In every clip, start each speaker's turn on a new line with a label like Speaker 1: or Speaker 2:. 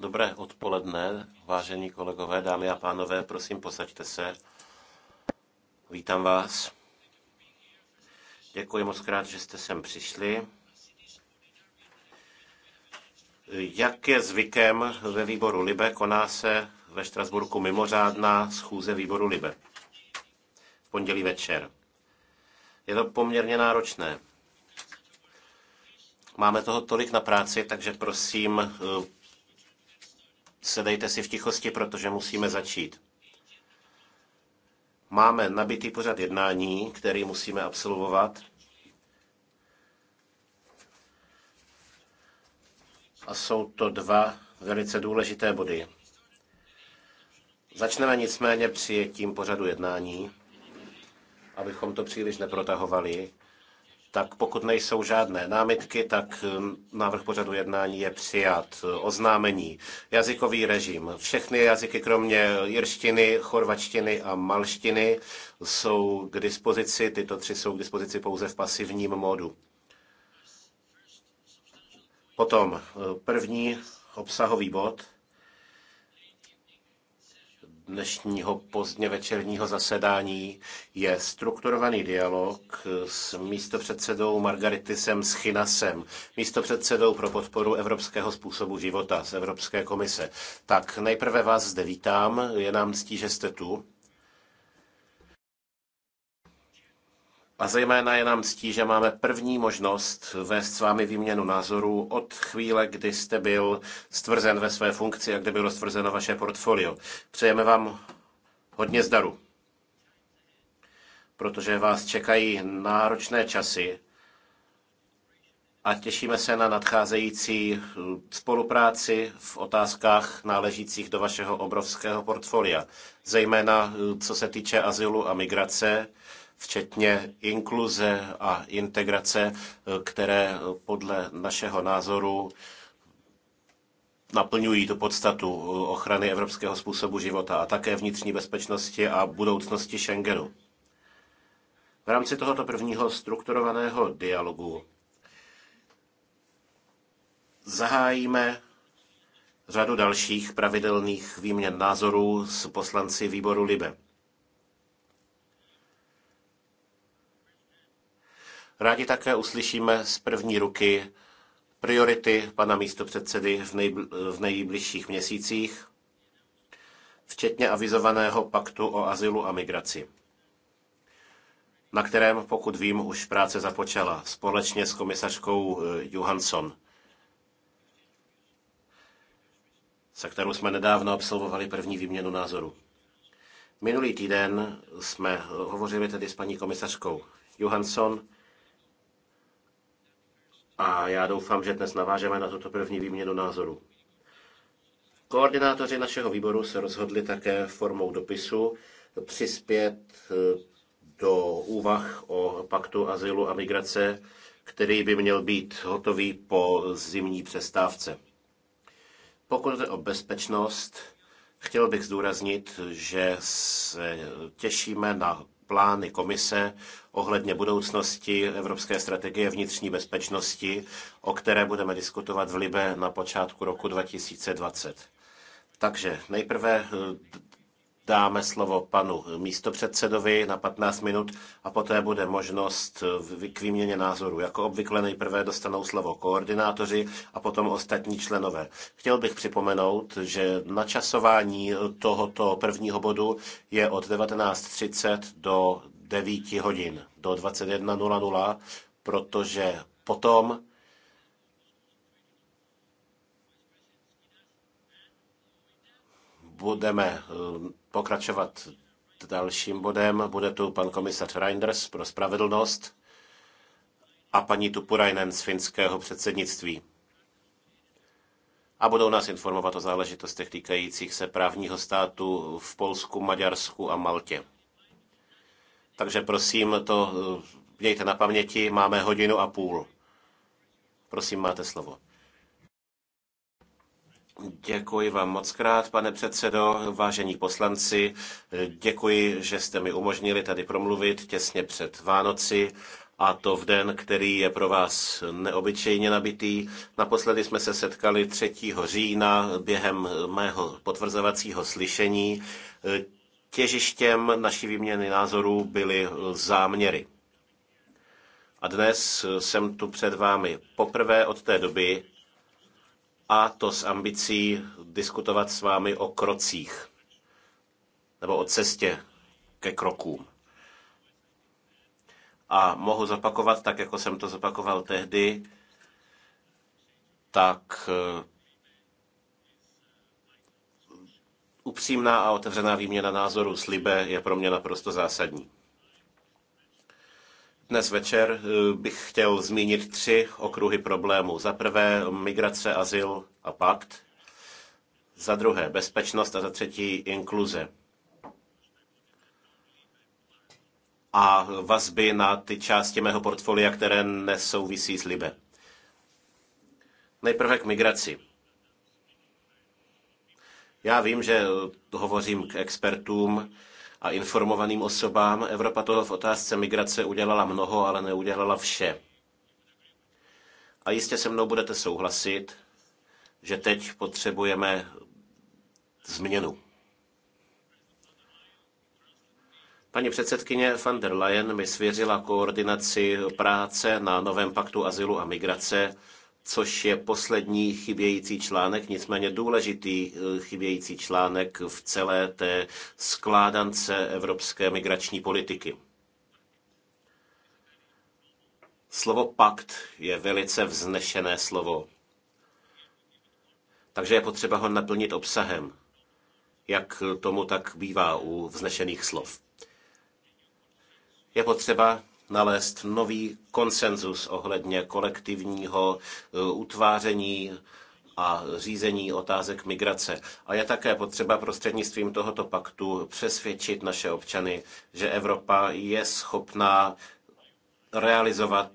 Speaker 1: Dobré odpoledne, vážení kolegové, dámy a pánové, prosím, posaďte se. Vítám vás. Děkuji moc krát, že jste sem přišli. Jak je zvykem ve výboru Libe, koná se ve Štrasburku mimořádná schůze výboru Libe. V pondělí večer. Je to poměrně náročné. Máme toho tolik na práci, takže prosím, eh, sedejte si v tichosti, protože musíme začít. Máme nabitý pořad jednání, který musíme absolvovat. A jsou to dva velice důležité body. Začneme nicméně přijetím pořadu jednání, abychom to příliš neprotahovali. Tak pokud nejsou žádné námitky, tak hm, návrh pořadu jednání je přijat. Oznámení. Jazykový režim. Všechny jazyky, kromě jirštiny, chorvačtiny a malštiny, jsou k dispozici. Tyto tři jsou k dispozici pouze v pasivním modu. Potom hm, první obsahový bod dnešního pozdně večerního zasedání je strukturovaný dialog s místopředsedou Margaritisem Schinasem, místopředsedou pro podporu evropského způsobu života z Evropské komise. Tak nejprve vás zde vítám, je nám ctí, že jste tu. A zejména je nám ctí, že máme první možnost vést s vámi výměnu názorů od chvíle, kdy jste byl stvrzen ve své funkci a kdy bylo stvrzeno vaše portfolio. Přejeme vám hodně zdaru, protože vás čekají náročné časy a těšíme se na nadcházející spolupráci v otázkách náležících do vašeho obrovského portfolia, zejména co se týče azylu a migrace, včetně inkluze a integrace, eh, které eh, podle našeho názoru naplňují tu podstatu eh, ochrany evropského způsobu života a také vnitřní bezpečnosti a budoucnosti Schengenu. V rámci tohoto prvního strukturovaného dialogu zahájíme řadu dalších pravidelných výměn názorů s poslanci výboru Libe. Rádi také uslyšíme z první ruky priority pana místopředsedy v, nejbl- v nejbližších měsících, včetně avizovaného paktu o azylu a migraci, na kterém, pokud vím, už práce započala společně s komisařkou eh, Johansson, se kterou jsme nedávno absolvovali první výměnu názoru. Minulý týden jsme eh, hovořili tedy s paní komisařkou Johansson a já doufám, že dnes navážeme na tuto první výměnu názoru. Koordinátoři našeho výboru se rozhodli také formou dopisu přispět eh, do úvah o paktu azylu a migrace, který by měl být hotový po zimní přestávce. Pokud jde o bezpečnost, chtěl bych zdůraznit, že se těšíme na plány komise ohledně budoucnosti Evropské strategie vnitřní bezpečnosti, o které budeme diskutovat v Libe na počátku roku 2020. Takže nejprve eh, dáme slovo panu místopředsedovi na 15 minut a poté bude možnost eh, k výměně názoru. Jako obvykle nejprve dostanou slovo koordinátoři a potom ostatní členové. Chtěl bych připomenout, že načasování eh, tohoto prvního bodu je od 19.30 do 9 hodin do 21.00, protože potom budeme eh, pokračovat dalším bodem. Bude tu pan komisař Reinders pro spravedlnost a paní Tupurainen z finského předsednictví. A budou nás informovat o záležitostech týkajících se právního státu v Polsku, Maďarsku a Maltě. Takže prosím, to eh, mějte na paměti, máme hodinu a půl. Prosím, máte slovo. Děkuji vám moc krát, pane předsedo, vážení poslanci. Eh, děkuji, že jste mi umožnili tady promluvit těsně před Vánoci a to v den, který je pro vás neobyčejně nabitý. Naposledy jsme se setkali 3. října během mého potvrzovacího slyšení. Eh, Těžištěm naší výměny názorů byly záměry. A dnes jsem tu před vámi poprvé od té doby a to s ambicí diskutovat s vámi o krocích nebo o cestě ke krokům. A mohu zapakovat tak jako jsem to zapakoval tehdy, tak Upřímná a otevřená výměna názorů s Libe je pro mě naprosto zásadní. Dnes večer eh, bych chtěl zmínit tři okruhy problémů. Za prvé migrace, azyl a pakt. Za druhé bezpečnost a za třetí inkluze. A vazby na ty části mého portfolia, které nesouvisí s Libe. Nejprve k migraci. Já vím, že hovořím k expertům a informovaným osobám. Evropa toho v otázce migrace udělala mnoho, ale neudělala vše. A jistě se mnou budete souhlasit, že teď potřebujeme změnu. Paní předsedkyně van der Leyen mi svěřila koordinaci práce na novém paktu azylu a migrace což je poslední chybějící článek, nicméně důležitý eh, chybějící článek v celé té skládance evropské migrační politiky. Slovo pakt je velice vznešené slovo. Takže je potřeba ho naplnit obsahem, jak tomu tak bývá u vznešených slov. Je potřeba nalézt nový konsenzus ohledně kolektivního e, utváření a řízení otázek migrace. A je také potřeba prostřednictvím tohoto paktu přesvědčit naše občany, že Evropa je schopná realizovat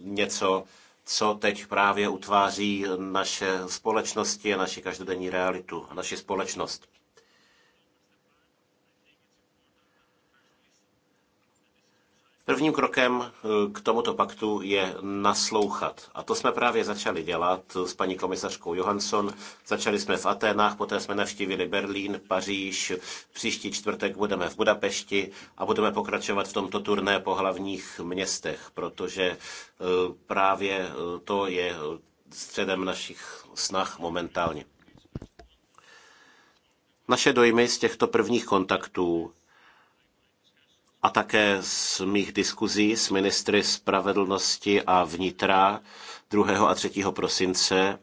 Speaker 1: něco, co teď právě utváří naše společnosti a naši každodenní realitu, naši společnost. Prvním krokem eh, k tomuto paktu je naslouchat. A to jsme právě začali dělat s paní komisařkou Johansson. Začali jsme v Aténách, poté jsme navštívili Berlín, Paříž. Příští čtvrtek budeme v Budapešti a budeme pokračovat v tomto turné po hlavních městech, protože eh, právě eh, to je středem našich snah momentálně. Naše dojmy z těchto prvních kontaktů a také z mých diskuzí s ministry spravedlnosti a vnitra 2. a 3. prosince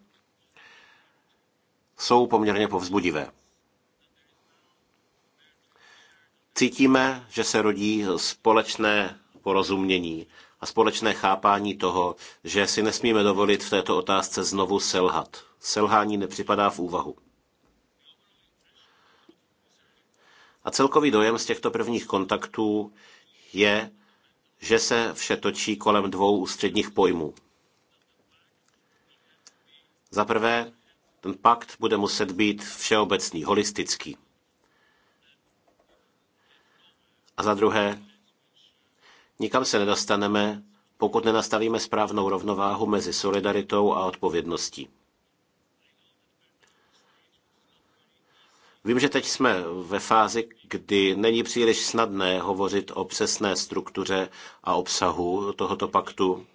Speaker 1: jsou poměrně povzbudivé. Cítíme, že se rodí společné porozumění a společné chápání toho, že si nesmíme dovolit v této otázce znovu selhat. Selhání nepřipadá v úvahu. A celkový dojem z těchto prvních kontaktů je, že se vše točí kolem dvou ústředních pojmů. Za prvé, ten pakt bude muset být všeobecný, holistický. A za druhé, nikam se nedostaneme, pokud nenastavíme správnou rovnováhu mezi solidaritou a odpovědností. Vím, že teď jsme ve fázi, kdy není příliš snadné hovořit o přesné struktuře a obsahu tohoto paktu,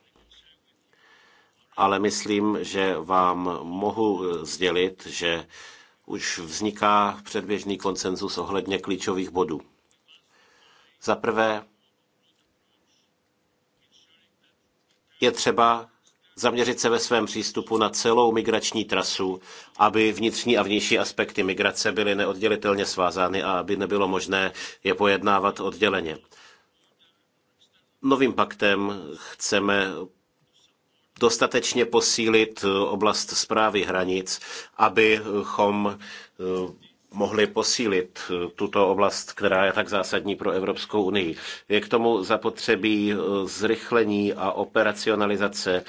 Speaker 1: ale myslím, že vám mohu sdělit, že už vzniká předběžný konsenzus ohledně klíčových bodů. Za prvé, je třeba zaměřit se ve svém přístupu na celou migrační trasu, aby vnitřní a vnější aspekty migrace byly neoddělitelně svázány a aby nebylo možné je pojednávat odděleně. Novým paktem chceme dostatečně posílit oblast zprávy hranic, abychom eh, mohli posílit eh, tuto oblast, která je tak zásadní pro Evropskou unii. Je k tomu zapotřebí eh, zrychlení a operacionalizace eh,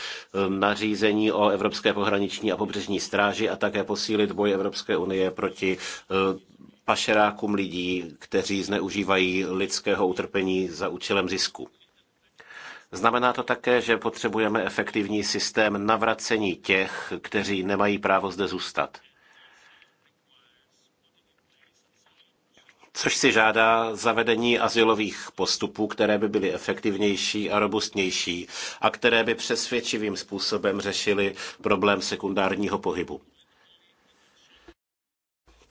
Speaker 1: nařízení o Evropské pohraniční a pobřežní stráži a také posílit boj Evropské unie proti pašerákům lidí, kteří zneužívají lidského utrpení za účelem zisku. Znamená to také, že potřebujeme efektivní systém navracení těch, kteří nemají právo zde zůstat. což si žádá zavedení asilových postupů, které by byly efektivnější a robustnější a které by přesvědčivým způsobem řešily problém sekundárního pohybu.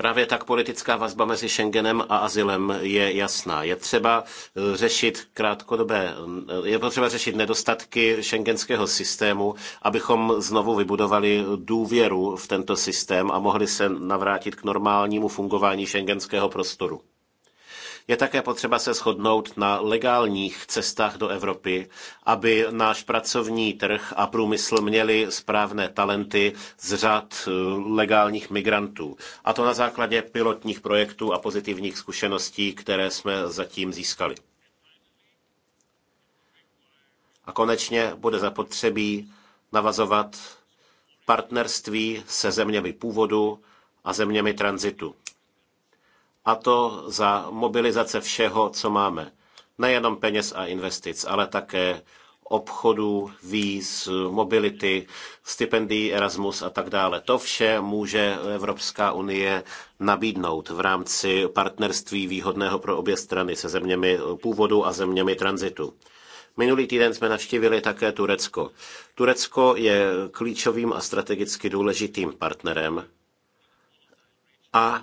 Speaker 1: Právě tak politická vazba mezi Schengenem a azylem je jasná. Je třeba eh, řešit krátkodobé, eh, je potřeba řešit nedostatky šengenského systému, abychom znovu vybudovali důvěru v tento systém a mohli se navrátit k normálnímu fungování šengenského prostoru. Je také potřeba se shodnout na legálních cestách do Evropy, aby náš pracovní trh a průmysl měli správné talenty z řad eh, legálních migrantů. A to na základě pilotních projektů a pozitivních zkušeností, které jsme zatím získali. A konečně bude zapotřebí navazovat partnerství se zeměmi původu a zeměmi tranzitu. A to za mobilizace všeho, co máme. Nejenom peněz a investic, ale také obchodů, víz, mobility, stipendií Erasmus a tak dále. To vše může Evropská unie nabídnout v rámci partnerství výhodného pro obě strany se zeměmi původu a zeměmi tranzitu. Minulý týden jsme navštívili také Turecko. Turecko je klíčovým a strategicky důležitým partnerem a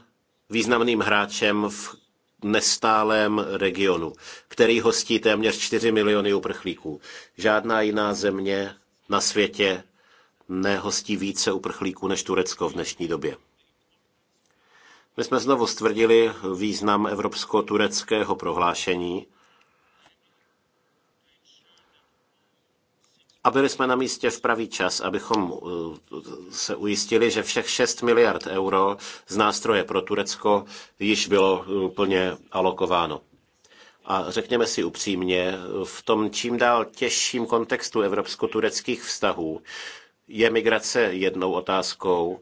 Speaker 1: významným hráčem v nestálém regionu, který hostí téměř 4 miliony uprchlíků. Žádná jiná země na světě nehostí více uprchlíků než Turecko v dnešní době. My jsme znovu stvrdili význam evropsko-tureckého prohlášení A byli jsme na místě v pravý čas, abychom uh, se ujistili, že všech 6 miliard euro z nástroje pro Turecko již bylo plně alokováno. A řekněme si upřímně, v tom čím dál těžším kontextu evropsko-tureckých vztahů je migrace jednou otázkou,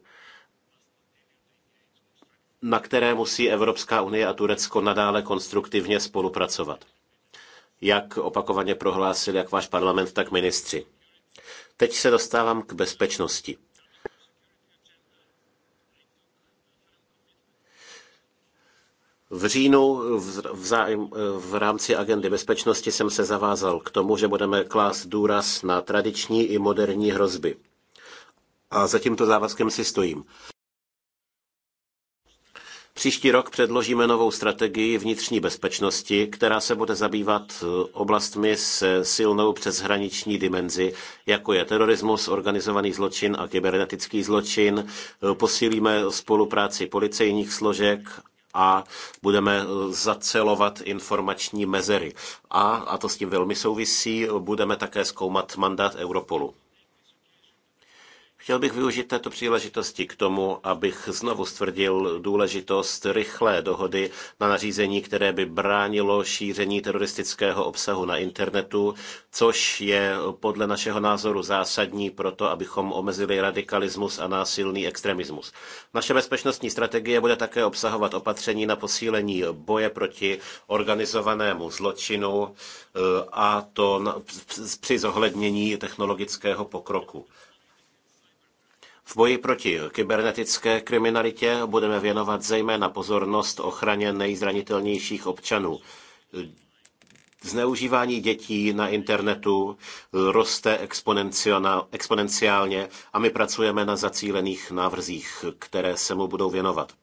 Speaker 1: na které musí Evropská unie a Turecko nadále konstruktivně spolupracovat. Jak opakovaně prohlásil jak váš parlament, tak ministři. Teď se dostávám k bezpečnosti. V říjnu v, zájem, v rámci agendy bezpečnosti jsem se zavázal k tomu, že budeme klást důraz na tradiční i moderní hrozby. A za tímto závazkem si stojím. Příští rok předložíme novou strategii vnitřní bezpečnosti, která se bude zabývat eh, oblastmi s silnou přeshraniční dimenzi, jako je terorismus, organizovaný zločin a kybernetický zločin. Eh, posílíme spolupráci policejních složek a budeme eh, zacelovat informační mezery. A, a to s tím velmi souvisí, budeme také zkoumat mandát Europolu. Chtěl bych využít této příležitosti k tomu, abych znovu stvrdil důležitost rychlé dohody na nařízení, které by bránilo šíření teroristického obsahu na internetu, což je podle našeho názoru zásadní pro to, abychom omezili radikalismus a násilný extremismus. Naše bezpečnostní strategie bude také obsahovat opatření na posílení boje proti organizovanému zločinu eh, a to při zohlednění technologického pokroku. V boji proti kybernetické kriminalitě budeme věnovat zejména pozornost ochraně nejzranitelnějších občanů. Zneužívání dětí na internetu roste exponenciálně a my pracujeme na zacílených návrzích, které se mu budou věnovat.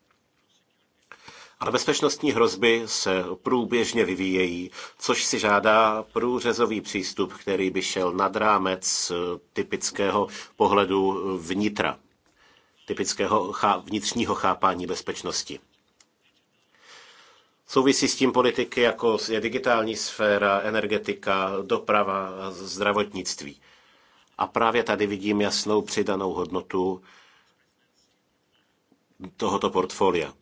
Speaker 1: A bezpečnostní hrozby se průběžně vyvíjejí, což si žádá průřezový přístup, který by šel nad rámec eh, typického pohledu vnitra, typického vnitřního chápání bezpečnosti. Souvisí s tím politiky, jako je digitální sféra, energetika, doprava, zdravotnictví. A právě tady vidím jasnou přidanou hodnotu tohoto portfolia.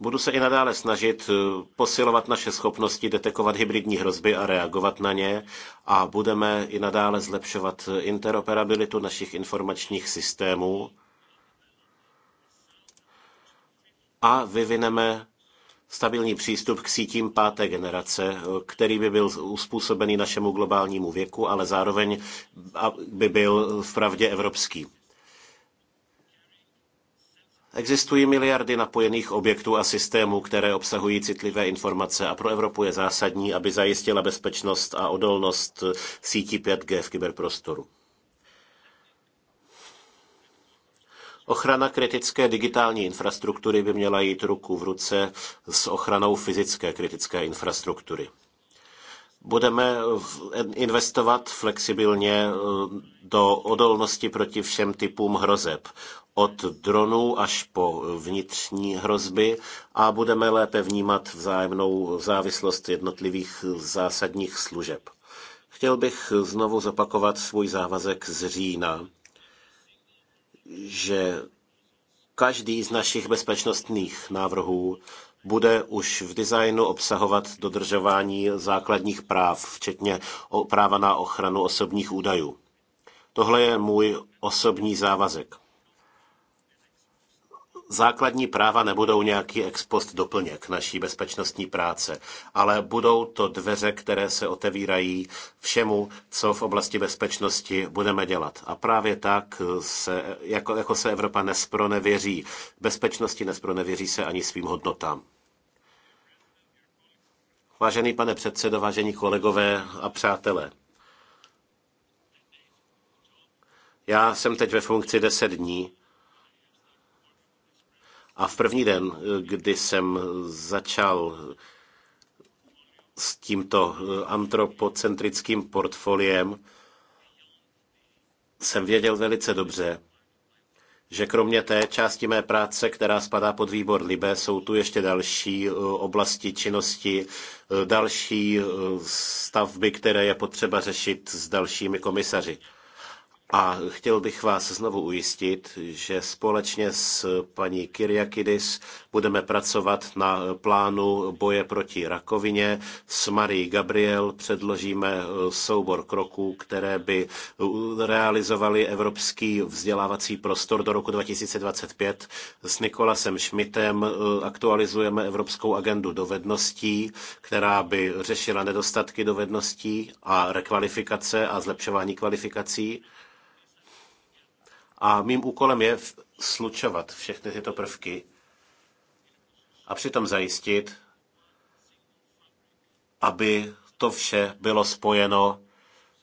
Speaker 1: Budu se i nadále snažit eh, posilovat naše schopnosti detekovat hybridní hrozby a reagovat na ně a budeme i nadále zlepšovat eh, interoperabilitu našich informačních systémů a vyvineme stabilní přístup k sítím páté generace, eh, který by byl uspůsobený našemu globálnímu věku, ale zároveň by byl vpravdě evropský. Existují miliardy napojených objektů a systémů, které obsahují citlivé informace a pro Evropu je zásadní, aby zajistila bezpečnost a odolnost sítí 5G v kyberprostoru. Ochrana kritické digitální infrastruktury by měla jít ruku v ruce s ochranou fyzické kritické infrastruktury. Budeme investovat flexibilně eh, do odolnosti proti všem typům hrozeb od dronů až po vnitřní hrozby a budeme lépe vnímat vzájemnou závislost jednotlivých zásadních služeb. Chtěl bych znovu zopakovat svůj závazek z října, že každý z našich bezpečnostních návrhů bude už v designu obsahovat dodržování základních práv, včetně práva na ochranu osobních údajů. Tohle je můj osobní závazek základní práva nebudou nějaký ex post doplněk naší bezpečnostní práce, ale budou to dveře, které se otevírají všemu, co v oblasti bezpečnosti budeme dělat. A právě tak, se, jako, jako se Evropa nespronevěří, bezpečnosti nespronevěří se ani svým hodnotám. Vážený pane předsedo, vážení kolegové a přátelé, já jsem teď ve funkci 10 dní a v první den, kdy jsem začal s tímto eh, antropocentrickým portfoliem, jsem věděl velice dobře, že kromě té části mé práce, která spadá pod výbor Libe, jsou tu ještě další eh, oblasti činnosti, eh, další stavby, které je potřeba řešit s dalšími komisaři. A chtěl bych vás znovu ujistit, že společně s paní Kyriakidis budeme pracovat na plánu boje proti rakovině. S Marí Gabriel předložíme soubor kroků, které by realizovali evropský vzdělávací prostor do roku 2025. S Nikolasem Schmidtem aktualizujeme evropskou agendu dovedností, která by řešila nedostatky dovedností a rekvalifikace a zlepšování kvalifikací. A mým úkolem je slučovat všechny tyto prvky a přitom zajistit, aby to vše bylo spojeno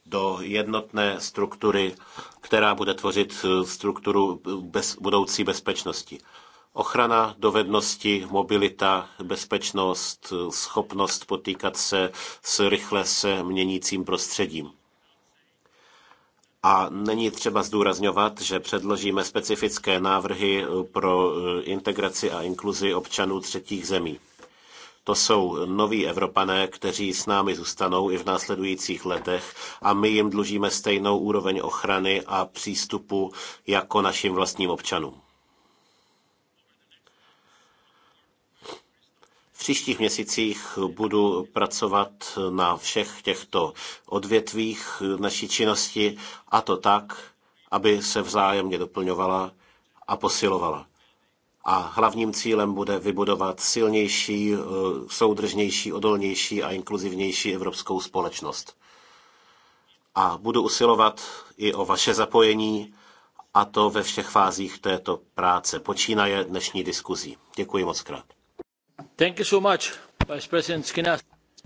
Speaker 1: do jednotné struktury, která bude tvořit eh, strukturu bez, budoucí bezpečnosti. Ochrana, dovednosti, mobilita, bezpečnost, eh, schopnost potýkat se s rychle se měnícím prostředím. A není třeba zdůrazňovat, že předložíme specifické návrhy eh, pro eh, integraci a inkluzi občanů třetích zemí. To jsou noví Evropané, kteří s námi zůstanou i v následujících letech a my jim dlužíme stejnou úroveň ochrany a přístupu jako našim vlastním občanům. příštích měsících budu pracovat na všech těchto odvětvích naší činnosti a to tak, aby se vzájemně doplňovala a posilovala. A hlavním cílem bude vybudovat silnější, eh, soudržnější, odolnější a inkluzivnější evropskou společnost. A budu usilovat i o vaše zapojení, a to ve všech fázích této práce. Počínaje dnešní diskuzí.
Speaker 2: Děkuji moc krát.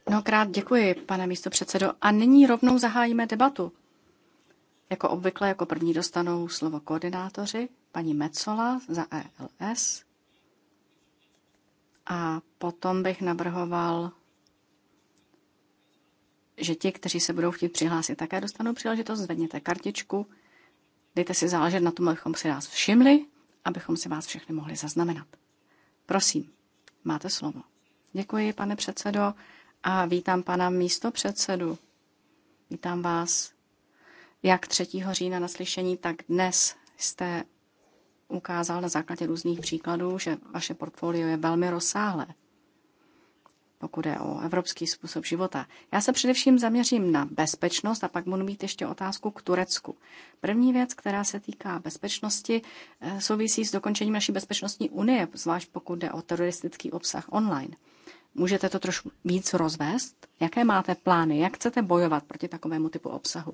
Speaker 3: Mnohokrát děkuji, pane místo předsedo. A nyní rovnou zahájíme debatu. Jako obvykle, jako první dostanou slovo koordinátoři, paní Mecola za ELS. A potom bych navrhoval, že ti, kteří se budou chtít přihlásit, také dostanou příležitost. Zvedněte kartičku, dejte si záležet na tom, abychom si nás všimli, abychom si vás všechny mohli zaznamenat. Prosím. Máte slovo. Děkuji, pane předsedo, a vítám pana předsedu. Vítám vás jak 3. října na slyšení, tak dnes jste ukázal na základě různých příkladů, že vaše portfolio je velmi rozsáhlé pokud je o evropský způsob života. Já se především zaměřím na bezpečnost a pak budu mít ještě otázku k Turecku. První věc, která se týká bezpečnosti, eh, souvisí s dokončením naší bezpečnostní unie, zvlášť pokud jde o teroristický obsah online. Můžete to trošku víc rozvést? Jaké máte plány? Jak chcete bojovat proti takovému typu obsahu?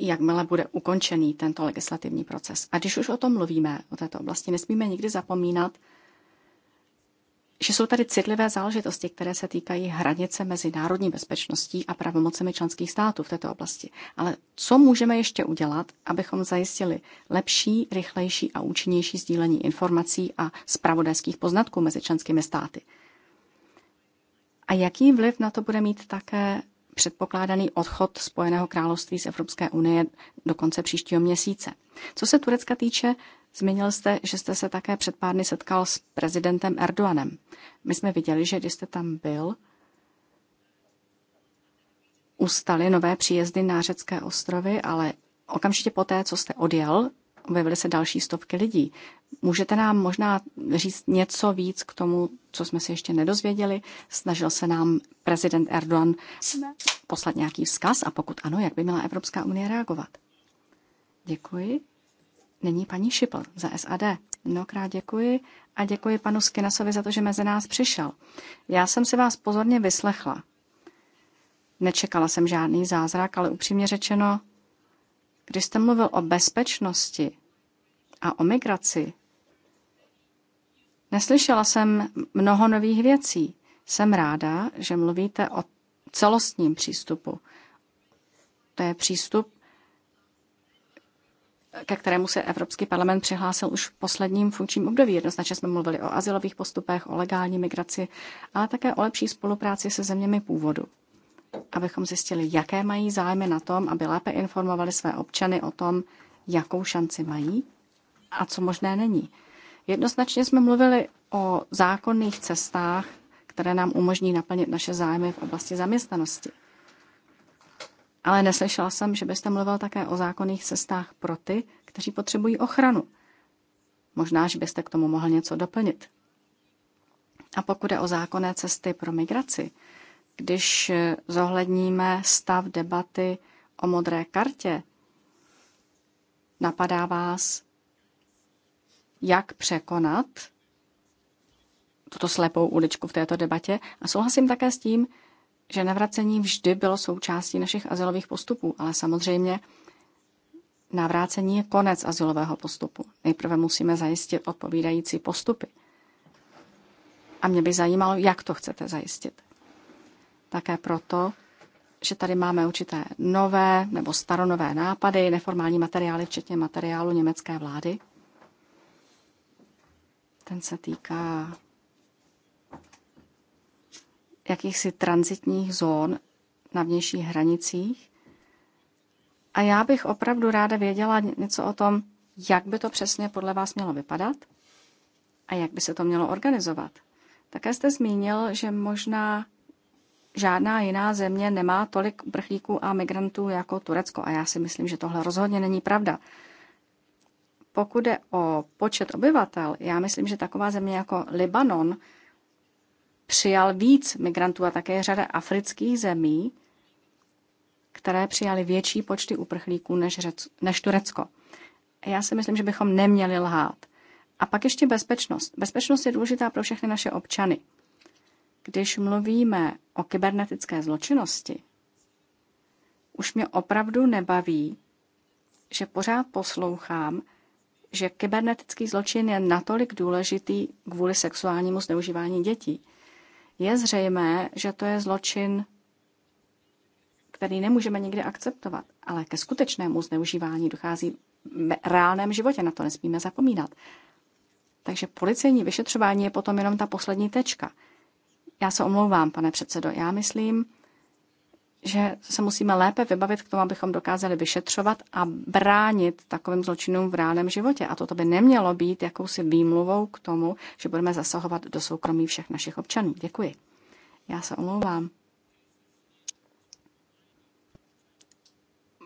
Speaker 3: jakmile bude ukončený tento legislativní proces. A když už o tom mluvíme, o této oblasti, nesmíme nikdy zapomínat, že jsou tady citlivé záležitosti, které se týkají hranice mezi národní bezpečností a pravomocemi členských států v této oblasti. Ale co můžeme ještě udělat, abychom zajistili lepší, rychlejší a účinnější sdílení informací a zpravodajských poznatků mezi členskými státy? A jaký vliv na to bude mít také předpokládaný odchod Spojeného království z Evropské unie do konce příštího měsíce. Co se Turecka týče, zmínil jste, že jste se také před pár dny setkal s prezidentem Erdoganem. My jsme viděli, že když jste tam byl, ustali nové příjezdy na řecké ostrovy, ale okamžitě poté, co jste odjel, objevily se další stovky lidí. Můžete nám možná říct něco víc k tomu, co jsme si ještě nedozvěděli? Snažil se nám prezident Erdogan poslat nějaký vzkaz a pokud ano, jak by měla Evropská unie reagovat? Děkuji. Není paní Šipl za SAD. Mnohokrát děkuji a děkuji panu Skinasovi za to, že mezi nás přišel. Já jsem si vás pozorně vyslechla. Nečekala jsem žádný zázrak, ale upřímně řečeno, když jste mluvil o bezpečnosti a o migraci, neslyšela jsem mnoho nových věcí. Jsem ráda, že mluvíte o celostním přístupu. To je přístup, ke kterému se Evropský parlament přihlásil už v posledním funkčním období. Jednoznačně jsme mluvili o asilových postupech, o legální migraci, ale také o lepší spolupráci se zeměmi původu abychom zjistili, jaké mají zájmy na tom, aby lépe informovali své občany o tom, jakou šanci mají a co možné není. Jednoznačně jsme mluvili o zákonných cestách, které nám umožní naplnit naše zájmy v oblasti zaměstnanosti. Ale neslyšela jsem, že byste mluvil také o zákonných cestách pro ty, kteří potřebují ochranu. Možná, že byste k tomu mohl něco doplnit. A pokud je o zákonné cesty pro migraci, když eh, zohledníme stav debaty o modré kartě, napadá vás, jak překonat tuto slepou uličku v této debatě. A souhlasím také s tím, že navracení vždy bylo součástí našich azylových postupů, ale samozřejmě navrácení je konec azylového postupu. Nejprve musíme zajistit odpovídající postupy. A mě by zajímalo, jak to chcete zajistit. Také proto, že tady máme určité nové nebo staronové nápady, neformální materiály, včetně materiálu německé vlády. Ten se týká jakýchsi transitních zón na vnějších hranicích. A já bych opravdu ráda věděla něco o tom, jak by to přesně podle vás mělo vypadat a jak by se to mělo organizovat. Také jste zmínil, že možná Žádná jiná země nemá tolik uprchlíků a migrantů jako Turecko a já si myslím, že tohle rozhodně není pravda. Pokud je o počet obyvatel, já myslím, že taková země jako Libanon přijal víc migrantů a také řada afrických zemí, které přijali větší počty uprchlíků než, Řec, než Turecko. Já si myslím, že bychom neměli lhát. A pak ještě bezpečnost. Bezpečnost je důležitá pro všechny naše občany. Když mluvíme o kybernetické zločinnosti, už mě opravdu nebaví, že pořád poslouchám, že kybernetický zločin je natolik důležitý kvůli sexuálnímu zneužívání dětí. Je zřejmé, že to je zločin, který nemůžeme nikdy akceptovat, ale ke skutečnému zneužívání dochází v reálném životě, na to nesmíme zapomínat. Takže policejní vyšetřování je potom jenom ta poslední tečka – já se omlouvám, pane předsedo. Já myslím, že se musíme lépe vybavit k tomu, abychom dokázali vyšetřovat a bránit takovým zločinům v reálném životě. A toto by nemělo být jakousi výmluvou k tomu, že budeme zasahovat do soukromí všech našich občanů. Děkuji. Já se omlouvám.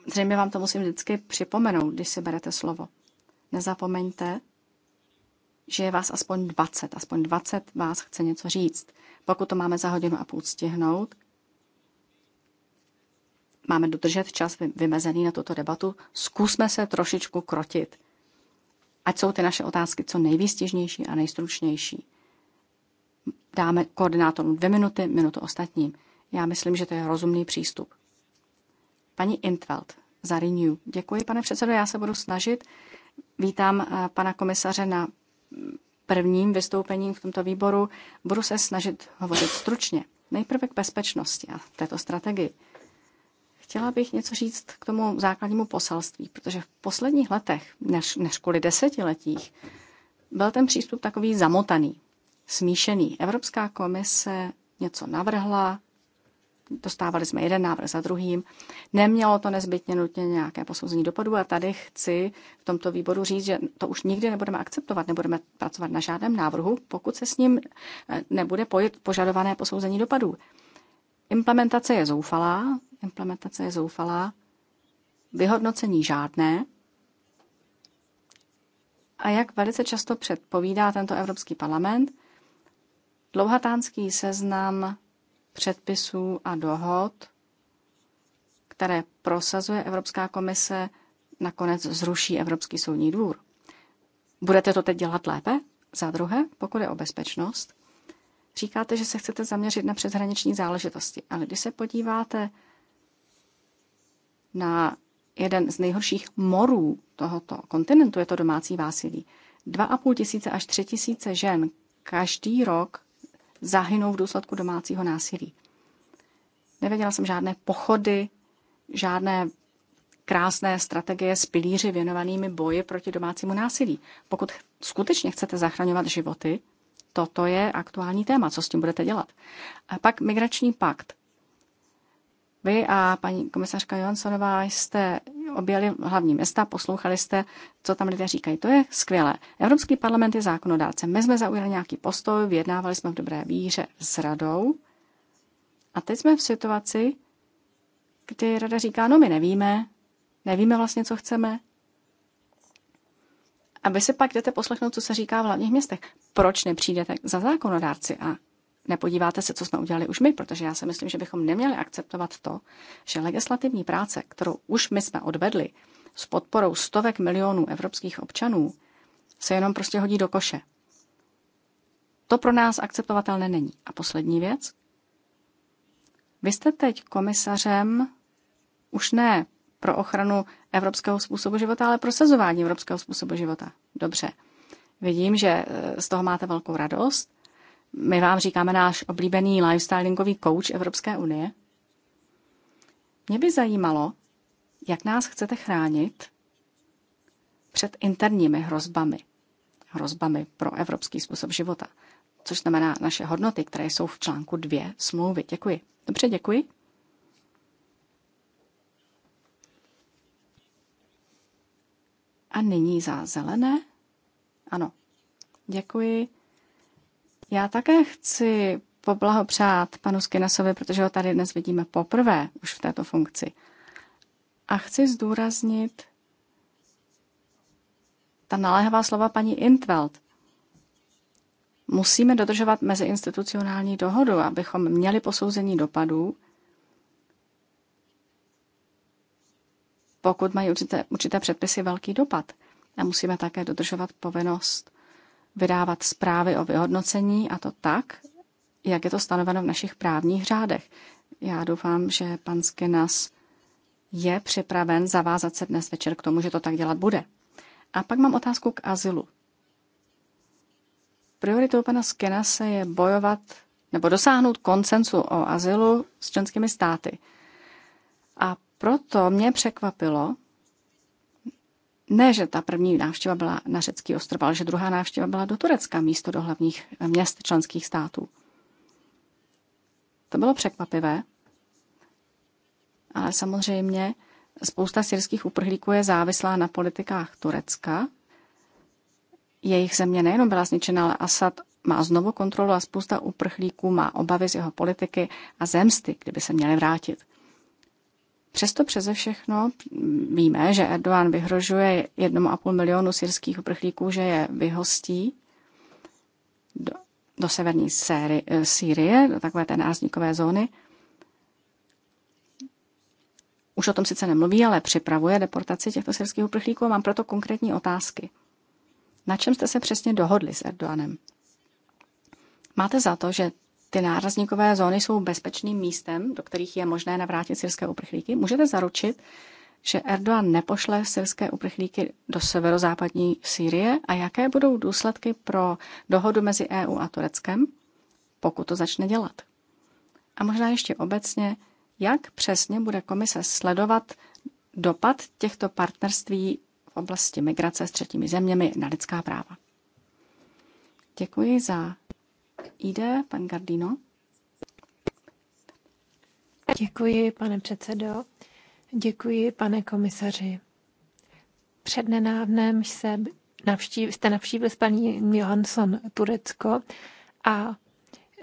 Speaker 3: Zřejmě vám to musím vždycky připomenout, když si berete slovo. Nezapomeňte, že je vás aspoň 20, aspoň 20 vás chce něco říct. Pokud to máme za hodinu a půl stihnout, máme dodržet čas vymezený na tuto debatu, zkusme se trošičku krotit. Ať jsou ty naše otázky co nejvýstižnější a nejstručnější. Dáme koordinátorům dvě minuty, minutu ostatním. Já myslím, že to je rozumný přístup. Paní Intveld za Renew. Děkuji, pane předsedo, já se budu snažit. Vítám eh, pana komisaře na prvním vystoupením v tomto výboru budu se snažit hovořit stručně. Nejprve k bezpečnosti a této strategii. Chtěla bych něco říct k tomu základnímu poselství, protože v posledních letech, než, než kvůli desetiletích, byl ten přístup takový zamotaný, smíšený. Evropská komise něco navrhla, dostávali jsme jeden návrh za druhým. Nemělo to nezbytně nutně nějaké posouzení dopadu a tady chci v tomto výboru říct, že to už nikdy nebudeme akceptovat, nebudeme pracovat na žádném návrhu, pokud se s ním eh, nebude pojit požadované posouzení dopadů. Implementace je zoufalá, implementace je zoufalá, vyhodnocení žádné. A jak velice často předpovídá tento Evropský parlament, dlouhatánský seznam předpisů a dohod, které prosazuje Evropská komise, nakonec zruší Evropský soudní dvůr. Budete to teď dělat lépe? Za druhé, pokud je o bezpečnost, říkáte, že se chcete zaměřit na přeshraniční záležitosti, ale když se podíváte na jeden z nejhorších morů tohoto kontinentu, je to domácí vásilí. Dva a půl tisíce až tři tisíce žen každý rok zahynou v důsledku domácího násilí. Nevěděla jsem žádné pochody, žádné krásné strategie s pilíři věnovanými boji proti domácímu násilí. Pokud skutečně chcete zachraňovat životy, toto je aktuální téma, co s tím budete dělat. A pak migrační pakt. Vy a paní komisařka Johanssonová jste objeli hlavní města, poslouchali jste, co tam lidé říkají. To je skvělé. Evropský parlament je zákonodárce. My jsme zaujali nějaký postoj, vyjednávali jsme v dobré víře s radou. A teď jsme v situaci, kdy rada říká, no my nevíme, nevíme vlastně, co chceme. A vy se pak jdete poslechnout, co se říká v hlavních městech. Proč nepřijdete za zákonodárci a nepodíváte se, co jsme udělali už my, protože já si myslím, že bychom neměli akceptovat to, že legislativní práce, kterou už my jsme odvedli s podporou stovek milionů evropských občanů, se jenom prostě hodí do koše. To pro nás akceptovatelné není. A poslední věc. Vy jste teď komisařem už ne pro ochranu evropského způsobu života, ale pro sezování evropského způsobu života. Dobře. Vidím, že eh, z toho máte velkou radost my vám říkáme náš oblíbený lifestylingový coach Evropské unie. Mě by zajímalo, jak nás chcete chránit před interními hrozbami. Hrozbami pro evropský způsob života, což znamená naše hodnoty, které jsou v článku dvě. smlouvy. Děkuji. Dobře, děkuji. A nyní za zelené. Ano, děkuji. Já také chci poblahopřát panu Skinasovi, protože ho tady dnes vidíme poprvé už v této funkci. A chci zdůraznit ta naléhavá slova paní Intveld. Musíme dodržovat meziinstitucionální dohodu, abychom měli posouzení dopadů, pokud mají určité, určité předpisy velký dopad. A musíme také dodržovat povinnost vydávat zprávy o vyhodnocení a to tak, jak je to stanoveno v našich právních řádech. Já doufám, že pan Skinas je připraven zavázat se dnes večer k tomu, že to tak dělat bude. A pak mám otázku k azylu. Prioritou pana Skenase je bojovat nebo dosáhnout koncensu o azylu s členskými státy. A proto mě překvapilo, ne, že ta první návštěva byla na řecký ostrov, ale že druhá návštěva byla do Turecka, místo do hlavních měst členských států. To bylo překvapivé, ale samozřejmě spousta syrských uprchlíků je závislá na politikách Turecka. Jejich země nejenom byla zničena, ale Asad má znovu kontrolu a spousta uprchlíků má obavy z jeho politiky a zemsty, kdyby se měli vrátit. Přesto přeze všechno víme, že Erdogan vyhrožuje jednomu a půl milionu syrských uprchlíků, že je vyhostí do, do severní séry, eh, Syrie, do takové té náznikové zóny. Už o tom sice nemluví, ale připravuje deportaci těchto syrských uprchlíků. Mám proto konkrétní otázky. Na čem jste se přesně dohodli s Erdoganem? Máte za to, že ty nárazníkové zóny jsou bezpečným místem, do kterých je možné navrátit syrské uprchlíky. Můžete zaručit, že Erdogan nepošle syrské uprchlíky do severozápadní Sýrie a jaké budou důsledky pro dohodu mezi EU a Tureckem, pokud to začne dělat? A možná ještě obecně, jak přesně bude komise sledovat dopad těchto partnerství v oblasti migrace s třetími zeměmi na lidská práva? Děkuji za jde, pan Gardino. Děkuji, pane předsedo. Děkuji, pane komisaři.
Speaker 4: Před nenávnem se navštív, jste navštívil s paní Johansson Turecko a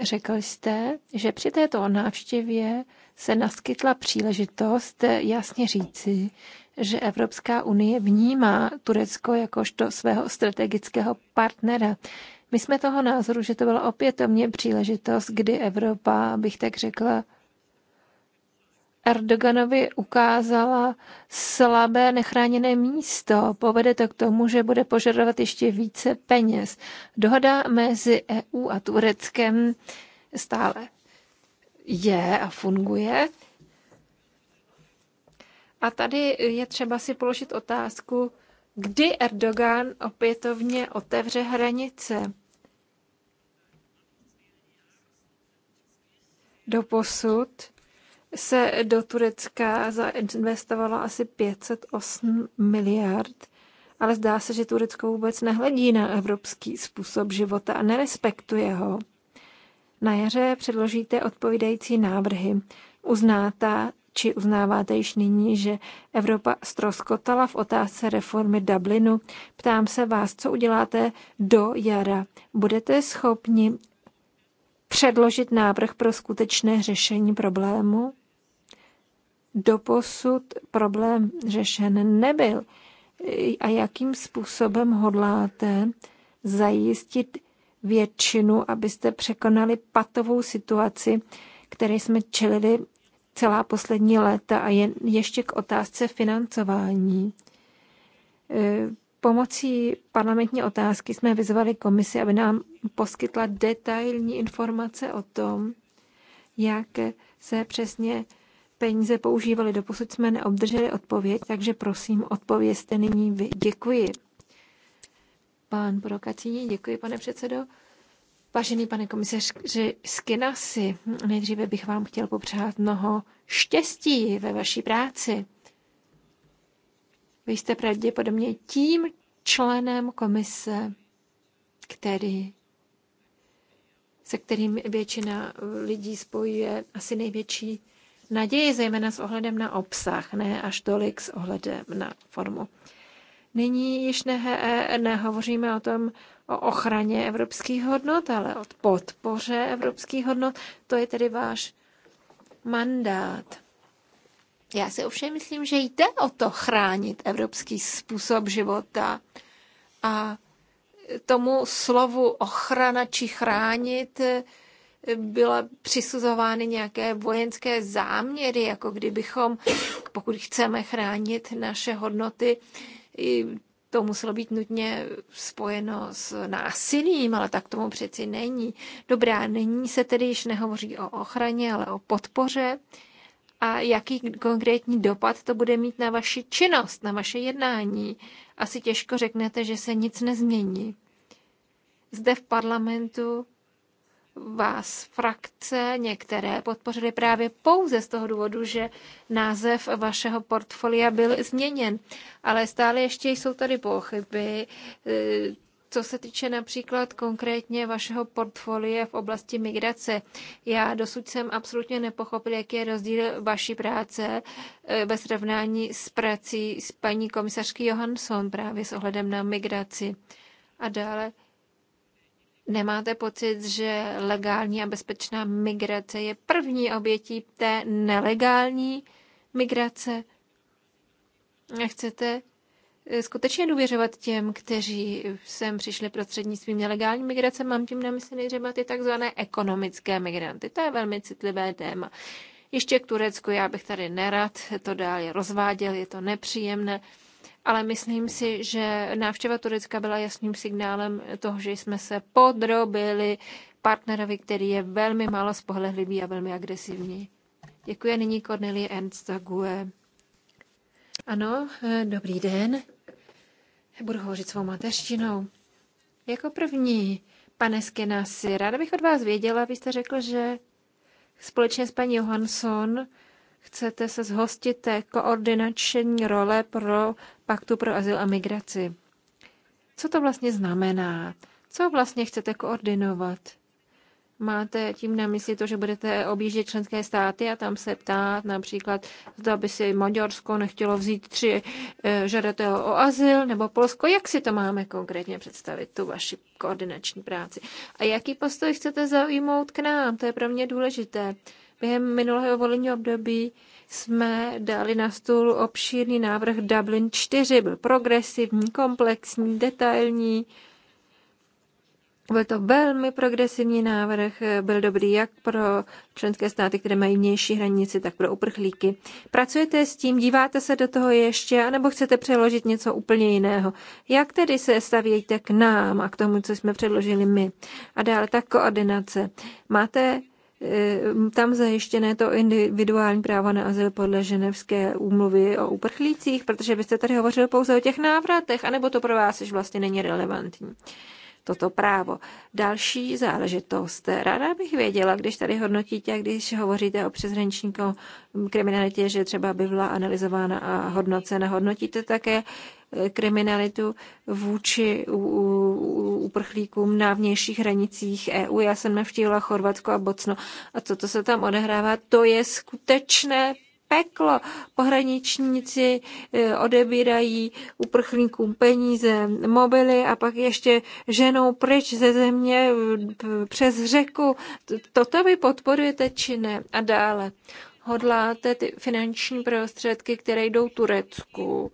Speaker 4: řekl jste, že při této návštěvě se naskytla příležitost jasně říci, že Evropská unie vnímá Turecko jakožto svého strategického partnera. My jsme toho názoru, že to byla opětovně příležitost, kdy Evropa, bych tak řekla, Erdoganovi ukázala slabé nechráněné místo. Povede to k tomu, že bude požadovat ještě více peněz. Dohoda mezi EU a Tureckem stále je a funguje. A tady je třeba si položit otázku, kdy Erdogan opětovně otevře hranice. Do posud se do Turecka zainvestovalo asi 508 miliard, ale zdá se, že Turecko vůbec nehledí na evropský způsob života a nerespektuje ho. Na jaře předložíte odpovídající návrhy. Uznáte, či uznáváte již nyní, že Evropa stroskotala v otázce reformy Dublinu. Ptám se vás, co uděláte do jara. Budete schopni předložit návrh pro skutečné řešení problému. Doposud problém řešen nebyl. A jakým způsobem hodláte zajistit většinu, abyste překonali patovou situaci, které jsme čelili celá poslední léta a je, ještě k otázce financování. E, pomocí parlamentní otázky jsme vyzvali komisi, aby nám poskytla detailní informace o tom, jak se přesně peníze používaly. Doposud jsme neobdrželi odpověď, takže prosím, odpovězte nyní vy. Děkuji. Pán Prokacíní, děkuji, pane předsedo. Vážený pane komisaři Skinasi, nejdříve bych vám chtěl popřát mnoho štěstí ve vaší práci. Vy jste pravděpodobně tím členem komise, který se kterým většina eh, lidí spojuje asi největší naději, zejména s ohledem na obsah, ne až tolik s ohledem na formu. Nyní již ne, eh, nehovoříme o tom, o ochraně evropských hodnot, ale o podpoře evropských hodnot. To je tedy váš mandát. Já si ovšem myslím, že jde o to chránit evropský způsob života a tomu slovu ochrana či chránit eh, byla přisuzovány nějaké vojenské záměry, jako kdybychom, pokud chceme chránit naše hodnoty, to muselo být nutně spojeno s násilím, ale tak tomu přeci není. Dobrá, nyní se tedy již nehovoří o ochraně, ale o podpoře a jaký konkrétní dopad to bude mít na vaši činnost, na vaše jednání. Asi těžko řeknete, že se nic nezmění. Zde v parlamentu vás frakce některé podpořily právě pouze z toho důvodu, že název vašeho portfolia byl změněn. Ale stále ještě jsou tady pochyby, co se týče například konkrétně vašeho portfolie v oblasti migrace, já dosud jsem absolutně nepochopil, jaký je rozdíl vaší práce e, ve srovnání s prací s paní komisařky Johansson právě s ohledem na migraci. A dále, Nemáte pocit, že legální a bezpečná migrace je první obětí té nelegální migrace? Chcete Eh, skutečně důvěřovat těm, kteří sem přišli prostřednictvím nelegální migrace. Mám tím na mysli nejřeba ty takzvané ekonomické migranty. To je velmi citlivé téma. Ještě k Turecku, já bych tady nerad to dál rozváděl, je to nepříjemné, ale myslím si, že návštěva Turecka byla jasným signálem toho, že jsme se podrobili partnerovi, který je velmi málo spolehlivý a velmi agresivní. Děkuji nyní Cornelie Ernst e. Ano, eh, dobrý den. Budu hovořit svou mateřštinou. Jako první, pane Skenasi, ráda bych od vás věděla, vy jste řekl, že společně s paní Johansson chcete se zhostit té koordinační role pro Paktu pro azyl a migraci. Co to vlastně znamená? Co vlastně chcete koordinovat? Máte tím na mysli to, že budete objíždět členské státy a tam se ptát například, zda by si Maďarsko nechtělo vzít tři eh, žadatel o azyl nebo Polsko. Jak si to máme konkrétně představit, tu vaši koordinační práci? A jaký postoj chcete zaujmout k nám? To je pro mě důležité. Během minulého volebního období jsme dali na stůl obšírný návrh Dublin 4. Byl progresivní, komplexní, detailní byl to velmi progresivní návrh, byl dobrý jak pro členské státy, které mají vnější hranici, tak pro uprchlíky. Pracujete s tím, díváte se do toho ještě, anebo chcete přeložit něco úplně jiného? Jak tedy se stavějte k nám a k tomu, co jsme předložili my? A dále ta koordinace. Máte eh, tam zajištěné to individuální právo na azyl podle ženevské úmluvy o uprchlících, protože byste tady hovořil pouze o těch návratech, anebo to pro vás už vlastně není relevantní toto právo. Další záležitost. Ráda bych věděla, když tady hodnotíte, když hovoříte o přeshraniční kriminalitě, že třeba by byla analyzována a hodnocena. Hodnotíte také eh, kriminalitu vůči uprchlíkům na vnějších hranicích EU. Já jsem navštívila Chorvatsko a Bocno a co to, se tam odehrává, to je skutečné peklo. Pohraničníci eh, odebírají uprchlíkům peníze, mobily a pak ještě ženou pryč ze země eh, přes řeku. Toto vy podporujete či ne? A dále hodláte ty finanční prostředky, které jdou Turecku,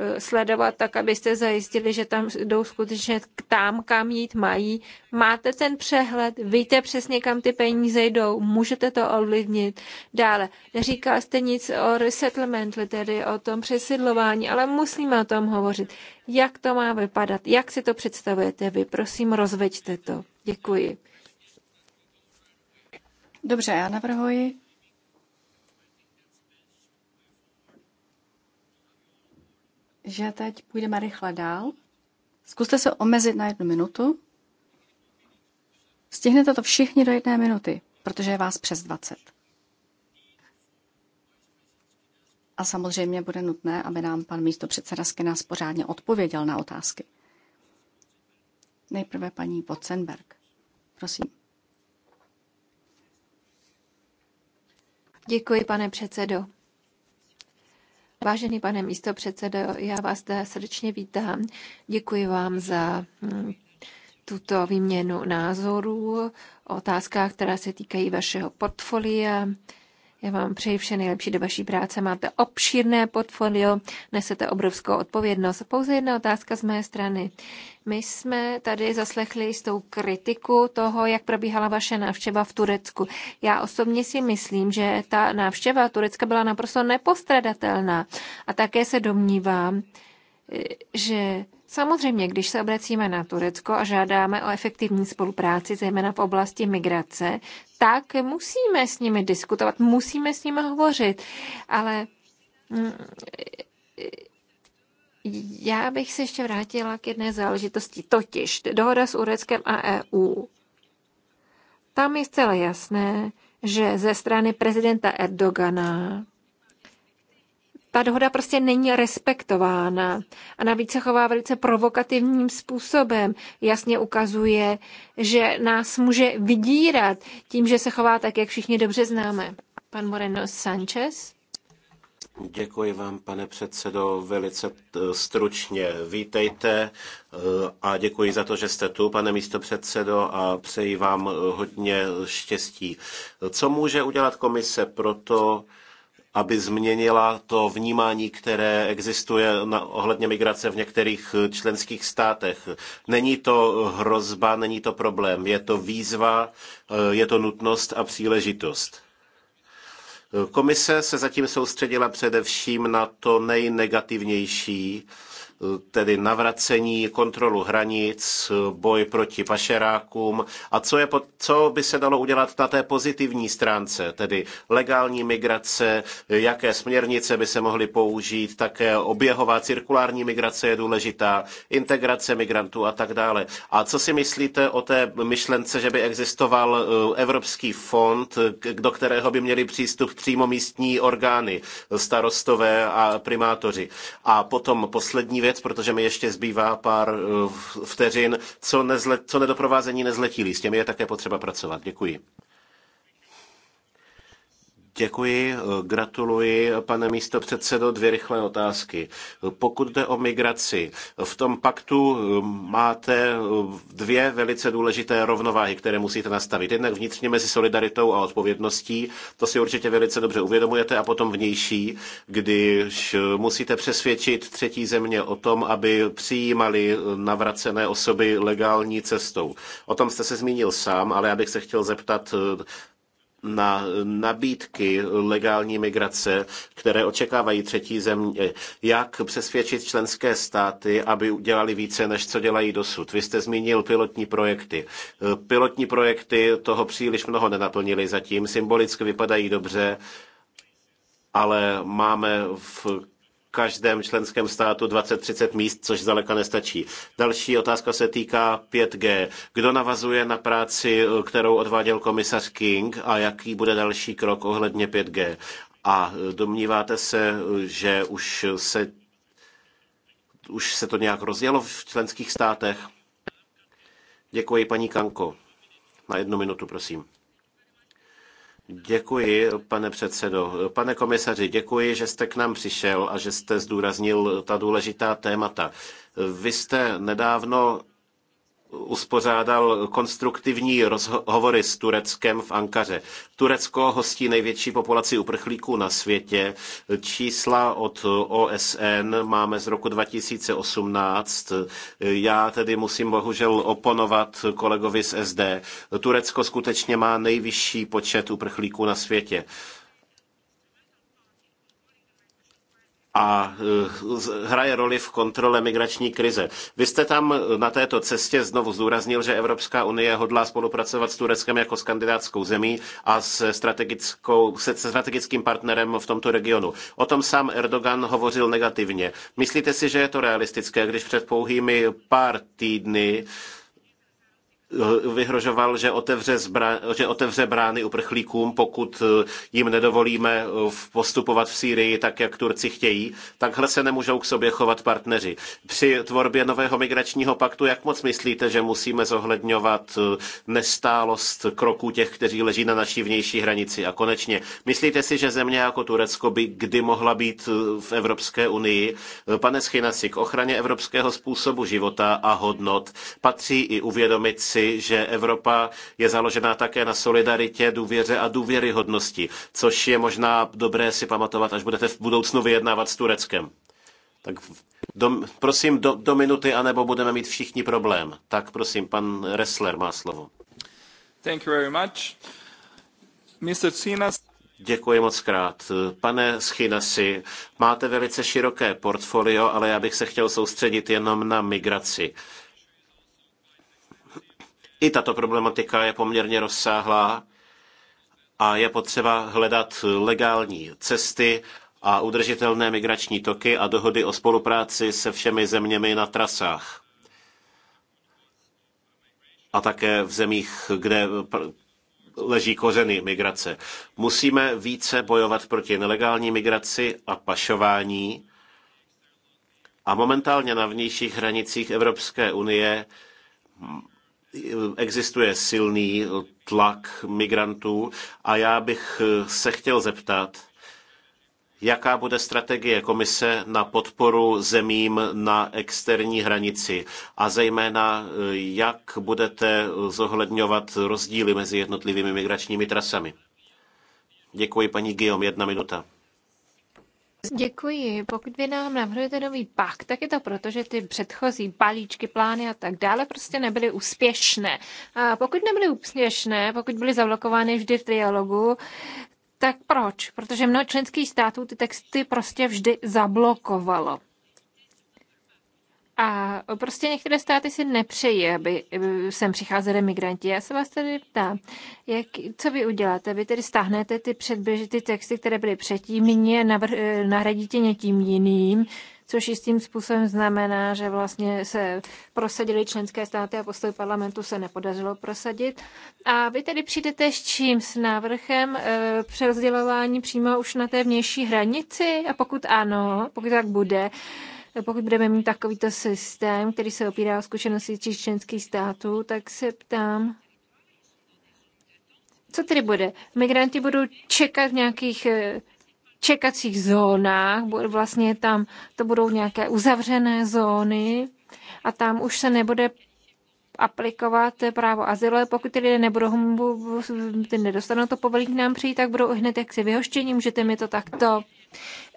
Speaker 4: Eh, sledovat tak, abyste zajistili, že tam jdou skutečně tam, kam jít mají. Máte ten přehled, víte přesně, kam ty peníze jdou, můžete to ovlivnit. Dále, neříkal jste nic o resettlement, tedy o tom přesidlování, ale musíme o tom hovořit. Jak to má vypadat? Jak si to představujete vy? Prosím,
Speaker 3: rozveďte to. Děkuji. Dobře, já navrhuji, že teď půjdeme rychle dál. Zkuste se omezit na jednu minutu. Stihnete to všichni do jedné minuty, protože je vás přes 20. A samozřejmě bude nutné, aby nám pan místo předseda nás pořádně odpověděl na otázky. Nejprve paní Potzenberg. Prosím.
Speaker 4: Děkuji, pane předsedo. Vážený pane místopředsedo, já vás zde srdečně vítám. Děkuji vám za hm, tuto výměnu názorů otázkách, která se týkají vašeho portfolia já vám přeji vše nejlepší do vaší práce. Máte obšírné portfolio, nesete obrovskou odpovědnost. Pouze jedna otázka z mé strany. My jsme tady zaslechli jistou kritiku toho, jak probíhala vaše návštěva v Turecku. Já osobně si myslím, že ta návštěva Turecka byla naprosto nepostradatelná. A také se domnívám, že Samozřejmě, když se obracíme na Turecko a žádáme o efektivní spolupráci, zejména v oblasti migrace, tak musíme s nimi diskutovat, musíme s nimi hovořit, ale mm, já bych se ještě vrátila k jedné záležitosti, totiž dohoda s Ureckem a EU. Tam je zcela jasné, že ze strany prezidenta Erdogana ta dohoda prostě není respektována. A navíc se chová velice provokativním způsobem. Jasně ukazuje, že nás může vydírat tím, že se chová tak, jak všichni dobře známe. Pan Moreno Sanchez.
Speaker 1: Děkuji vám, pane předsedo, velice eh, stručně. Vítejte eh, a děkuji za to, že jste tu, pane předsedo a přeji vám eh, hodně štěstí. Co může udělat komise pro to, aby změnila to vnímání, které existuje na, ohledně migrace v některých eh, členských státech. Není to hrozba, není to problém, je to výzva, eh, je to nutnost a příležitost. Eh, komise se zatím soustředila především na to nejnegativnější, tedy navracení, kontrolu hranic, boj proti pašerákům a co, je, co by se dalo udělat na té pozitivní stránce, tedy legální migrace, jaké směrnice by se mohly použít, také oběhová cirkulární migrace je důležitá, integrace migrantů a tak dále. A co si myslíte o té myšlence, že by existoval e, Evropský fond, do kterého by měli přístup přímo místní orgány, starostové a primátoři? A potom poslední věc, věc, protože mi ještě zbývá pár eh, vteřin, co, nezle, co nedoprovázení nezletilí. S těmi je také potřeba pracovat. Děkuji. Děkuji, gratuluji, pane místo předsedo, dvě rychlé otázky. Pokud jde o migraci, v tom paktu um, máte um, dvě velice důležité rovnováhy, které musíte nastavit. Jednak vnitřně mezi solidaritou a odpovědností, to si určitě velice dobře uvědomujete, a potom vnější, když uh, musíte přesvědčit třetí země o tom, aby přijímali uh, navracené osoby legální cestou. O tom jste se zmínil sám, ale já bych se chtěl zeptat, uh, na nabídky legální migrace, které očekávají třetí země, jak přesvědčit členské státy, aby dělali více, než co dělají dosud. Vy jste zmínil pilotní projekty. Pilotní projekty toho příliš mnoho nenaplnili zatím, symbolicky vypadají dobře, ale máme v každém členském státu 20-30 míst, což zdaleka nestačí. Další otázka se týká 5G. Kdo navazuje na práci, kterou odváděl komisař King a jaký bude další krok ohledně 5G? A domníváte se, že už se, už se to nějak rozjelo v členských státech? Děkuji, paní Kanko. Na jednu minutu, prosím. Děkuji, pane předsedo. Pane komisaři, děkuji, že jste k nám přišel a že jste zdůraznil ta důležitá témata. Vy jste nedávno uspořádal konstruktivní rozhovory s Tureckem v Ankaře. Turecko hostí největší populaci uprchlíků na světě. Čísla od OSN máme z roku 2018. Já tedy musím bohužel oponovat kolegovi z SD. Turecko skutečně má nejvyšší počet uprchlíků na světě. a eh, hraje roli v kontrole migrační krize. Vy jste tam na této cestě znovu zdůraznil, že Evropská unie hodlá spolupracovat s Tureckem jako s kandidátskou zemí a se, strategickou, se strategickým partnerem v tomto regionu. O tom sám Erdogan hovořil negativně. Myslíte si, že je to realistické, když před pouhými pár týdny Eh, vyhrožoval, že otevře, zbra, že otevře brány uprchlíkům, pokud eh, jim nedovolíme eh, postupovat v Sýrii tak, jak Turci chtějí. Takhle se nemůžou k sobě chovat partneři. Při tvorbě nového migračního paktu, jak moc myslíte, že musíme zohledňovat nestálost kroků těch, kteří leží na naší vnější hranici? A konečně, myslíte si, že země jako Turecko by kdy mohla být v Evropské unii? Pane Schinasi, k ochraně evropského způsobu života a hodnot patří i uvědomit si, říci, že Evropa je založená také na solidaritě, důvěře a důvěryhodnosti, což je možná dobré si pamatovat, až budete v budoucnu vyjednávat s Tureckem. Tak do, prosím do, do minuty, anebo budeme mít všichni problém. Tak prosím, pan Ressler má slovo. Thank you very much. Mr. Sinas. Děkuji moc krát. Pane Schinasi, máte velice široké portfolio, ale já bych se chtěl soustředit jenom na migraci. I tato problematika je poměrně rozsáhlá a je potřeba hledat legální cesty a udržitelné migrační toky a dohody o spolupráci se všemi zeměmi na trasách. A také v zemích, kde leží kořeny migrace. Musíme více bojovat proti nelegální migraci a pašování. A momentálně na vnějších hranicích Evropské unie existuje silný tlak migrantů a já bych eh, se chtěl zeptat, jaká bude strategie komise na podporu zemím na externí hranici a zejména eh, jak budete zohledňovat rozdíly mezi jednotlivými migračními trasami. Děkuji paní Guillaume, jedna minuta.
Speaker 4: Děkuji. Pokud vy nám navrhujete nový pakt, tak je to proto, že ty předchozí balíčky, plány a tak dále prostě nebyly úspěšné. A pokud nebyly úspěšné, pokud byly zablokovány vždy v dialogu, tak proč? Protože mnoho členských států ty texty prostě vždy zablokovalo. A prostě některé státy si nepřejí, aby eh, sem přicházeli migranti. Já se vás tady ptám, jak, co vy uděláte? Vy tedy stáhnete ty předběži, ty texty, které byly předtím, nyní navr- eh, nahradíte něčím jiným, což jistým způsobem znamená, že vlastně se prosadili členské státy a postoj parlamentu se nepodařilo prosadit. A vy tedy přijdete s čím? S návrhem e, přerozdělování přímo už na té vnější hranici? A pokud ano, pokud tak bude, pokud budeme mít takovýto systém, který se opírá o zkušenosti členských států, tak se ptám, co tedy bude? Migranti budou čekat v nějakých eh, čekacích zónách, vlastně tam to budou nějaké uzavřené zóny a tam už se nebude aplikovat právo azylové, pokud ty lidé nebudou ty nedostanou to povolení k nám přijít, tak budou hned jaksi vyhoštění, můžete mi to takto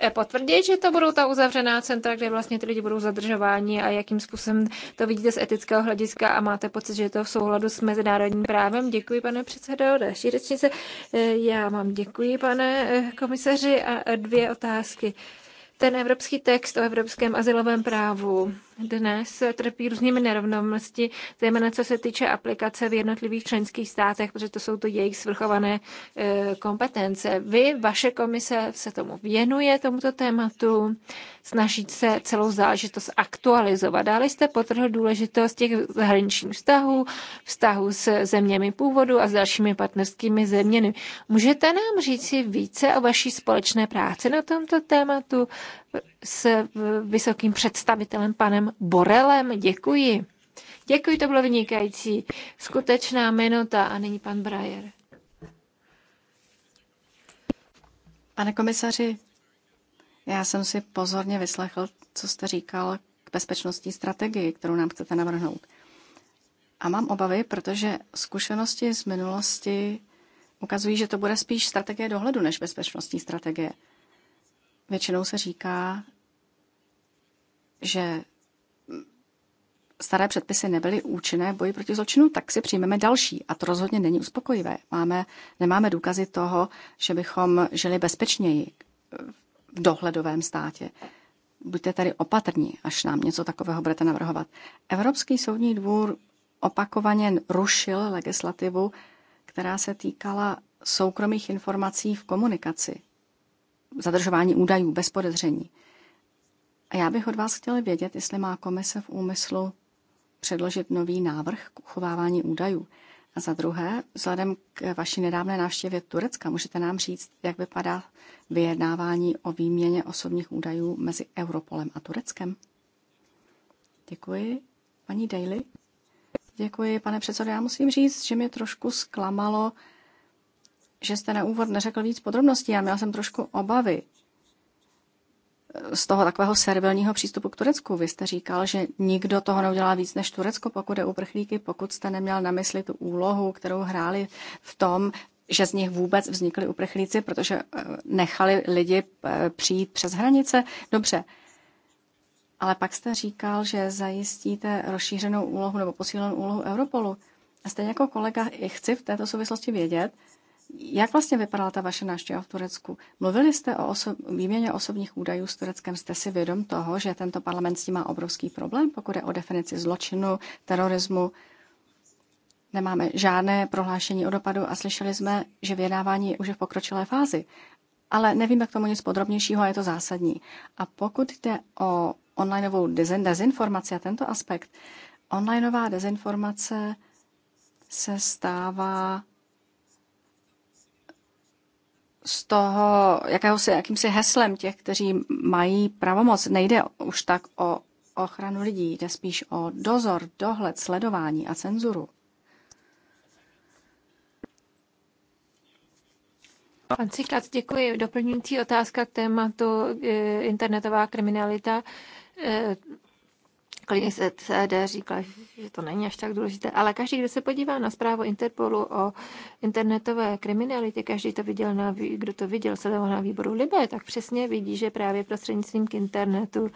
Speaker 4: eh, potvrdit, že to budou ta uzavřená centra, kde vlastně ty lidi budou zadržováni a jakým způsobem to vidíte z etického hlediska a máte pocit, že je to v souhladu s mezinárodním právem. Děkuji, pane předsedo, další řečnice. Eh, já vám děkuji, pane eh, komisaři, a dvě otázky. Ten evropský text o evropském asilovém právu dnes trpí různými nerovnosti, zejména co se týče aplikace v jednotlivých členských státech, protože to jsou to jejich svrchované e, kompetence. Vy, vaše komise se tomu věnuje, tomuto tématu, snaží se celou záležitost aktualizovat. Dále jste potrhl důležitost těch zahraničních vztahů, vztahů s zeměmi původu a s dalšími partnerskými zeměmi. Můžete nám říci více o vaší společné práci na tomto tématu s vysokým představitelem panem Borelem. Děkuji. Děkuji, to bylo vynikající.
Speaker 3: Skutečná minuta a nyní pan Brajer. Pane komisaři, já jsem si pozorně vyslechl, co jste říkal k bezpečnostní strategii, kterou nám chcete navrhnout. A mám obavy, protože zkušenosti z minulosti ukazují, že to bude spíš strategie dohledu než bezpečnostní strategie. Většinou se říká, že staré předpisy nebyly účinné v boji proti zločinu, tak si přijmeme další. A to rozhodně není uspokojivé. Máme, nemáme důkazy toho, že bychom žili bezpečněji v dohledovém státě. Buďte tady opatrní, až nám něco takového budete navrhovat. Evropský soudní dvůr opakovaně rušil legislativu, která se týkala soukromých informací v komunikaci zadržování údajů bez podezření. A já bych od vás chtěla vědět, jestli má komise v úmyslu předložit nový návrh k uchovávání údajů. A za druhé, vzhledem k vaší nedávné návštěvě Turecka, můžete nám říct, jak vypadá vyjednávání o výměně osobních údajů mezi Europolem a Tureckem? Děkuji. Paní Daly? Děkuji, pane předsedo. Já musím říct, že mě trošku zklamalo, že jste na úvod neřekl víc podrobností. Já měla jsem trošku obavy z toho takového servilního přístupu k Turecku. Vy jste říkal, že nikdo toho neudělá víc než Turecko, pokud je uprchlíky, pokud jste neměl na mysli tu úlohu, kterou hráli v tom, že z nich vůbec vznikli uprchlíci, protože eh, nechali lidi eh, přijít přes hranice. Dobře, ale pak jste říkal, že zajistíte rozšířenou úlohu nebo posílenou úlohu Europolu. A stejně jako kolega i chci v této souvislosti vědět, jak vlastně vypadala ta vaše návštěva v Turecku? Mluvili jste o oso- výměně osobních údajů s Tureckem. Jste si vědom toho, že tento parlament s tím má obrovský problém, pokud je o definici zločinu, terorismu? Nemáme žádné prohlášení o dopadu a slyšeli jsme, že vyjednávání je už v pokročilé fázi. Ale nevím, jak tomu nic podrobnějšího, je to zásadní. A pokud jde o onlineovou dezinformaci a tento aspekt, onlineová dezinformace se stává z toho jakéhosi, jakýmsi heslem těch, kteří mají pravomoc. Nejde už tak o ochranu lidí, jde spíš o dozor, dohled, sledování a cenzuru. Pan Cichlac,
Speaker 4: děkuji. Doplňující otázka k tématu eh, internetová kriminalita. Eh, Klidně se CD říkala, že to není až tak důležité, ale každý, kdo se podívá na zprávu Interpolu o internetové kriminalitě, každý to viděl, na, kdo to viděl, se na výboru Libe, tak přesně vidí, že právě prostřednictvím k internetu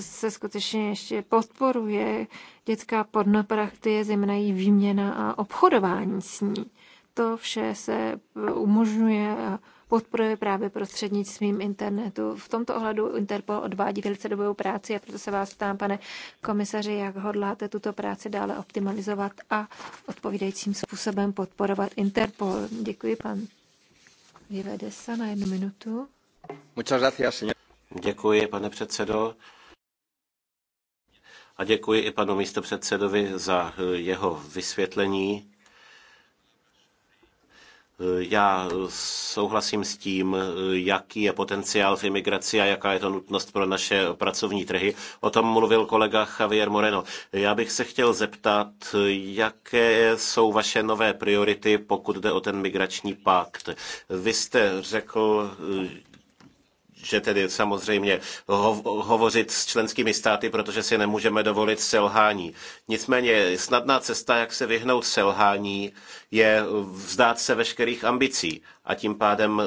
Speaker 4: se skutečně ještě podporuje dětská pornopraktie, zejména její výměna a obchodování s ní. To vše se umožňuje a podporuje právě prostřednictvím internetu. V tomto ohledu Interpol odvádí velice dobrou práci a proto se vás ptám, pane komisaři, jak hodláte tuto práci dále optimalizovat a odpovídajícím způsobem podporovat Interpol. Děkuji, pan Vyvedesa, na jednu minutu.
Speaker 1: Děkuji, pane předsedo. A děkuji i panu místopředsedovi za jeho vysvětlení. Já eh, souhlasím s tím, eh, jaký je potenciál v imigraci a jaká je to nutnost pro naše pracovní trhy. O tom mluvil kolega Javier Moreno. Já bych se chtěl zeptat, jaké jsou vaše nové priority, pokud jde o ten migrační pakt. Vy jste řekl, eh, že tedy samozřejmě ho- hovořit s členskými státy, protože si nemůžeme dovolit selhání. Nicméně snadná cesta, jak se vyhnout selhání, je vzdát se veškerých ambicí a tím pádem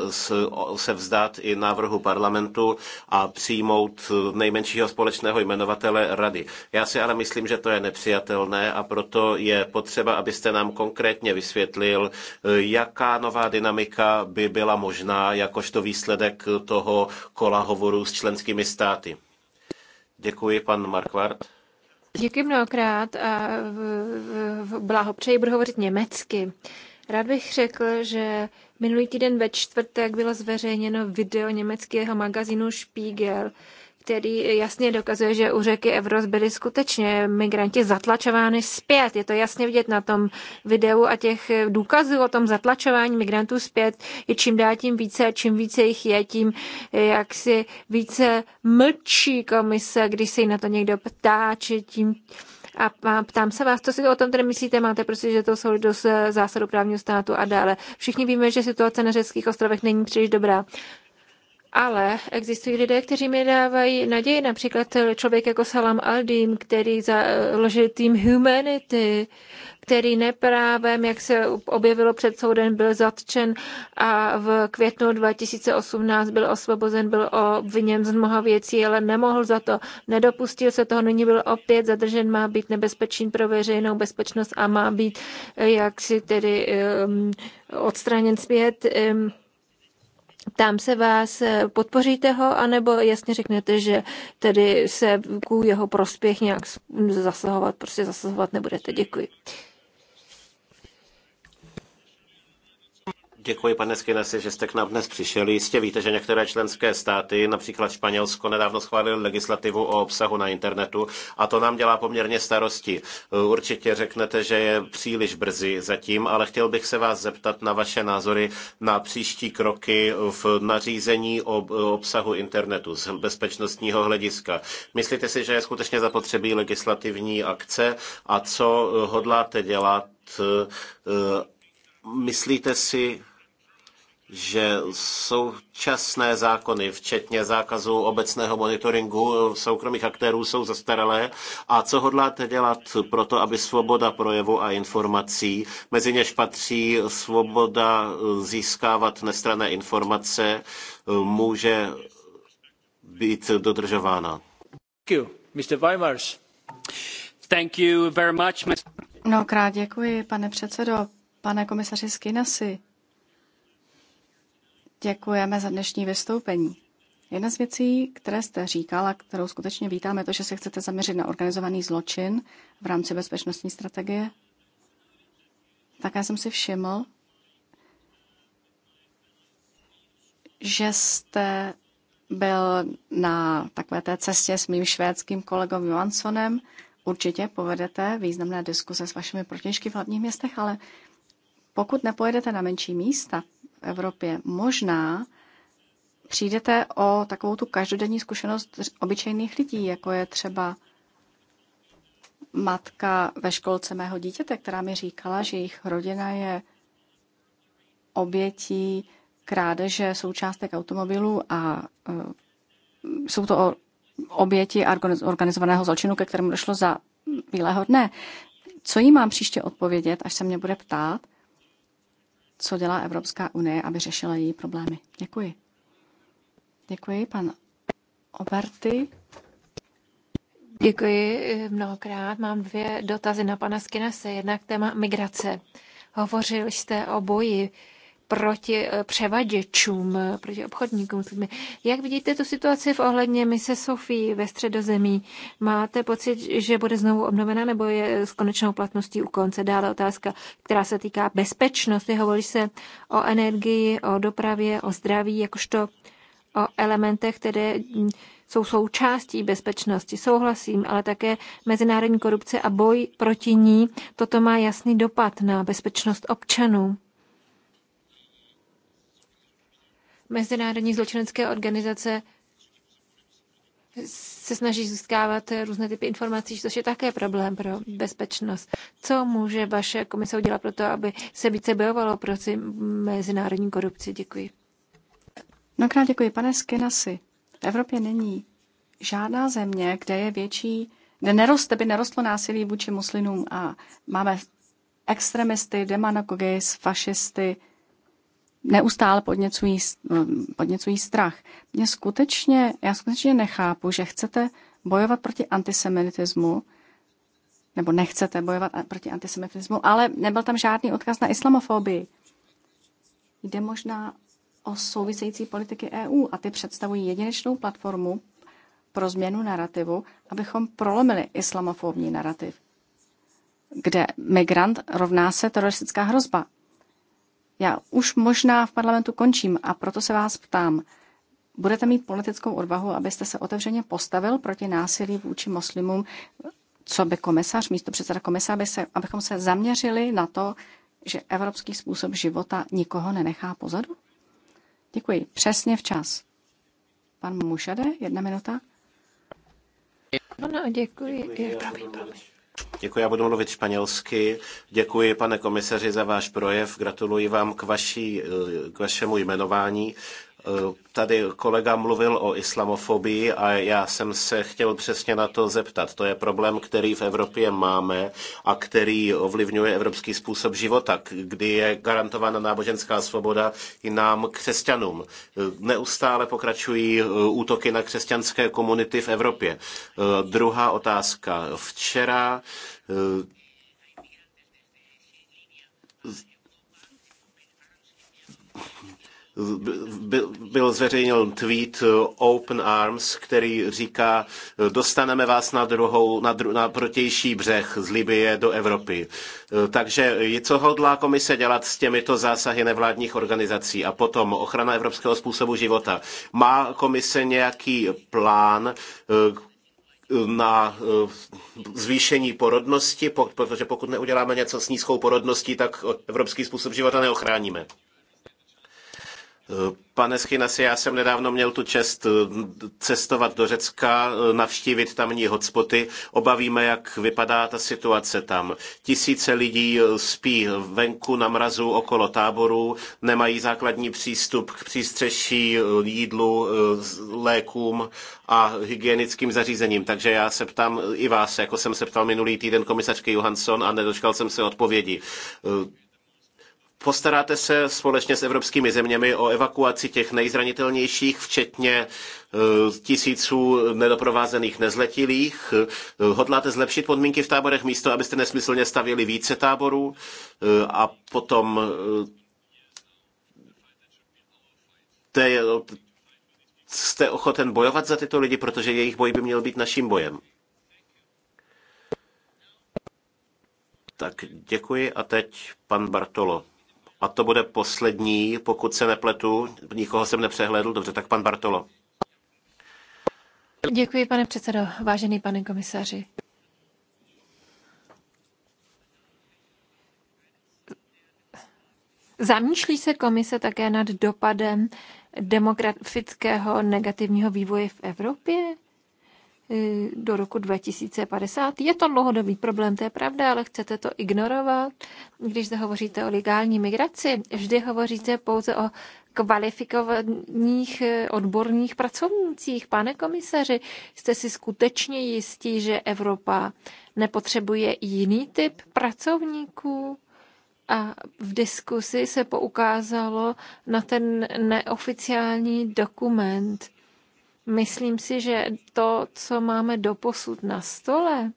Speaker 1: se vzdát i návrhu parlamentu a přijmout nejmenšího společného jmenovatele rady. Já si ale myslím, že to je nepřijatelné a proto je potřeba, abyste nám konkrétně vysvětlil, jaká nová dynamika by byla možná jakožto výsledek toho kola hovoru s členskými státy. Děkuji, pan Markvart.
Speaker 4: Děkuji mnohokrát a blahopřeji, budu hovořit německy. Rád bych řekl, že minulý týden ve čtvrtek bylo zveřejněno video německého magazínu Spiegel, který jasně dokazuje, že u řeky Evros byli skutečně migranti zatlačovány zpět. Je to jasně vidět na tom videu a těch důkazů o tom zatlačování migrantů zpět je čím dál tím více a čím více jich je, tím jak si více mlčí komise, když se jí na to někdo ptá, či tím a ptám se vás, co si o tom tedy myslíte? Máte prostě, že to jsou do zásadu právního státu a dále. Všichni víme, že situace na řeckých ostrovech není příliš dobrá. Ale existují lidé, kteří mi dávají naději, například člověk jako Salam Aldim, který založil tým Humanity, který neprávem, jak se objevilo před soudem, byl zatčen a v květnu 2018 byl osvobozen, byl obviněn z mnoha věcí, ale nemohl za to, nedopustil se toho, nyní byl opět zadržen, má být nebezpečný pro veřejnou bezpečnost a má být eh, jaksi tedy um, odstraněn zpět. Um, Ptám se vás, eh, podpoříte ho, anebo jasně řeknete, že tedy se ku jeho prospěch nějak zasahovat, prostě zasahovat nebudete. Děkuji.
Speaker 1: Děkuji, pane Skinesi, že jste k nám dnes přišel. Jistě víte, že některé členské státy, například Španělsko, nedávno schválili legislativu o obsahu na internetu a to nám dělá poměrně starosti. Určitě řeknete, že je příliš brzy zatím, ale chtěl bych se vás zeptat na vaše názory na příští kroky v nařízení o obsahu internetu z bezpečnostního hlediska. Myslíte si, že je skutečně zapotřebí legislativní akce a co hodláte dělat? Myslíte si, že současné zákony, včetně zákazu obecného monitoringu soukromých aktérů, jsou zastaralé? A co hodláte dělat pro to, aby svoboda projevu a informací, mezi něž patří svoboda získávat nestrané informace, může být dodržována? Thank you,
Speaker 2: Mr. Weimers. Thank you very much,
Speaker 3: Mnohokrát děkuji, pane předsedo, pane komisaři Skinasi. Děkujeme za dnešní vystoupení. Jedna z věcí, které jste říkala, kterou skutečně vítáme, je to, že se chcete zaměřit na organizovaný zločin v rámci bezpečnostní strategie. Také jsem si všiml, že jste byl na takové té cestě s mým švédským kolegou Johanssonem. Určitě povedete významné diskuse s vašimi protěžky v hlavních městech, ale pokud nepojedete na menší místa, Evropě. Možná přijdete o takovou tu každodenní zkušenost obyčejných lidí, jako je třeba matka ve školce mého dítěte, která mi říkala, že jejich rodina je obětí krádeže součástek automobilů a uh, jsou to oběti organizovaného zločinu, ke kterému došlo za bílého dne. Co jí mám příště odpovědět, až se mě bude ptát, co dělá Evropská unie, aby řešila její problémy. Děkuji. Děkuji, pan Oberty.
Speaker 4: Děkuji mnohokrát. Mám dvě dotazy na pana Skinase. Jednak téma migrace. Hovořil jste o boji proti eh, převaděčům, eh, proti obchodníkům Jak vidíte tu situaci v ohledně mise Sofii ve středozemí? Máte pocit, že bude znovu obnovena nebo je s konečnou platností u konce? Dále otázka, která se týká bezpečnosti. Hovoří se o energii, o dopravě, o zdraví, jakožto o elementech, které mm, jsou součástí bezpečnosti, souhlasím, ale také mezinárodní korupce a boj proti ní, toto má jasný dopad na bezpečnost občanů. mezinárodní zločinecké organizace se snaží získávat různé typy informací, což je také problém pro bezpečnost. Co může vaše komise udělat
Speaker 3: pro to, aby se více bojovalo proti mezinárodní korupci? Děkuji. Mnohokrát děkuji. Pane Skinasi, v Evropě není žádná země, kde je větší, kde neroste, by nerostlo násilí vůči muslimům a máme extremisty, demagogy, fašisty, neustále podněcují, podněcují strach. Mě skutečně, já skutečně nechápu, že chcete bojovat proti antisemitismu, nebo nechcete bojovat proti antisemitismu, ale nebyl tam žádný odkaz na islamofobii. Jde možná o související politiky EU a ty představují jedinečnou platformu pro změnu narrativu, abychom prolomili islamofobní narrativ, kde migrant rovná se teroristická hrozba. Já už možná v parlamentu končím a proto se vás ptám, budete mít politickou odvahu, abyste se otevřeně postavil proti násilí vůči muslimům, co by komisař, místo předseda komise, aby se, abychom se zaměřili na to, že evropský způsob života nikoho nenechá pozadu? Děkuji. Přesně včas. Pan Mušade, jedna minuta. Ano, děkuji.
Speaker 4: Promiň, promiň.
Speaker 1: Děkuji, já budu mluvit španělsky. Děkuji, pane komisaři, za váš projev. Gratuluji vám k, vaší, eh, k vašemu jmenování. Tady kolega mluvil o islamofobii a já jsem se chtěl přesně na to zeptat. To je problém, který v Evropě máme a který ovlivňuje evropský způsob života, kdy je garantována náboženská svoboda i nám, křesťanům. Neustále pokračují eh, útoky na křesťanské komunity v Evropě. Eh, druhá otázka. Včera eh, byl zveřejněn tweet eh, Open Arms, který říká, eh, dostaneme vás na, druhou, na, dru, na protější břeh z Libie do Evropy. Eh, takže co hodlá komise dělat s těmito zásahy nevládních organizací a potom ochrana evropského způsobu života? Má komise nějaký plán, na zvýšení porodnosti, protože pokud neuděláme něco s nízkou porodností, tak evropský způsob života neochráníme. Pane Schinasi, já jsem nedávno měl tu čest eh, cestovat do Řecka, eh, navštívit tamní hotspoty. Obavíme, jak vypadá ta situace tam. Tisíce lidí eh, spí venku na mrazu okolo táborů, nemají základní přístup k přístřeší, jídlu, lékům a hygienickým zařízením. Takže já se ptám i vás, jako jsem se ptal minulý týden komisařky Johansson a nedočkal jsem se odpovědi. Postaráte se společně s evropskými zeměmi o evakuaci těch nejzranitelnějších, včetně e, tisíců nedoprovázených nezletilých. E, hodláte zlepšit podmínky v táborech místo, abyste nesmyslně stavěli více táborů e, a potom jste ochoten bojovat za tyto lidi, protože jejich boj by měl být naším bojem. Tak děkuji a teď pan Bartolo. A to bude poslední, pokud se nepletu. Nikoho jsem nepřehlédl. Dobře, tak pan Bartolo.
Speaker 4: Děkuji, pane předsedo. Vážený pane komisaři. Zamýšlí se komise také nad dopadem demografického negativního vývoje v Evropě? E, do roku 2050. Je to dlouhodobý problém, to je pravda, ale chcete to ignorovat. Když hovoříte o legální migraci, vždy hovoříte pouze o kvalifikovaných e, odborných pracovnících. Pane komisaři, jste si skutečně jistí, že Evropa nepotřebuje jiný typ pracovníků? A v diskusi se poukázalo na ten neoficiální dokument, Myslím si, že to, co máme doposud na stole,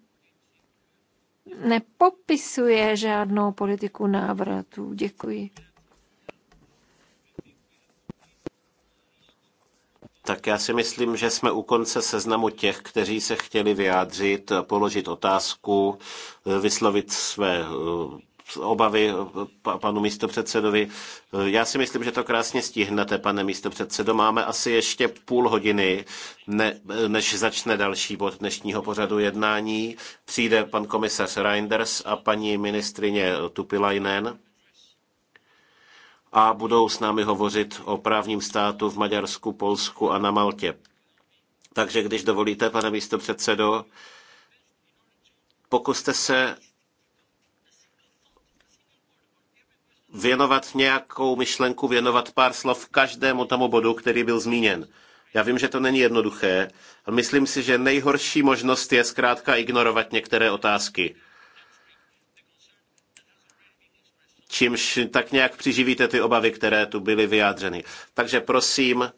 Speaker 4: nepopisuje žádnou politiku návratu. Děkuji.
Speaker 1: Tak já si myslím, že jsme u konce seznamu těch, kteří se chtěli vyjádřit, položit otázku, vyslovit své eh, obavy eh, panu místopředsedovi. Eh, já si myslím, že to krásně stihnete, pane místopředsedo. Máme asi ještě půl hodiny, ne, eh, než začne další bod dnešního pořadu jednání. Přijde pan komisař Reinders a paní ministrině Tupilainen a budou s námi hovořit o právním státu v Maďarsku, Polsku a na Maltě. Takže když dovolíte, pane místopředsedo, pokuste se věnovat nějakou myšlenku, věnovat pár slov každému tomu bodu, který byl zmíněn. Já vím, že to není jednoduché, ale myslím si, že nejhorší možnost je zkrátka ignorovat některé otázky. Čímž tak nějak přiživíte ty obavy, které tu byly vyjádřeny. Takže prosím,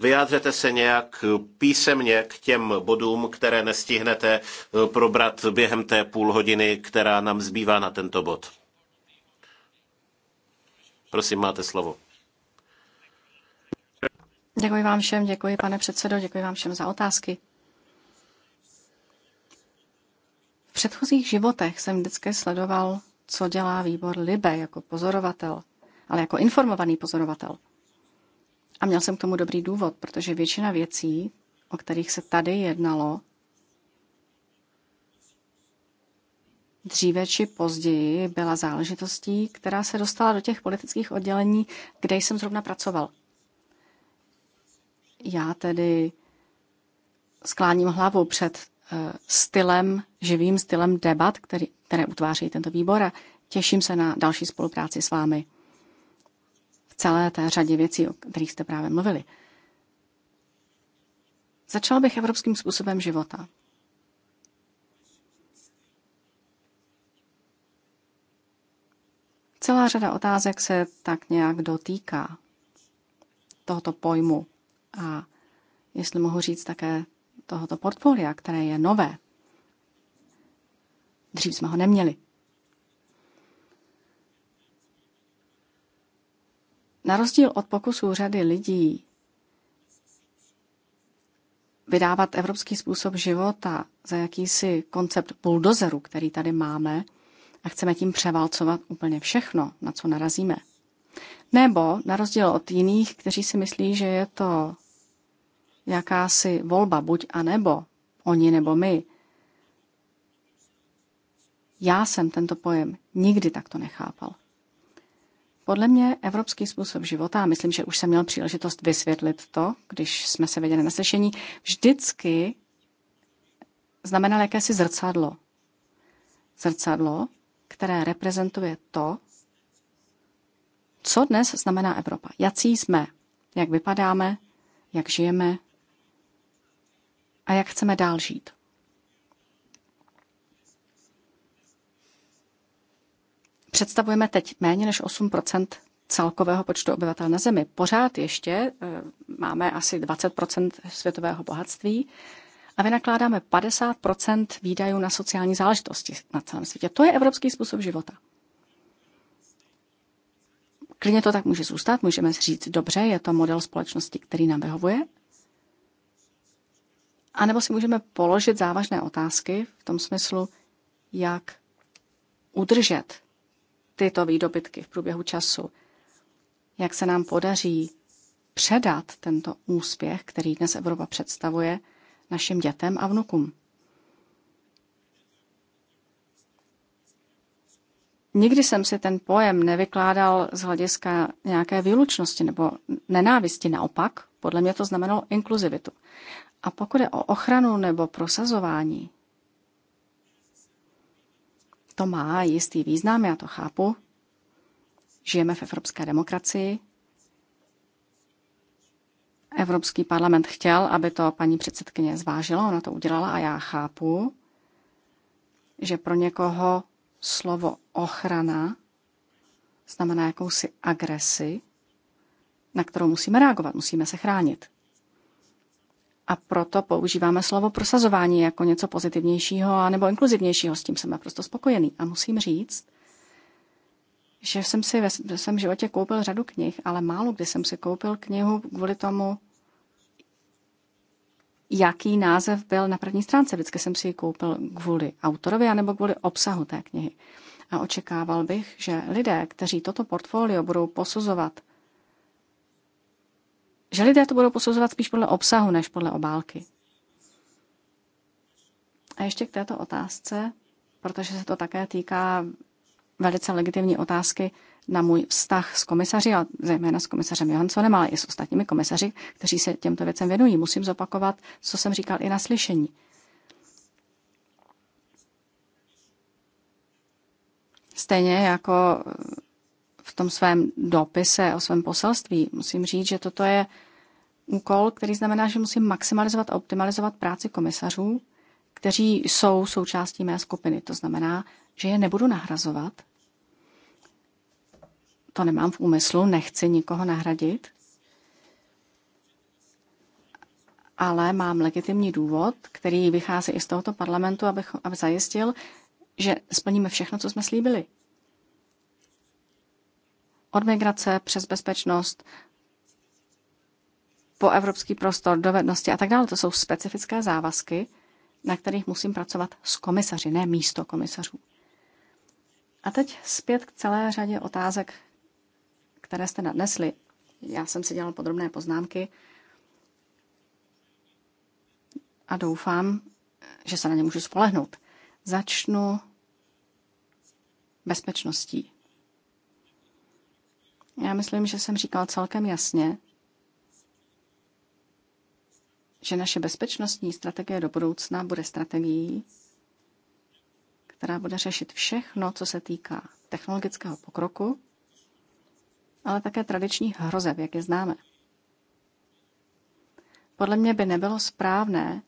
Speaker 1: Vyjádřete se nějak písemně k těm bodům, které nestihnete eh, probrat během té půl hodiny, která nám zbývá na tento bod. Prosím, máte slovo.
Speaker 3: Děkuji vám všem, děkuji pane předsedo, děkuji vám všem za otázky. V předchozích životech jsem vždycky sledoval, co dělá výbor Libe jako pozorovatel, ale jako informovaný pozorovatel. A měl jsem k tomu dobrý důvod, protože většina věcí, o kterých se tady jednalo, dříve či později byla záležitostí, která se dostala do těch politických oddělení, kde jsem zrovna pracoval. Já tedy skláním hlavu před eh, stylem, živým stylem debat, který, které utváří tento výbor a těším se na další spolupráci s vámi celé té řadě věcí, o kterých jste právě mluvili. Začal bych evropským způsobem života. Celá řada otázek se tak nějak dotýká tohoto pojmu a jestli mohu říct také tohoto portfolia, které je nové. Dřív jsme ho neměli. Na rozdíl od pokusů řady lidí vydávat evropský způsob života za jakýsi koncept buldozeru, který tady máme, a chceme tím převálcovat úplně všechno, na co narazíme. Nebo, na rozdíl od jiných, kteří si myslí, že je to jakási volba, buď a nebo, oni nebo my. Já jsem tento pojem nikdy takto nechápal. Podle mě evropský způsob života, a myslím, že už jsem měl příležitost vysvětlit to, když jsme se viděli na sešení, vždycky znamenal jakési zrcadlo. Zrcadlo, které reprezentuje to, co dnes znamená Evropa. Jací jsme, jak vypadáme, jak žijeme a jak chceme dál žít. představujeme teď méně než 8 celkového počtu obyvatel na Zemi. Pořád ještě eh, máme asi 20 světového bohatství a vynakládáme 50 výdajů na sociální záležitosti na celém světě. To je evropský způsob života. Klidně to tak může zůstat, můžeme říct, dobře, je to model společnosti, který nám vyhovuje. A nebo si můžeme položit závažné otázky v tom smyslu, jak udržet tyto výdobytky v průběhu času. Jak se nám podaří předat tento úspěch, který dnes Evropa představuje, našim dětem a vnukům. Nikdy jsem si ten pojem nevykládal z hlediska nějaké výlučnosti nebo nenávisti. Naopak, podle mě to znamenalo inkluzivitu. A pokud je o ochranu nebo prosazování, to má jistý význam, já to chápu. Žijeme v evropské demokracii. Evropský parlament chtěl, aby to paní předsedkyně zvážila, ona to udělala a já chápu, že pro někoho slovo ochrana znamená jakousi agresi, na kterou musíme reagovat, musíme se chránit. A proto používáme slovo prosazování jako něco pozitivnějšího a nebo inkluzivnějšího. S tím jsem naprosto spokojený. A musím říct, že jsem si ve svém životě koupil řadu knih, ale málo kdy jsem si koupil knihu kvůli tomu, jaký název byl na první stránce. Vždycky jsem si ji koupil kvůli autorovi anebo kvůli obsahu té knihy. A očekával bych, že lidé, kteří toto portfolio budou posuzovat že lidé to budou posuzovat spíš podle obsahu než podle obálky. A ještě k této otázce, protože se to také týká velice legitimní otázky na můj vztah s komisaři, a zejména s komisařem Johanssonem, ale i s ostatními komisaři, kteří se těmto věcem věnují. Musím zopakovat, co jsem říkal i na slyšení. Stejně jako v tom svém dopise o svém poselství, musím říct, že toto je úkol, který znamená, že musím maximalizovat a optimalizovat práci komisařů, kteří jsou součástí mé skupiny. To znamená, že je nebudu nahrazovat. To nemám v úmyslu, nechci nikoho nahradit. Ale mám legitimní důvod, který vychází i z tohoto parlamentu, abych, abych zajistil, že splníme všechno, co jsme slíbili. Od migrace přes bezpečnost po evropský prostor, dovednosti a tak dále. To jsou specifické závazky, na kterých musím pracovat s komisaři, ne místo komisařů. A teď zpět k celé řadě otázek, které jste nadnesli. Já jsem si dělal podrobné poznámky a doufám, že se na ně můžu spolehnout. Začnu bezpečností. Já myslím, že jsem říkal celkem jasně, že naše bezpečnostní strategie do budoucna bude strategií, která bude řešit všechno, co se týká technologického pokroku, ale také tradičních hrozeb, jak je známe. Podle mě by nebylo správné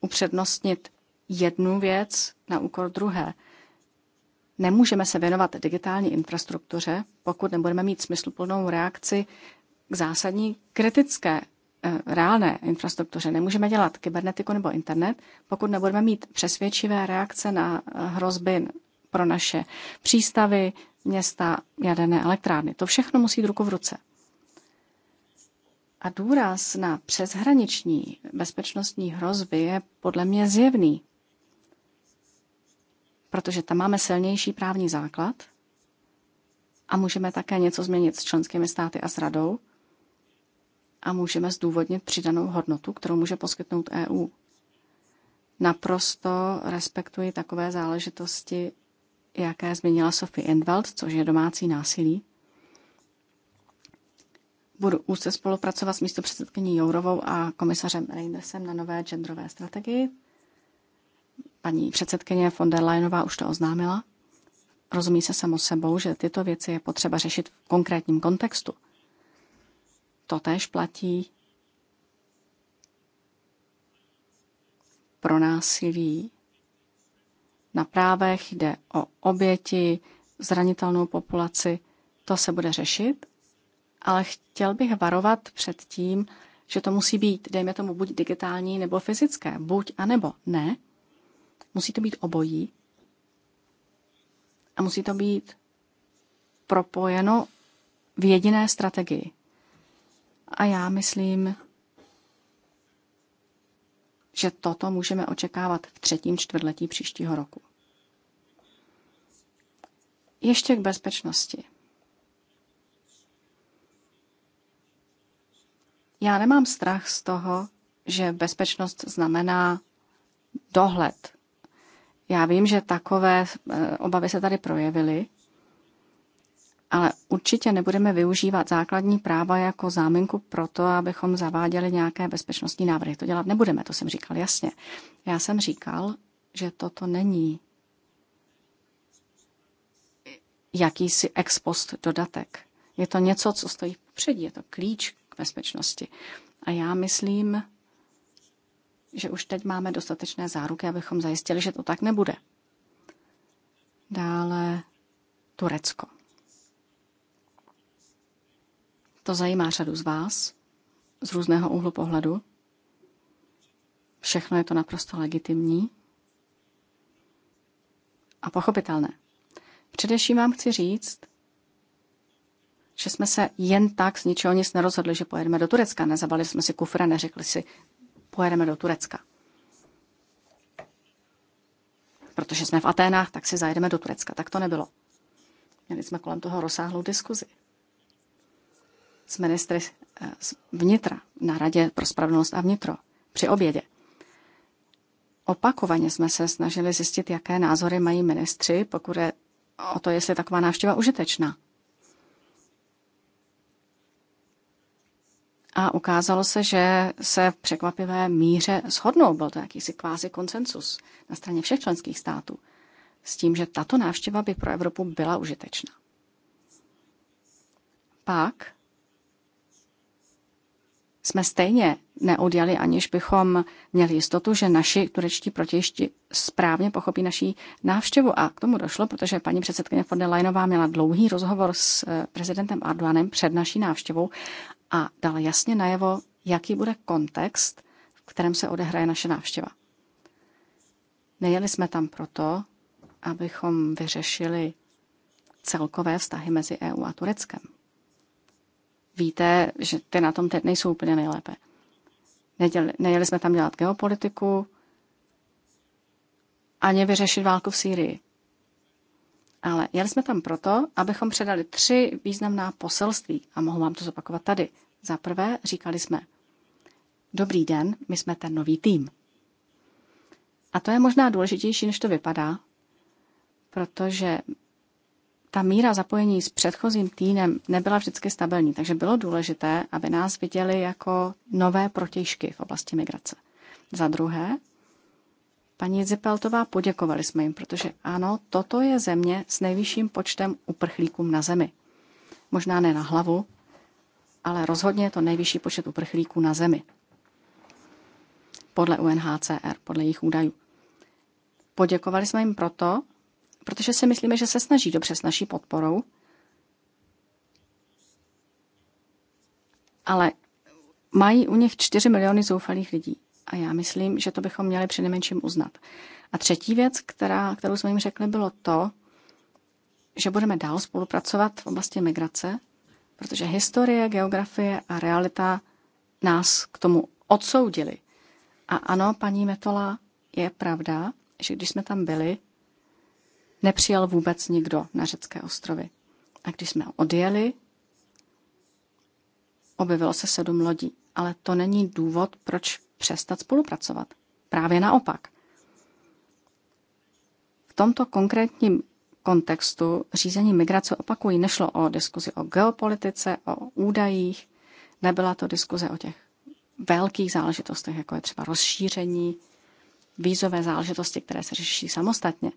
Speaker 3: upřednostnit jednu věc na úkor druhé. Nemůžeme se věnovat digitální infrastruktuře, pokud nebudeme mít smysluplnou reakci k zásadní kritické E, reálné infrastruktuře nemůžeme dělat kybernetiku nebo internet, pokud nebudeme mít přesvědčivé reakce na e, hrozby pro naše přístavy, města, jaderné elektrárny. To všechno musí jít ruku v ruce. A důraz na přeshraniční bezpečnostní hrozby je podle mě zjevný, protože tam máme silnější právní základ a můžeme také něco změnit s členskými státy a s radou, a můžeme zdůvodnit přidanou hodnotu, kterou může poskytnout EU. Naprosto respektuji takové záležitosti, jaké zmínila Sophie Endwald, což je domácí násilí. Budu úzce spolupracovat s místopředsedkyní Jourovou a komisařem Reindersem na nové genderové strategii. Paní předsedkyně von der Leyenová už to oznámila. Rozumí se samo sebou, že tyto věci je potřeba řešit v konkrétním kontextu – Totéž platí pro násilí. Na právech jde o oběti, zranitelnou populaci. To se bude řešit, ale chtěl bych varovat před tím, že to musí být, dejme tomu, buď digitální nebo fyzické, buď a nebo ne. Musí to být obojí a musí to být propojeno v jediné strategii. A já myslím, že toto můžeme očekávat v třetím čtvrtletí příštího roku. Ještě k bezpečnosti. Já nemám strach z toho, že bezpečnost znamená dohled. Já vím, že takové eh, obavy se tady projevily, ale určitě nebudeme využívat základní práva jako záminku pro to, abychom zaváděli nějaké bezpečnostní návrhy. To dělat nebudeme, to jsem říkal jasně. Já jsem říkal, že toto není jakýsi ex post dodatek. Je to něco, co stojí předí, je to klíč k bezpečnosti. A já myslím, že už teď máme dostatečné záruky, abychom zajistili, že to tak nebude. Dále Turecko. To zajímá řadu z vás z různého úhlu pohledu. Všechno je to naprosto legitimní a pochopitelné. Především vám chci říct, že jsme se jen tak z ničeho nic nerozhodli, že pojedeme do Turecka. Nezabali jsme si kufra, neřekli si, pojedeme do Turecka. Protože jsme v Aténách, tak si zajedeme do Turecka. Tak to nebylo. Měli jsme kolem toho rozsáhlou diskuzi s ministry eh, vnitra na Radě pro spravedlnost a vnitro při obědě. Opakovaně jsme se snažili zjistit, jaké názory mají ministři, pokud je o to, jestli je taková návštěva užitečná. A ukázalo se, že se v překvapivé míře shodnou. Byl to jakýsi kvázi konsensus na straně všech členských států s tím, že tato návštěva by pro Evropu byla užitečná. Pak jsme stejně neudělali, aniž bychom měli jistotu, že naši turečtí protějšti správně pochopí naší návštěvu. A k tomu došlo, protože paní předsedkyně von der Leinová měla dlouhý rozhovor s eh, prezidentem Arduanem před naší návštěvou a dala jasně najevo, jaký bude kontext, v kterém se odehraje naše návštěva. Nejeli jsme tam proto, abychom vyřešili celkové vztahy mezi EU a Tureckem víte, že ty na tom teď nejsou úplně nejlépe. Nejeli, nejeli jsme tam dělat geopolitiku, ani vyřešit válku v Sýrii. Ale jeli jsme tam proto, abychom předali tři významná poselství a mohu vám to zopakovat tady. Za prvé říkali jsme, dobrý den, my jsme ten nový tým. A to je možná důležitější, než to vypadá, protože ta míra zapojení s předchozím týnem nebyla vždycky stabilní, takže bylo důležité, aby nás viděli jako nové protěžky v oblasti migrace. Za druhé, paní Zipeltová poděkovali jsme jim, protože ano, toto je země s nejvyšším počtem uprchlíků na zemi. Možná ne na hlavu, ale rozhodně je to nejvyšší počet uprchlíků na zemi. Podle UNHCR, podle jejich údajů. Poděkovali jsme jim proto, protože si myslíme, že se snaží dobře s naší podporou, ale mají u nich 4 miliony zoufalých lidí. A já myslím, že to bychom měli přinejmenším uznat. A třetí věc, která, kterou jsme jim řekli, bylo to, že budeme dál spolupracovat v oblasti migrace, protože historie, geografie a realita nás k tomu odsoudili. A ano, paní Metola, je pravda, že když jsme tam byli, nepřijal vůbec nikdo na řecké ostrovy. A když jsme odjeli, objevilo se sedm lodí. Ale to není důvod, proč přestat spolupracovat. Právě naopak. V tomto konkrétním kontextu řízení migrace opakují, nešlo o diskuzi o geopolitice, o údajích, nebyla to diskuze o těch velkých záležitostech, jako je třeba rozšíření, vízové záležitosti, které se řeší samostatně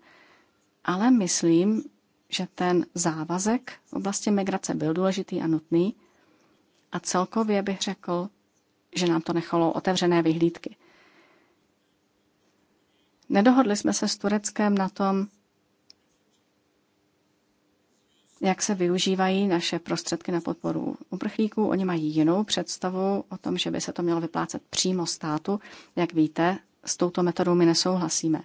Speaker 3: ale myslím, že ten závazek v oblasti migrace byl důležitý a nutný a celkově bych řekl, že nám to nechalo otevřené vyhlídky. Nedohodli jsme se s Tureckem na tom, jak se využívají naše prostředky na podporu uprchlíků. Oni mají jinou představu o tom, že by se to mělo vyplácet přímo státu. Jak víte, s touto metodou my nesouhlasíme.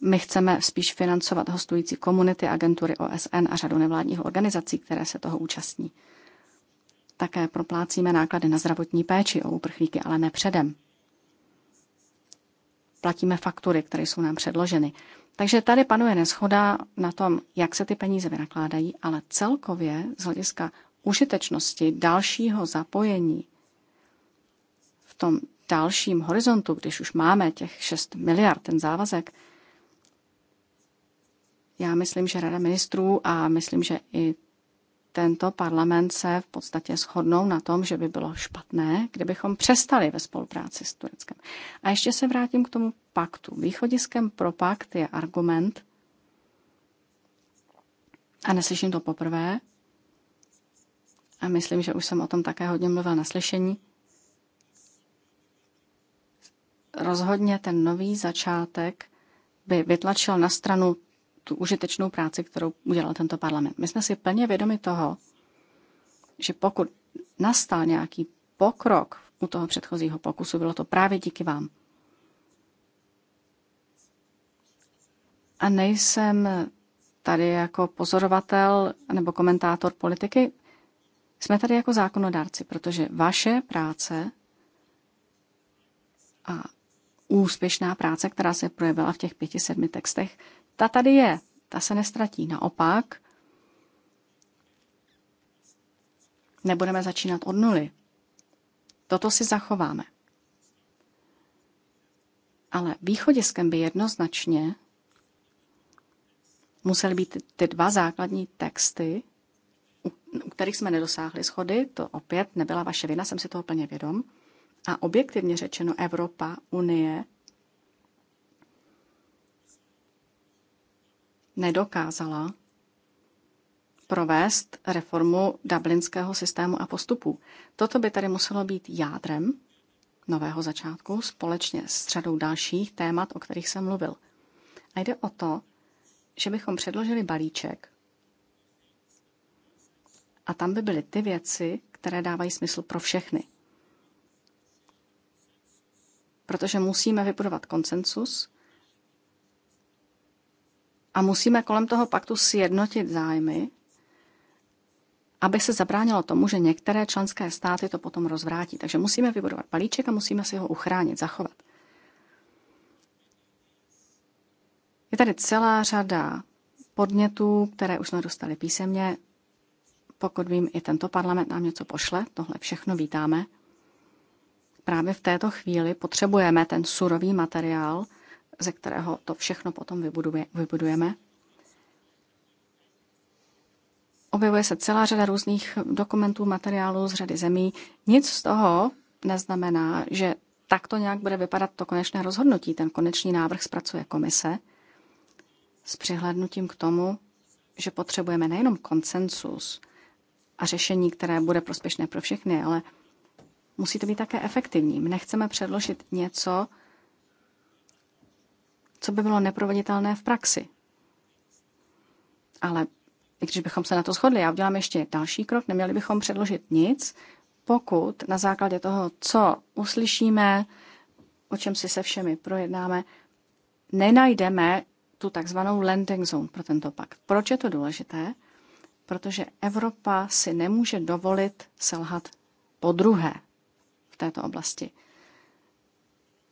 Speaker 3: My chceme spíš financovat hostující komunity, agentury OSN a řadu nevládních organizací, které se toho účastní. Také proplácíme náklady na zdravotní péči o uprchlíky, ale ne předem. Platíme faktury, které jsou nám předloženy. Takže tady panuje neschoda na tom, jak se ty peníze vynakládají, ale celkově z hlediska užitečnosti dalšího zapojení v tom dalším horizontu, když už máme těch 6 miliard, ten závazek, já myslím, že Rada ministrů a myslím, že i tento parlament se v podstatě shodnou na tom, že by bylo špatné, kdybychom přestali ve spolupráci s Tureckem. A ještě se vrátím k tomu paktu. Východiskem pro pakt je argument, a neslyším to poprvé, a myslím, že už jsem o tom také hodně mluvila na slyšení, rozhodně ten nový začátek by vytlačil na stranu tu užitečnou práci, kterou udělal tento parlament. My jsme si plně vědomi toho, že pokud nastal nějaký pokrok u toho předchozího pokusu, bylo to právě díky vám. A nejsem tady jako pozorovatel nebo komentátor politiky, jsme tady jako zákonodárci, protože vaše práce a úspěšná práce, která se projevila v těch pěti, sedmi textech, ta tady je, ta se nestratí. Naopak, nebudeme začínat od nuly. Toto si zachováme. Ale východiskem by jednoznačně musely být ty dva základní texty, u kterých jsme nedosáhli schody, to opět nebyla vaše vina, jsem si toho plně vědom. A objektivně řečeno Evropa, Unie nedokázala provést reformu dublinského systému a postupů. Toto by tady muselo být jádrem nového začátku společně s řadou dalších témat, o kterých jsem mluvil. A jde o to, že bychom předložili balíček a tam by byly ty věci, které dávají smysl pro všechny. Protože musíme vybudovat konsensus, a musíme kolem toho paktu sjednotit zájmy, aby se zabránilo tomu, že některé členské státy to potom rozvrátí. Takže musíme vybudovat palíček a musíme si ho uchránit, zachovat. Je tady celá řada podnětů, které už jsme dostali písemně. Pokud vím, i tento parlament nám něco pošle, tohle všechno vítáme. Právě v této chvíli potřebujeme ten surový materiál, ze kterého to všechno potom vybudujeme. Objevuje se celá řada různých dokumentů, materiálů z řady zemí. Nic z toho neznamená, že tak to nějak bude vypadat to konečné rozhodnutí. Ten konečný návrh zpracuje komise s přihlednutím k tomu, že potřebujeme nejenom konsensus a řešení, které bude prospěšné pro všechny, ale musí to být také efektivní. My nechceme předložit něco, co by bylo neproveditelné v praxi. Ale i když bychom se na to shodli, já udělám ještě další krok, neměli bychom předložit nic, pokud na základě toho, co uslyšíme, o čem si se všemi projednáme, nenajdeme tu takzvanou landing zone pro tento pakt. Proč je to důležité? Protože Evropa si nemůže dovolit selhat po druhé v této oblasti.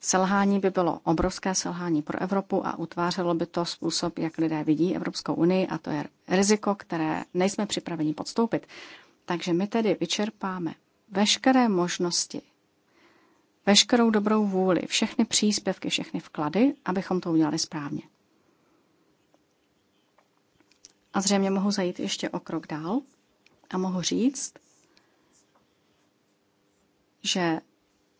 Speaker 3: Selhání by bylo obrovské selhání pro Evropu a utvářelo by to způsob, jak lidé vidí Evropskou unii a to je riziko, které nejsme připraveni podstoupit. Takže my tedy vyčerpáme veškeré možnosti, veškerou dobrou vůli, všechny příspěvky, všechny vklady, abychom to udělali správně. A zřejmě mohu zajít ještě o krok dál a mohu říct, že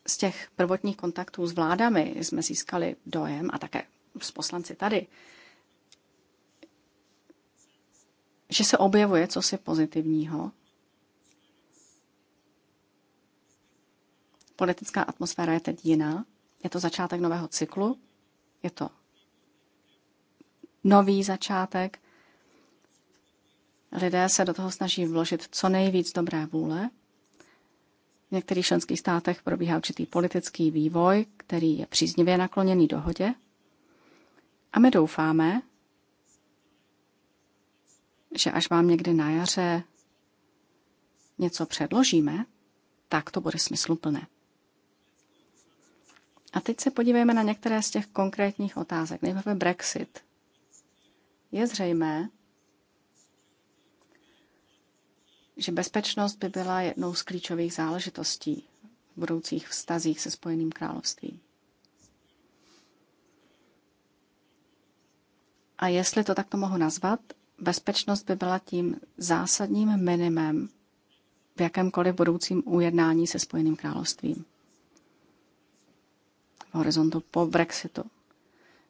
Speaker 3: z těch prvotních kontaktů s vládami jsme získali dojem a také s poslanci tady, že se objevuje cosi pozitivního. Politická atmosféra je teď jiná. Je to začátek nového cyklu, je to nový začátek. Lidé se do toho snaží vložit co nejvíc dobré vůle v některých členských státech probíhá určitý politický vývoj, který je příznivě nakloněný dohodě. A my doufáme, že až vám někdy na jaře něco předložíme, tak to bude smysluplné. A teď se podívejme na některé z těch konkrétních otázek. Nejprve Brexit. Je zřejmé, že bezpečnost by byla jednou z klíčových záležitostí v budoucích vztazích se Spojeným královstvím. A jestli to takto mohu nazvat, bezpečnost by byla tím zásadním minimem v jakémkoliv budoucím ujednání se Spojeným královstvím. V horizontu po Brexitu.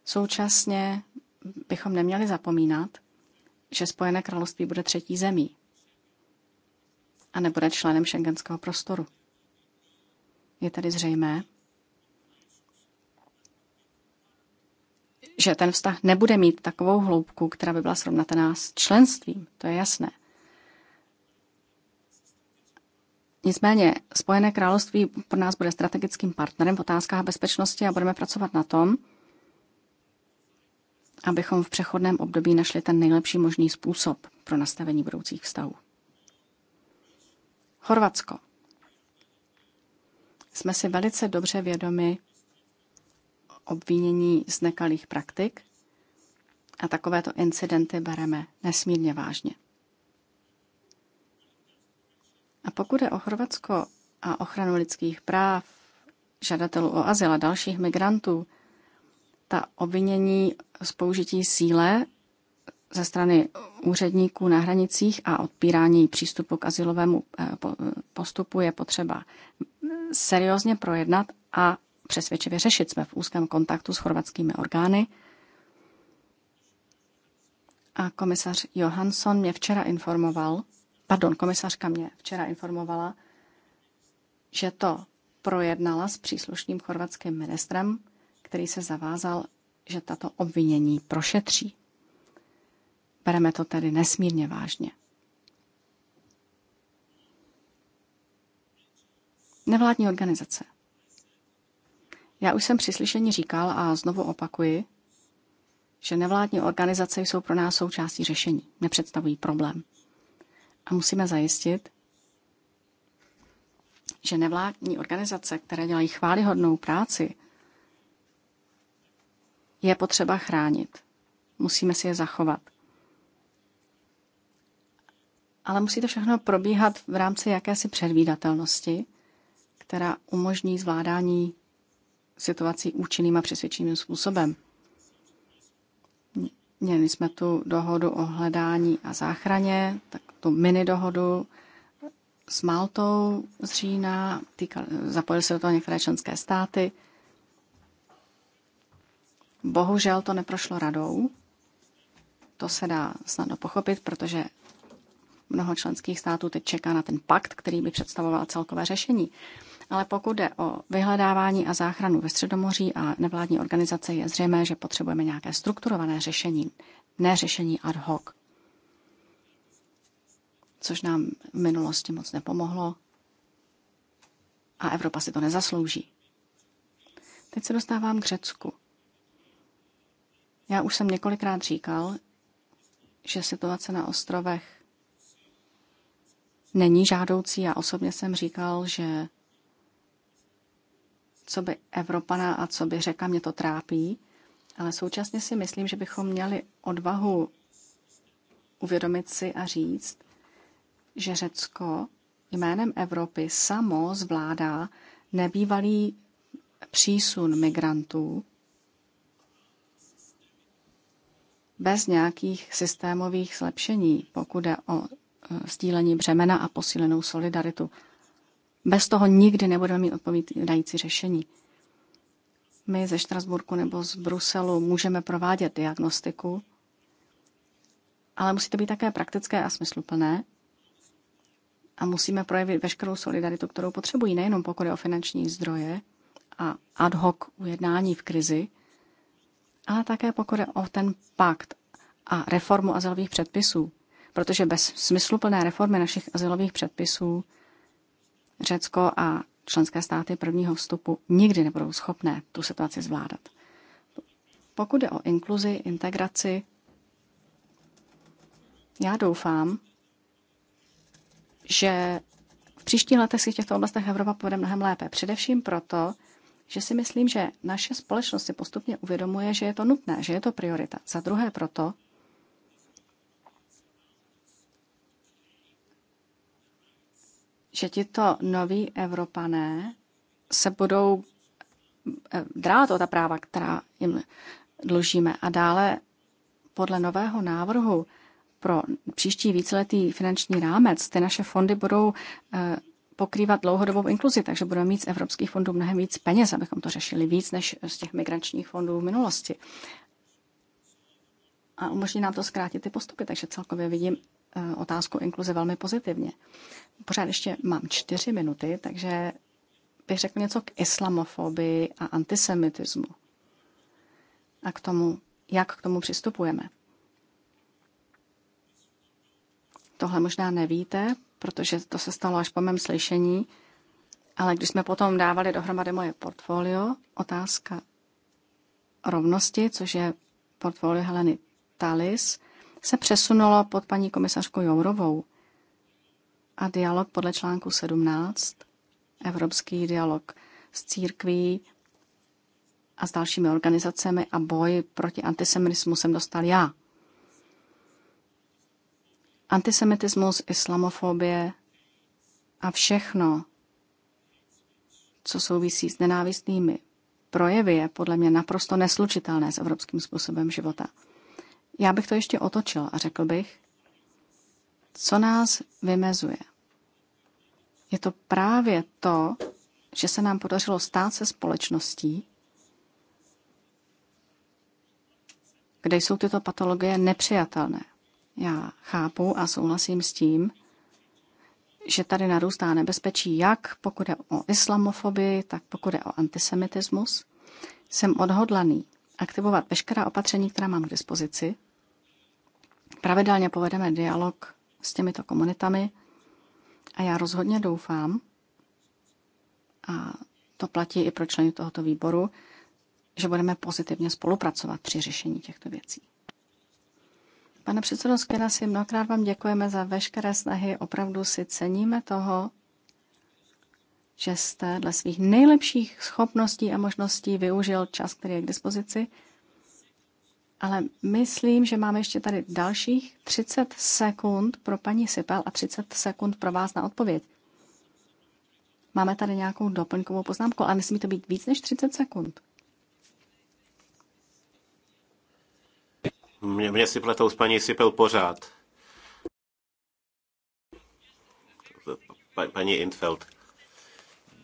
Speaker 3: Současně bychom neměli zapomínat, že Spojené království bude třetí zemí a nebude členem šengenského prostoru. Je tedy zřejmé, že ten vztah nebude mít takovou hloubku, která by byla srovnatelná s členstvím, to je jasné. Nicméně Spojené království pro nás bude strategickým partnerem v otázkách bezpečnosti a budeme pracovat na tom, abychom v přechodném období našli ten nejlepší možný způsob pro nastavení budoucích vztahů. Chorvatsko. Jsme si velice dobře vědomi obvinění z nekalých praktik a takovéto incidenty bereme nesmírně vážně. A pokud je o Chorvatsko a ochranu lidských práv, žadatelů o azyl a dalších migrantů, ta obvinění z použití síle ze strany úředníků na hranicích a odpírání přístupu k asilovému eh, postupu je potřeba seriózně projednat a přesvědčivě řešit. Jsme v úzkém kontaktu s chorvatskými orgány. A komisař Johansson mě včera informoval, pardon, komisařka mě včera informovala, že to projednala s příslušným chorvatským ministrem, který se zavázal, že tato obvinění prošetří. Bereme to tedy nesmírně vážně. Nevládní organizace. Já už jsem při slyšení říkal a znovu opakuji, že nevládní organizace jsou pro nás součástí řešení, nepředstavují problém. A musíme zajistit, že nevládní organizace, které dělají chválihodnou práci, je potřeba chránit. Musíme si je zachovat ale musí to všechno probíhat v rámci jakési předvídatelnosti, která umožní zvládání situací účinným a přesvědčivým způsobem. Měli jsme tu dohodu o hledání a záchraně, tak tu mini dohodu s Maltou z října, zapojili se do toho některé členské státy. Bohužel to neprošlo radou. To se dá snadno pochopit, protože Mnoho členských států teď čeká na ten pakt, který by představoval celkové řešení. Ale pokud jde o vyhledávání a záchranu ve Středomoří a nevládní organizace, je zřejmé, že potřebujeme nějaké strukturované řešení, ne řešení ad hoc. Což nám v minulosti moc nepomohlo a Evropa si to nezaslouží. Teď se dostávám k Řecku. Já už jsem několikrát říkal, že situace na ostrovech není žádoucí. Já osobně jsem říkal, že co by Evropana a co by řeka mě to trápí, ale současně si myslím, že bychom měli odvahu uvědomit si a říct, že Řecko jménem Evropy samo zvládá nebývalý přísun migrantů bez nějakých systémových zlepšení, pokud je o stílení břemena a posílenou solidaritu. Bez toho nikdy nebudeme mít odpovídající řešení. My ze Štrasburku nebo z Bruselu můžeme provádět diagnostiku, ale musí to být také praktické a smysluplné. A musíme projevit veškerou solidaritu, kterou potřebují, nejenom pokud je o finanční zdroje a ad hoc ujednání v krizi, ale také pokud je o ten pakt a reformu azylových předpisů protože bez smysluplné reformy našich asilových předpisů Řecko a členské státy prvního vstupu nikdy nebudou schopné tu situaci zvládat. Pokud jde o inkluzi, integraci, já doufám, že v příštích letech si v těchto oblastech Evropa povede mnohem lépe. Především proto, že si myslím, že naše společnost si postupně uvědomuje, že je to nutné, že je to priorita. Za druhé proto, že tito noví Evropané se budou eh, drát o ta práva, která jim dlužíme. A dále podle nového návrhu pro příští víceletý finanční rámec ty naše fondy budou eh, pokrývat dlouhodobou inkluzi, takže budeme mít z evropských fondů mnohem víc peněz, abychom to řešili víc než z těch migračních fondů v minulosti. A umožní nám to zkrátit ty postupy, takže celkově vidím Eh, otázku inkluze velmi pozitivně. Pořád ještě mám čtyři minuty, takže bych řekl něco k islamofobii a antisemitismu a k tomu, jak k tomu přistupujeme. Tohle možná nevíte, protože to se stalo až po mém slyšení, ale když jsme potom dávali dohromady moje portfolio, otázka rovnosti, což je portfolio Heleny Talis, se přesunulo pod paní komisařku Jourovou a dialog podle článku 17, evropský dialog s církví a s dalšími organizacemi a boj proti antisemitismu jsem dostal já. Antisemitismus, islamofobie a všechno, co souvisí s nenávistnými projevy, je podle mě naprosto neslučitelné s evropským způsobem života. Já bych to ještě otočil a řekl bych, co nás vymezuje. Je to právě to, že se nám podařilo stát se společností, kde jsou tyto patologie nepřijatelné. Já chápu a souhlasím s tím, že tady narůstá nebezpečí jak pokud je o islamofobii, tak pokud je o antisemitismus. Jsem odhodlaný aktivovat veškerá opatření, která mám k dispozici, pravidelně povedeme dialog s těmito komunitami a já rozhodně doufám, a to platí i pro členy tohoto výboru, že budeme pozitivně spolupracovat při řešení těchto věcí. Pane předsedo si mnohokrát vám děkujeme za veškeré snahy. Opravdu si ceníme toho, že jste dle svých nejlepších schopností a možností využil čas, který je k dispozici ale myslím, že máme ještě tady dalších 30 sekund pro paní Sipel a 30 sekund pro vás na odpověď. Máme tady nějakou doplňkovou poznámku, ale nesmí to být víc než 30 sekund.
Speaker 1: Mě, mě si pletou s paní Sipel pořád. Paní Infeld.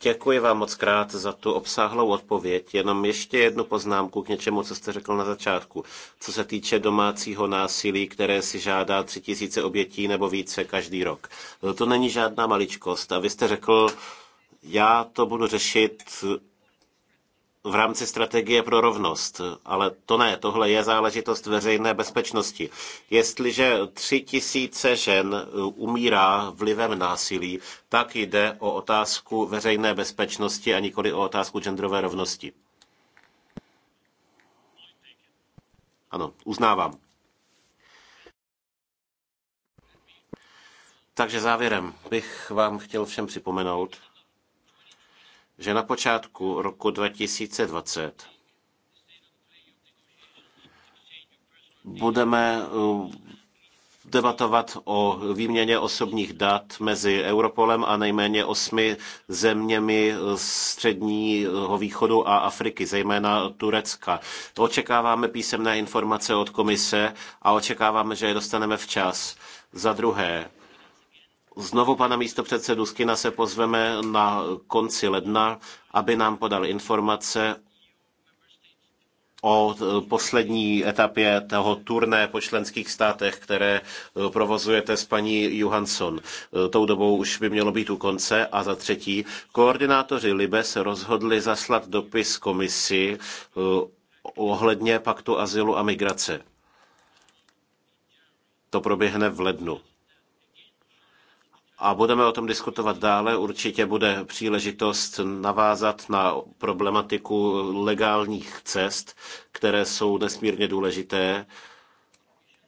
Speaker 1: Děkuji vám moc krát za tu obsáhlou odpověď. Jenom ještě jednu poznámku k něčemu, co jste řekl na začátku. Co se týče domácího násilí, které si žádá tři tisíce obětí nebo více každý rok. No, to není žádná maličkost. A vy jste řekl, já to budu řešit v rámci strategie pro rovnost, ale to ne, tohle je záležitost veřejné bezpečnosti. Jestliže tři tisíce žen eh, umírá vlivem násilí, tak jde o otázku veřejné bezpečnosti a nikoli o otázku genderové rovnosti. Ano, uznávám. Takže závěrem bych vám chtěl všem připomenout, že na počátku roku 2020 budeme eh, debatovat o výměně osobních dat mezi Europolem a nejméně osmi zeměmi eh, středního východu a Afriky, zejména Turecka. To očekáváme písemné informace od komise a očekáváme, že je dostaneme včas. Za druhé, Znovu pana místopředsedu Skina se pozveme na konci ledna, aby nám podal informace o poslední etapě toho turné po členských státech, které eh, provozujete s paní Johansson. Eh, tou dobou už by mělo být u konce. A za třetí, koordinátoři Libe se rozhodli zaslat dopis komisi eh, ohledně paktu azylu a migrace. To proběhne v lednu a budeme o tom diskutovat dále. Určitě bude příležitost navázat na problematiku legálních cest, které jsou nesmírně důležité.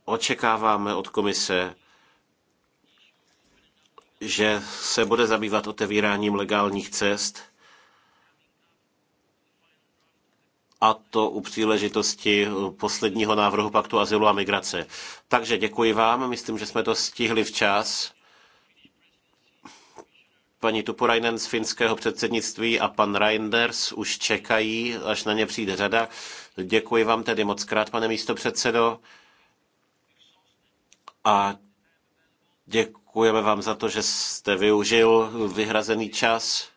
Speaker 1: Očekáváme od komise, že se bude zabývat otevíráním legálních cest a to u příležitosti posledního návrhu paktu azylu a migrace. Takže děkuji vám, myslím, že jsme to stihli včas. Paní Tupurainen z finského předsednictví a pan Reinders už čekají, až na ně přijde řada. Děkuji vám tedy moc krát, pane místopředsedo. A děkujeme vám za to, že jste využil vyhrazený čas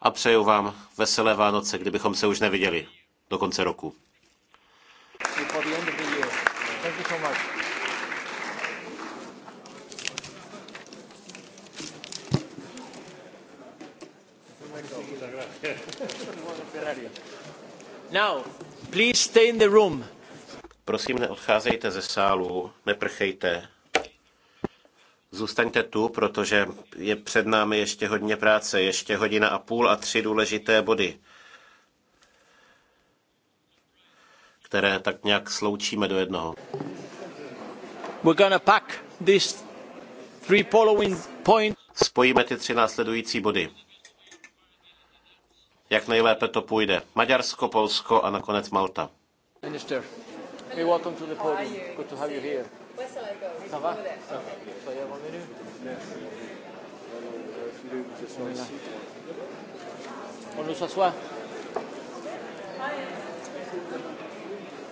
Speaker 1: a přeju vám veselé Vánoce, kdybychom se už neviděli do konce roku.
Speaker 2: Thank you so much. Now, please stay in the room. Prosím,
Speaker 1: neodcházejte ze sálu, neprchejte. Zůstaňte tu, protože je před námi ještě hodně práce, ještě hodina a půl a tři důležité body, které tak nějak sloučíme do jednoho. We're gonna pack
Speaker 2: these three following
Speaker 1: points. Spojíme ty tři následující body jak nejlépe to půjde. Maďarsko, Polsko a nakonec Malta.
Speaker 2: Minister, hey, welcome to the podium. Good to have you here. Ça va? Soyez bienvenue. On nous s'assoit.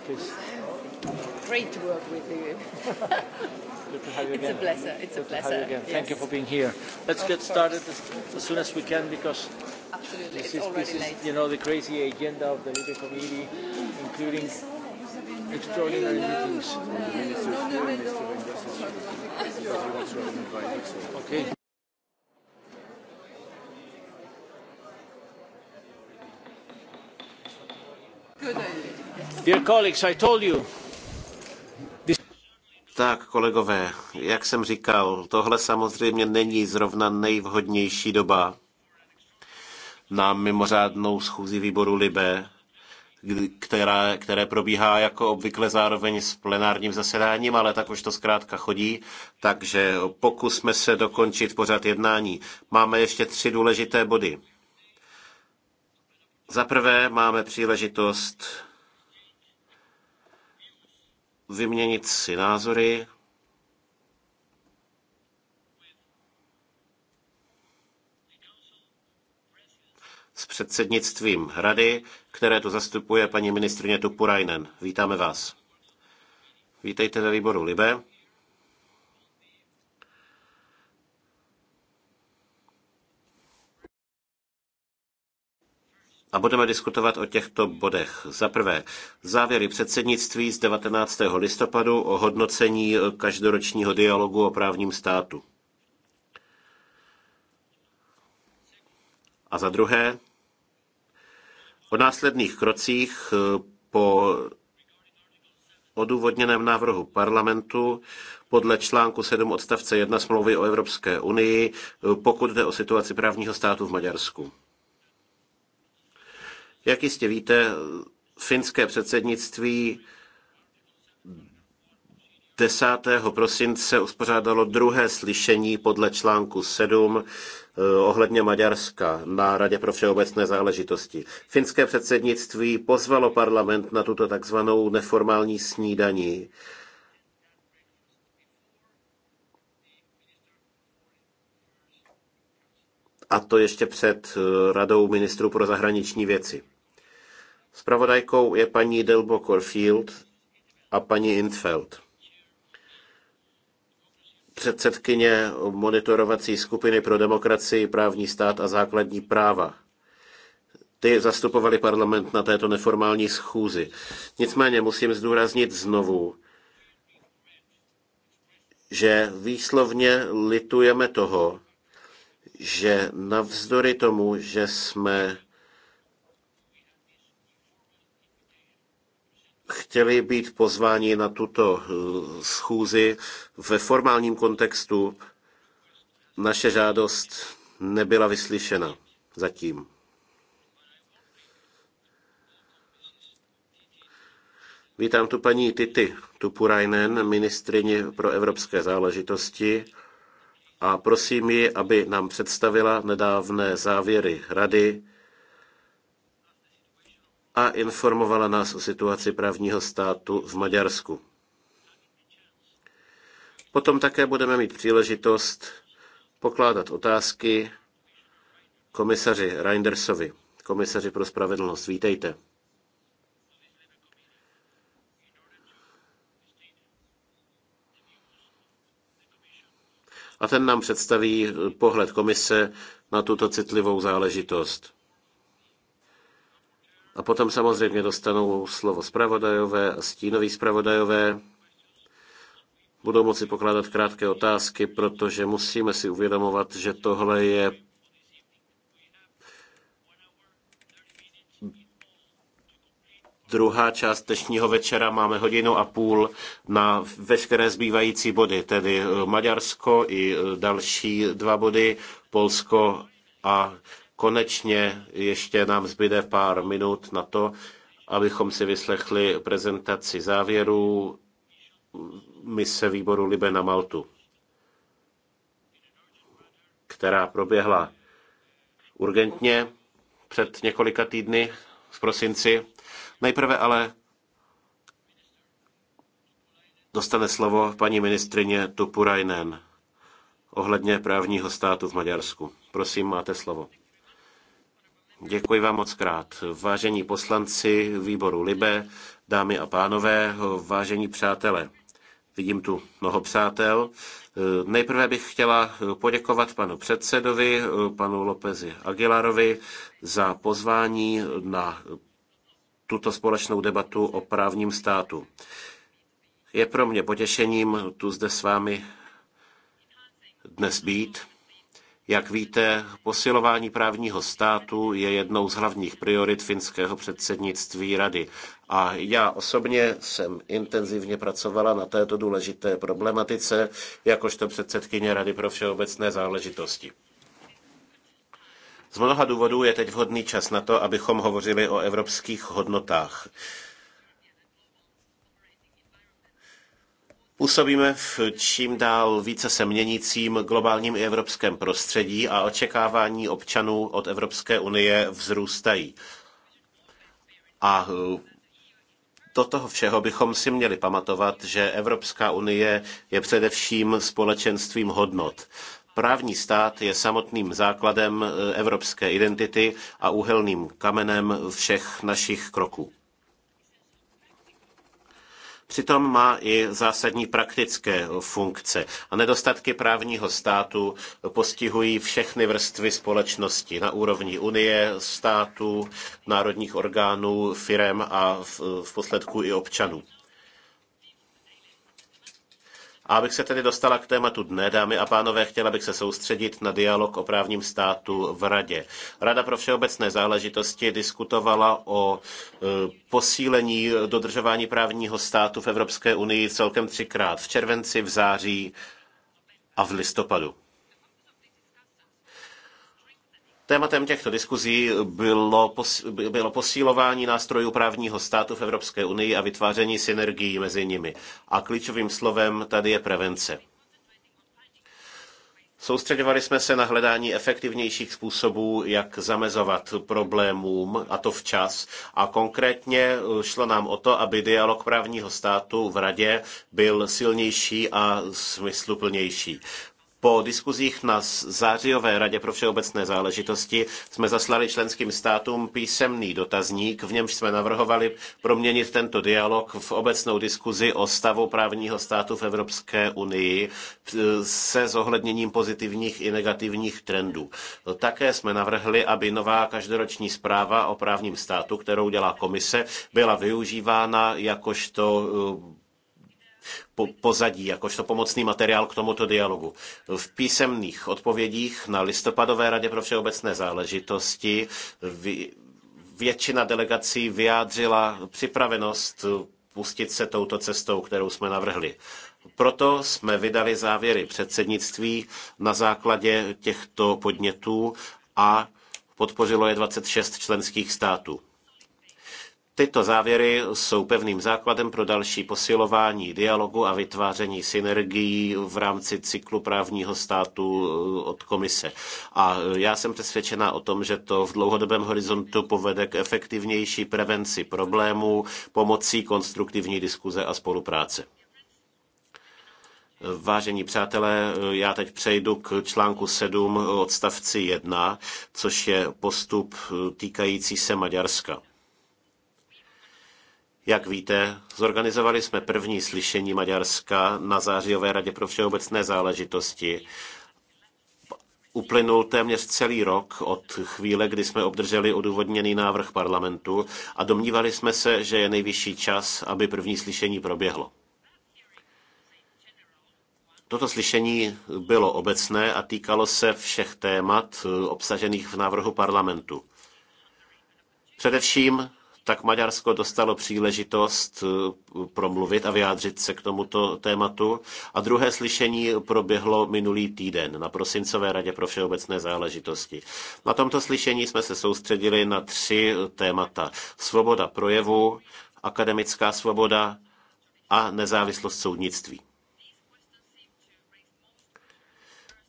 Speaker 2: Please. Great to work with you. Good to have you it's a pleasure. It's Good a pleasure. To have you again. Yes. Thank you for being here. Let's get started as, as soon as we can because Absolutely, this it's is, already this late. Is, you know, the crazy agenda of the Libre Committee, including extraordinary meetings. Okay. Dear colleagues, I told you.
Speaker 1: Tak, kolegové, jak jsem říkal, tohle samozřejmě není zrovna nejvhodnější doba na mimořádnou schůzi výboru Libé, která, které probíhá jako obvykle zároveň s plenárním zasedáním, ale tak už to zkrátka chodí. Takže pokusme se dokončit pořad jednání. Máme ještě tři důležité body. Za prvé máme příležitost vyměnit si názory s předsednictvím Rady, které tu zastupuje paní ministrině Tupurainen. Vítáme vás. Vítejte ve výboru Libe. A budeme diskutovat o těchto bodech. Za prvé, závěry předsednictví z 19. listopadu o hodnocení každoročního dialogu o právním státu. A za druhé, o následných krocích eh, po odůvodněném návrhu parlamentu podle článku 7 odstavce 1 smlouvy o Evropské unii, eh, pokud jde o situaci právního státu v Maďarsku. Jak jistě víte, eh, finské předsednictví 10. prosince uspořádalo druhé slyšení podle článku 7 eh, ohledně Maďarska na Radě pro všeobecné záležitosti. Finské předsednictví pozvalo parlament na tuto takzvanou neformální snídaní. A to ještě před eh, Radou ministrů pro zahraniční věci. Spravodajkou je paní Delbo Corfield a paní Intfeld předsedkyně monitorovací skupiny pro demokracii, právní stát a základní práva. Ty zastupovali parlament na této neformální schůzi. Nicméně musím zdůraznit znovu, že výslovně litujeme toho, že navzdory tomu, že jsme chtěli být pozváni na tuto eh, schůzi ve formálním kontextu, naše žádost nebyla vyslyšena zatím. Vítám tu paní Tity Tupurainen, ministrině pro evropské záležitosti, a prosím ji, aby nám představila nedávné závěry Rady a informovala nás o situaci právního státu v Maďarsku. Potom také budeme mít příležitost pokládat otázky komisaři Reindersovi, komisaři pro spravedlnost. Vítejte. A ten nám představí pohled komise na tuto citlivou záležitost. A potom samozřejmě dostanou slovo zpravodajové a stínoví zpravodajové. Budou moci pokládat krátké otázky, protože musíme si uvědomovat, že tohle je druhá část dnešního večera máme hodinu a půl na veškeré zbývající body, tedy eh, Maďarsko i eh, další dva body, Polsko a Konečně ještě nám zbyde pár minut na to, abychom si vyslechli prezentaci závěrů mise výboru Libe na Maltu, která proběhla urgentně před několika týdny v prosinci. Nejprve ale dostane slovo paní ministrině Tupurainen ohledně právního státu v Maďarsku. Prosím, máte slovo. Děkuji vám moc krát. Vážení poslanci výboru Libe, dámy a pánové, vážení přátelé. Vidím tu mnoho přátel. Nejprve bych chtěla poděkovat panu předsedovi, panu Lopezi Aguilarovi za pozvání na tuto společnou debatu o právním státu. Je pro mě potěšením tu zde s vámi dnes být jak víte, posilování právního státu je jednou z hlavních priorit finského předsednictví rady. A já osobně jsem intenzivně pracovala na této důležité problematice jakožto předsedkyně Rady pro všeobecné záležitosti. Z mnoha důvodů je teď vhodný čas na to, abychom hovořili o evropských hodnotách. Působíme v čím dál více se měnícím globálním i evropském prostředí a očekávání občanů od Evropské unie vzrůstají. A eh, do toho všeho bychom si měli pamatovat, že Evropská unie je především společenstvím hodnot. Právní stát je samotným základem eh, evropské identity a úhelným kamenem všech našich kroků. Přitom má i zásadní praktické funkce a nedostatky právního státu postihují všechny vrstvy společnosti na úrovni Unie, států, národních orgánů, firem a v posledku i občanů. A abych se tedy dostala k tématu dne, dámy a pánové, chtěla bych se soustředit na dialog o právním státu v Radě. Rada pro všeobecné záležitosti diskutovala o e, posílení dodržování právního státu v Evropské unii celkem třikrát. V červenci, v září a v listopadu. Tématem těchto diskuzí bylo, bylo posílování nástrojů právního státu v Evropské unii a vytváření synergií mezi nimi. A klíčovým slovem tady je prevence. Soustředovali jsme se na hledání efektivnějších způsobů, jak zamezovat problémům, a to včas. A konkrétně eh, šlo nám o to, aby dialog právního státu v Radě byl silnější a smysluplnější. Po diskuzích na zářijové radě pro všeobecné záležitosti jsme zaslali členským státům písemný dotazník, v němž jsme navrhovali proměnit tento dialog v obecnou diskuzi o stavu právního státu v Evropské unii eh, se zohledněním pozitivních i negativních trendů. Také jsme navrhli, aby nová každoroční zpráva o právním státu, kterou dělá komise, byla využívána jakožto eh, pozadí jakožto pomocný materiál k tomuto dialogu. V písemných odpovědích na listopadové radě pro všeobecné záležitosti většina delegací vyjádřila připravenost pustit se touto cestou, kterou jsme navrhli. Proto jsme vydali závěry předsednictví na základě těchto podnětů a podpořilo je 26 členských států. Tyto závěry jsou pevným základem pro další posilování dialogu a vytváření synergií v rámci cyklu právního státu eh, od komise. A já jsem přesvědčena o tom, že to v dlouhodobém horizontu povede k efektivnější prevenci problémů pomocí konstruktivní diskuze a spolupráce. Vážení přátelé, eh, já teď přejdu k článku 7 eh, odstavci 1, což je postup týkající se Maďarska. Jak víte, zorganizovali jsme první slyšení Maďarska na zářijové radě pro všeobecné záležitosti. Uplynul téměř celý rok od chvíle, kdy jsme obdrželi odůvodněný návrh parlamentu a domnívali jsme se, že je nejvyšší čas, aby první slyšení proběhlo. Toto slyšení bylo obecné a týkalo se všech témat obsažených v návrhu parlamentu. Především tak Maďarsko dostalo příležitost eh, promluvit a vyjádřit se k tomuto tématu. A druhé slyšení proběhlo minulý týden na prosincové radě pro všeobecné záležitosti. Na tomto slyšení jsme se soustředili na tři témata. Svoboda projevu, akademická svoboda a nezávislost soudnictví.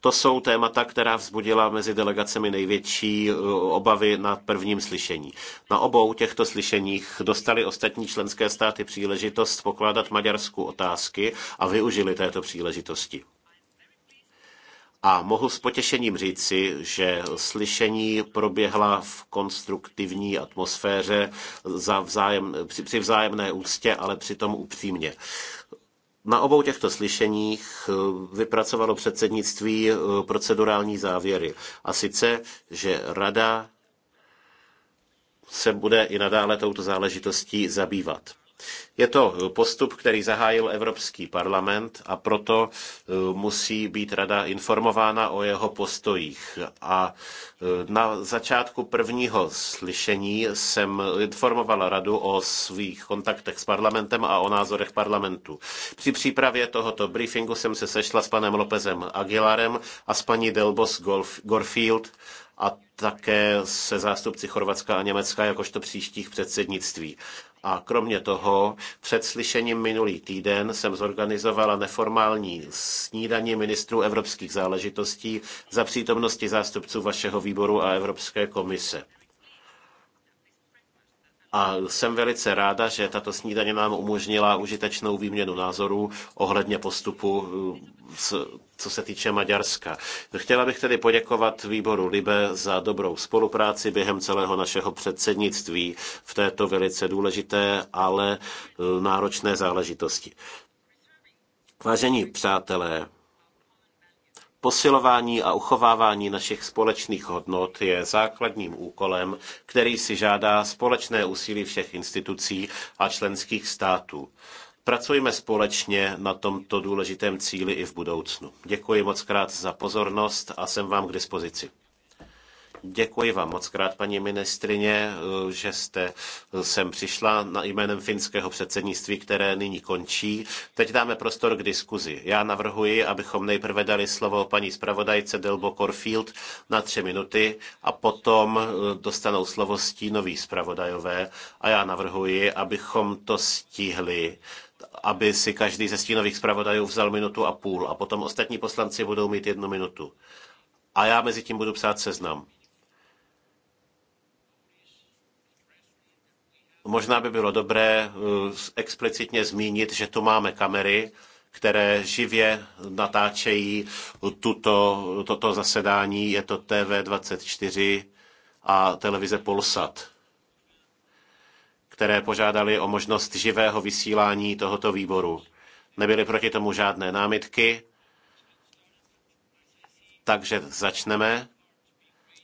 Speaker 1: To jsou témata, která vzbudila mezi delegacemi největší eh, obavy na prvním slyšení. Na obou těchto slyšeních dostali ostatní členské státy příležitost pokládat maďarskou otázky a využili této příležitosti. A mohu s potěšením říci, že slyšení proběhla v konstruktivní atmosféře za vzájem, při, při vzájemné úctě, ale přitom upřímně. Na obou těchto slyšeních eh, vypracovalo předsednictví eh, procedurální závěry. A sice, že rada se bude i nadále touto záležitostí zabývat. Je to postup, který zahájil Evropský parlament a proto e, musí být rada informována o jeho postojích. A e, na začátku prvního slyšení jsem informovala radu o svých kontaktech s parlamentem a o názorech parlamentu. Při přípravě tohoto briefingu jsem se sešla s panem Lopezem Aguilarem a s paní Delbos Gorfield a také se zástupci Chorvatska a Německa jakožto příštích předsednictví. A kromě toho, před slyšením minulý týden jsem zorganizovala neformální snídaní ministrů evropských záležitostí za přítomnosti zástupců vašeho výboru a Evropské komise a jsem velice ráda, že tato snídaně nám umožnila užitečnou výměnu názorů ohledně postupu eh, co se týče Maďarska. Chtěla bych tedy poděkovat výboru Libe za dobrou spolupráci během celého našeho předsednictví v této velice důležité, ale eh, náročné záležitosti. Vážení přátelé, Posilování a uchovávání našich společných hodnot je základním úkolem, který si žádá společné úsilí všech institucí a členských států. Pracujme společně na tomto důležitém cíli i v budoucnu. Děkuji moc krát za pozornost a jsem vám k dispozici. Děkuji vám moc krát, paní ministrině, že jste sem přišla na jménem finského předsednictví, které nyní končí. Teď dáme prostor k diskuzi. Já navrhuji, abychom nejprve dali slovo paní zpravodajce Delbo Corfield na tři minuty a potom dostanou slovo stínoví zpravodajové. A já navrhuji, abychom to stihli aby si každý ze stínových zpravodajů vzal minutu a půl a potom ostatní poslanci budou mít jednu minutu. A já mezi tím budu psát seznam. Možná by bylo dobré eh, explicitně zmínit, že tu máme kamery, které živě natáčejí tuto, toto zasedání. Je to TV24 a televize Polsat, které požádali o možnost živého vysílání tohoto výboru. Nebyly proti tomu žádné námitky, takže začneme.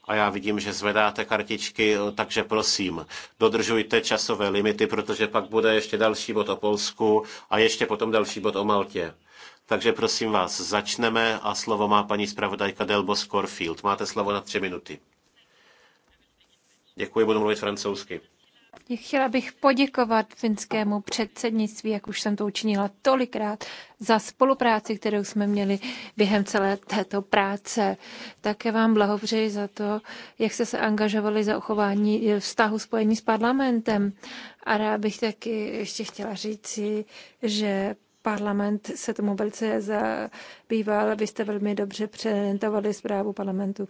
Speaker 1: A já vidím, že zvedáte kartičky, takže prosím, dodržujte časové limity, protože pak bude ještě další bod o Polsku a ještě potom další bod o Maltě. Takže prosím vás, začneme a slovo má paní zpravodajka Delbo Scorfield. Máte slovo na tři minuty. Děkuji, budu mluvit francouzsky.
Speaker 4: Chtěla bych poděkovat finskému předsednictví, jak už jsem to učinila tolikrát, za spolupráci, kterou jsme měli během celé této práce. Také vám blahopřeji za to, jak jste se angažovali za uchování vztahu spojení s parlamentem. A rád bych taky ještě chtěla říci, že parlament se tomu velice zabýval. Vy jste velmi dobře prezentovali zprávu parlamentu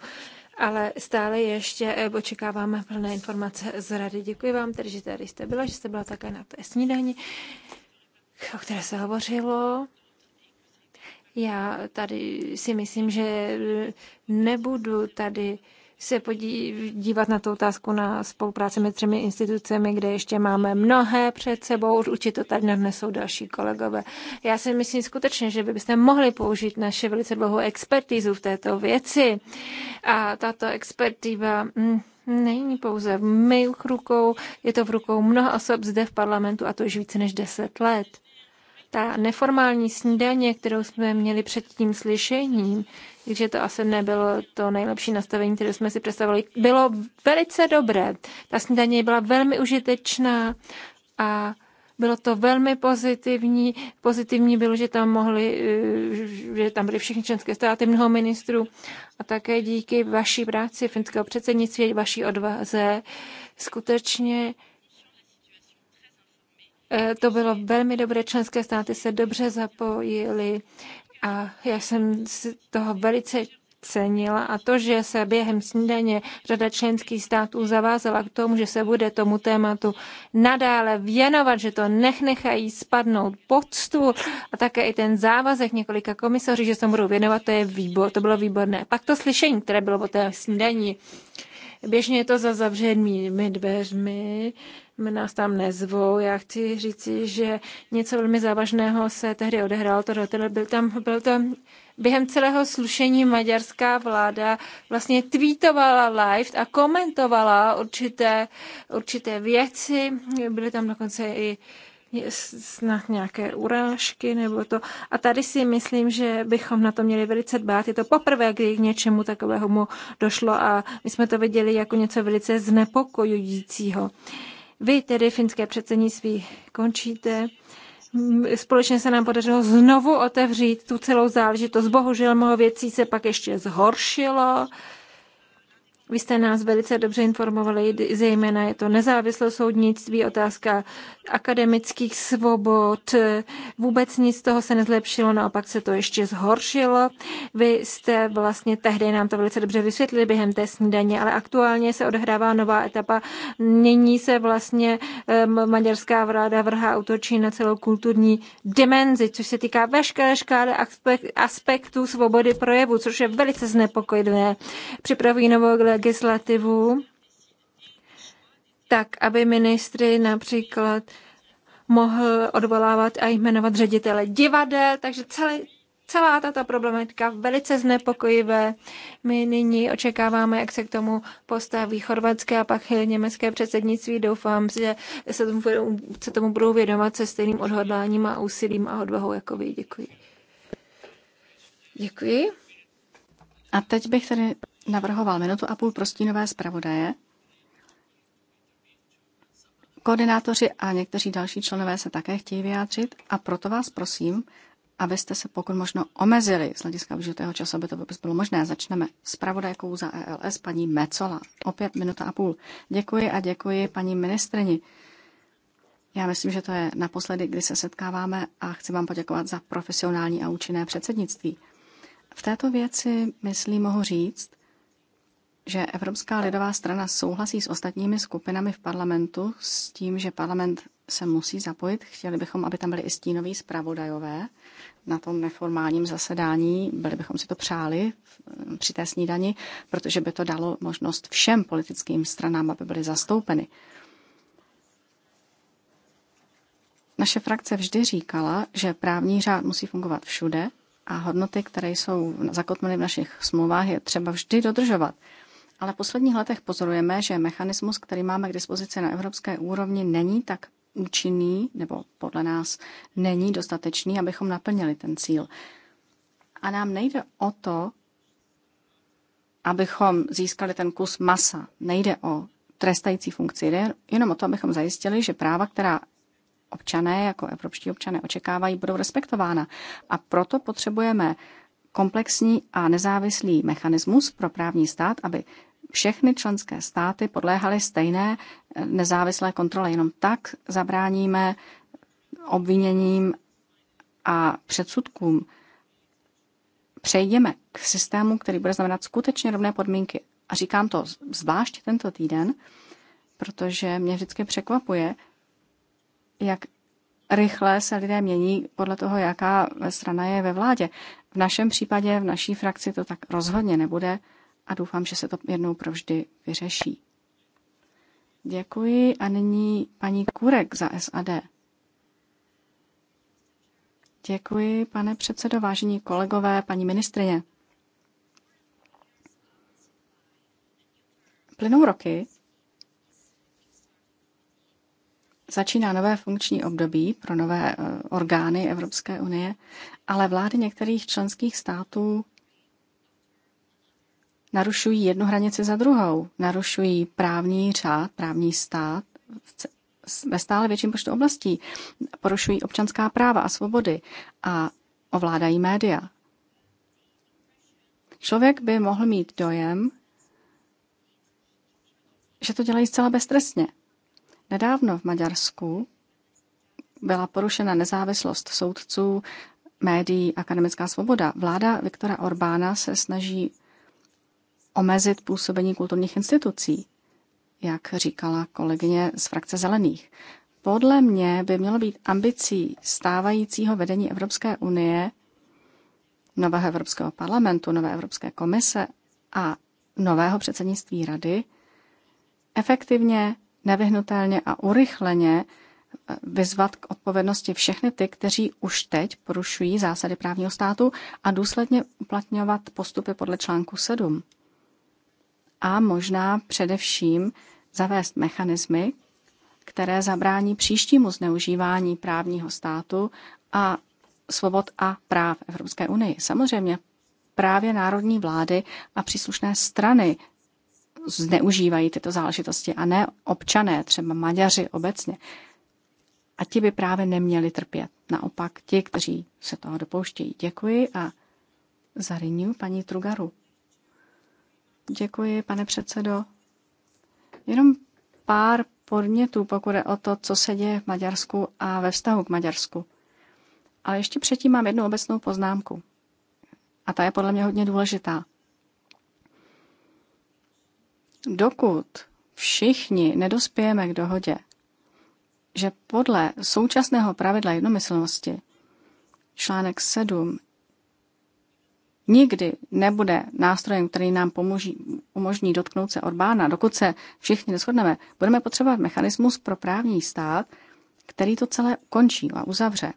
Speaker 4: ale stále ještě eh, očekáváme plné informace z rady. Děkuji vám tedy, že tady jste byla, že jste byla také na té snídani, o které se hovořilo. Já tady si myslím, že nebudu tady se podívat na tu otázku na spolupráci mezi třemi institucemi, kde ještě máme mnohé před sebou, určitě to tady nadnesou další kolegové. Já si myslím skutečně, že byste mohli použít naše velice dlouhou expertízu v této věci a tato expertíva... Mm, Není pouze v mých rukou, je to v rukou mnoha osob zde v parlamentu a to už více než deset let. Ta neformální snídaně, kterou jsme měli před tím slyšením, takže to asi nebylo to nejlepší nastavení, které jsme si představili. Bylo velice dobré, ta snídaně byla velmi užitečná a bylo to velmi pozitivní. Pozitivní bylo, že tam mohli, eh, že tam byly všechny členské státy, mnoho ministrů a také díky vaší práci finského předsednictví, vaší odvaze, skutečně eh, to bylo velmi dobré, členské státy se dobře zapojily, a já jsem si toho velice cenila a to, že se během snídaně řada členských států zavázala k tomu, že se bude tomu tématu nadále věnovat, že to nechají spadnout pod stůl a také i ten závazek několika komisaří, že se tomu budou věnovat, to, je výbor, to bylo výborné. Pak to slyšení, které bylo po té snídaní, Běžně je to za zavřenými dveřmi, my nás tam nezvou. Já chci říci, že něco velmi závažného se tehdy odehrálo. To byl tam, byl tam během celého slušení maďarská vláda vlastně tweetovala live a komentovala určité, určité věci. Byly tam dokonce i snad nějaké urážky nebo to. A tady si myslím, že bychom na to měli velice dbát. Je to poprvé, kdy k něčemu takovému došlo a my jsme to viděli jako něco velice znepokojujícího. Uh, vy tedy finské předsednictví končíte. Společně se nám podařilo znovu otevřít tu celou záležitost. Bohužel mnoho věcí se pak ještě zhoršilo vy jste nás velice dobře informovali, zejména je to nezávislé soudnictví, otázka akademických svobod. Vůbec nic z toho se nezlepšilo, naopak se to ještě zhoršilo. Vy jste vlastně tehdy nám to velice dobře vysvětlili během té snídaně, ale aktuálně se odehrává nová etapa. Nyní se vlastně maďarská vláda vrhá útočí na celou kulturní dimenzi, což se týká veškeré škály aspektů svobody projevu, což je velice znepokojivé. Připravují novou legislativu, tak aby ministry například mohl odvolávat a jmenovat ředitele divadel, takže celý, celá tato problematika velice znepokojivé. My nyní očekáváme, jak se k tomu postaví chorvatské a pak německé předsednictví. Doufám, že se tomu, se tomu budou vědomat se stejným odhodláním a úsilím a odvahou jako
Speaker 3: vy. Děkuji. Děkuji. A teď bych tady navrhoval minutu a půl prostínové zpravodaje. Koordinátoři a někteří další členové se také chtějí vyjádřit a proto vás prosím, abyste se pokud možno omezili z hlediska využitého času, aby to vůbec bylo možné. Začneme e s pravodajkou za ELS paní Mecola. Opět minuta a půl. Děkuji a děkuji paní ministrini. Já myslím, že to je naposledy, kdy se setkáváme a chci vám poděkovat za profesionální a účinné předsednictví. V této věci, myslím, mohu říct, že Evropská lidová strana souhlasí s ostatními skupinami v parlamentu s tím, že parlament se musí zapojit. Chtěli bychom, aby tam byly i stínoví zpravodajové na tom neformálním zasedání. Byli bychom si to přáli eh, při té snídani, protože by to dalo možnost všem politickým stranám, aby byly zastoupeny. Naše frakce vždy říkala, že právní řád musí fungovat všude a hodnoty, které jsou zakotveny v našich smlouvách, je třeba vždy dodržovat. Ale v posledních letech pozorujeme, že mechanismus, který máme k dispozici na evropské úrovni, není tak účinný, nebo podle nás není dostatečný, abychom naplnili ten cíl. A nám nejde o to, abychom získali ten kus masa. Nejde o trestající funkci, jde jenom o to, abychom zajistili, že práva, která občané, jako evropští občané, očekávají, budou respektována. A proto potřebujeme komplexní a nezávislý mechanismus pro právní stát, aby všechny členské státy podléhaly stejné eh, nezávislé kontrole. Jenom tak zabráníme obviněním a předsudkům. Přejdeme k systému, který bude znamenat skutečně rovné podmínky. A říkám to zvlášť tento týden, protože mě vždycky překvapuje, jak rychle se lidé mění podle toho, jaká strana je ve vládě. V našem případě, v naší frakci to tak rozhodně nebude a doufám, že se to jednou provždy vyřeší. Děkuji a nyní paní Kurek za SAD. Děkuji, pane předsedo, vážení kolegové, paní ministrině. Plynou roky Začíná nové funkční období pro nové eh, orgány Evropské unie, ale vlády některých členských států narušují jednu hranici za druhou. Narušují právní řád, právní stát ve stále větším počtu oblastí. Porušují občanská práva a svobody a ovládají média. Člověk by mohl mít dojem, že to dělají zcela beztrestně. Nedávno v Maďarsku byla porušena nezávislost soudců, médií, akademická svoboda. Vláda Viktora Orbána se snaží omezit působení kulturních institucí, jak říkala kolegyně z frakce Zelených. Podle mě by mělo být ambicí stávajícího vedení Evropské unie, nového Evropského parlamentu, nové Evropské komise a nového předsednictví rady efektivně nevyhnutelně a urychleně eh, vyzvat k odpovědnosti všechny ty, kteří už teď porušují zásady právního státu a důsledně uplatňovat postupy podle článku 7. A možná především zavést mechanismy, které zabrání příštímu zneužívání právního státu a svobod a práv Evropské unii. Samozřejmě právě národní vlády a příslušné strany zneužívají tyto záležitosti a ne občané, třeba Maďaři obecně. A ti by právě neměli trpět. Naopak ti, kteří se toho dopouštějí. Děkuji a zariňu paní Trugaru. Děkuji, pane předsedo. Jenom pár podmětů, pokud je o to, co se děje v Maďarsku a ve vztahu k Maďarsku. Ale ještě předtím mám jednu obecnou poznámku. A ta je podle mě hodně důležitá. Dokud všichni nedospějeme k dohodě, že podle současného pravidla jednomyslnosti článek 7 nikdy nebude nástrojem, který nám pomoží, umožní dotknout se Orbána. Dokud se všichni neschodneme, budeme potřebovat mechanismus pro právní stát, který to celé ukončí a uzavře.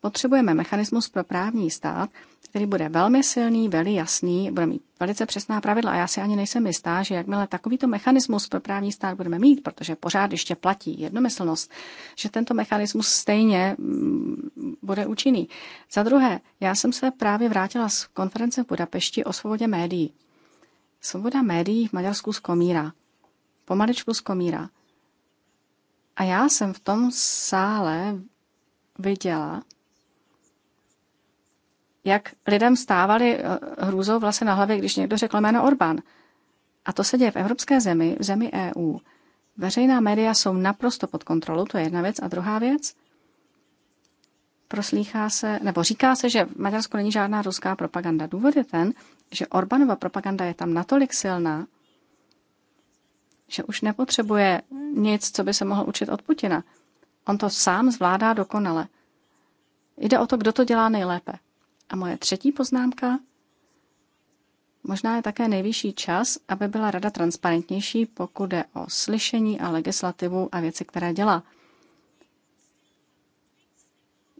Speaker 3: Potřebujeme mechanismus pro právní stát, který bude velmi silný, velmi jasný, bude mít velice přesná pravidla. A já si ani nejsem jistá, že jakmile takovýto mechanismus pro právní stát budeme mít, protože pořád ještě platí jednomyslnost, že tento mechanismus stejně mm, bude účinný. Za druhé, já jsem se právě vrátila z konference v Budapešti o svobodě médií. Svoboda médií v Maďarsku zkomírá. Pomaličku zkomírá. A já jsem v tom sále viděla, jak lidem stávali eh, hrůzou vlasy na hlavě, když někdo řekl jméno Orbán. A to se děje v evropské zemi, v zemi EU. Veřejná média jsou naprosto pod kontrolou, to je jedna věc. A druhá věc, proslýchá se, nebo říká se, že v Maďarsku není žádná ruská propaganda. Důvod je ten, že Orbánova propaganda je tam natolik silná, že už nepotřebuje nic, co by se mohl učit od Putina. On to sám zvládá dokonale. Jde o to, kdo to dělá nejlépe. A moje třetí poznámka. Možná je také nejvyšší čas, aby byla rada transparentnější, pokud jde o slyšení a legislativu a věci, které dělá.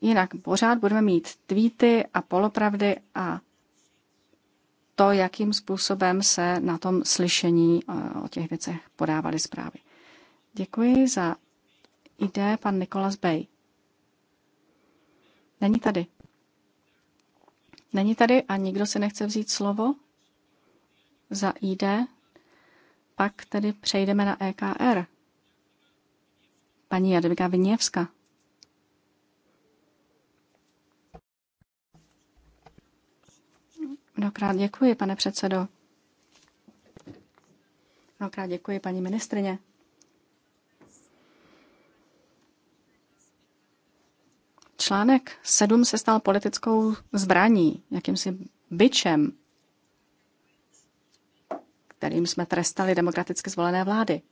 Speaker 3: Jinak pořád budeme mít tweety a polopravdy a to, jakým způsobem se na tom slyšení eh, o těch věcech podávaly zprávy. Děkuji za ide pan Nikolas Bej. Není tady. Není tady a nikdo si nechce vzít slovo za ID, pak tedy přejdeme na EKR. Paní Jadvika Vyněvska. Mnohokrát děkuji, pane předsedo. Mnohokrát děkuji, paní ministrině. Článek 7 se stal politickou zbraní, jakýmsi byčem, kterým jsme trestali demokraticky zvolené vlády.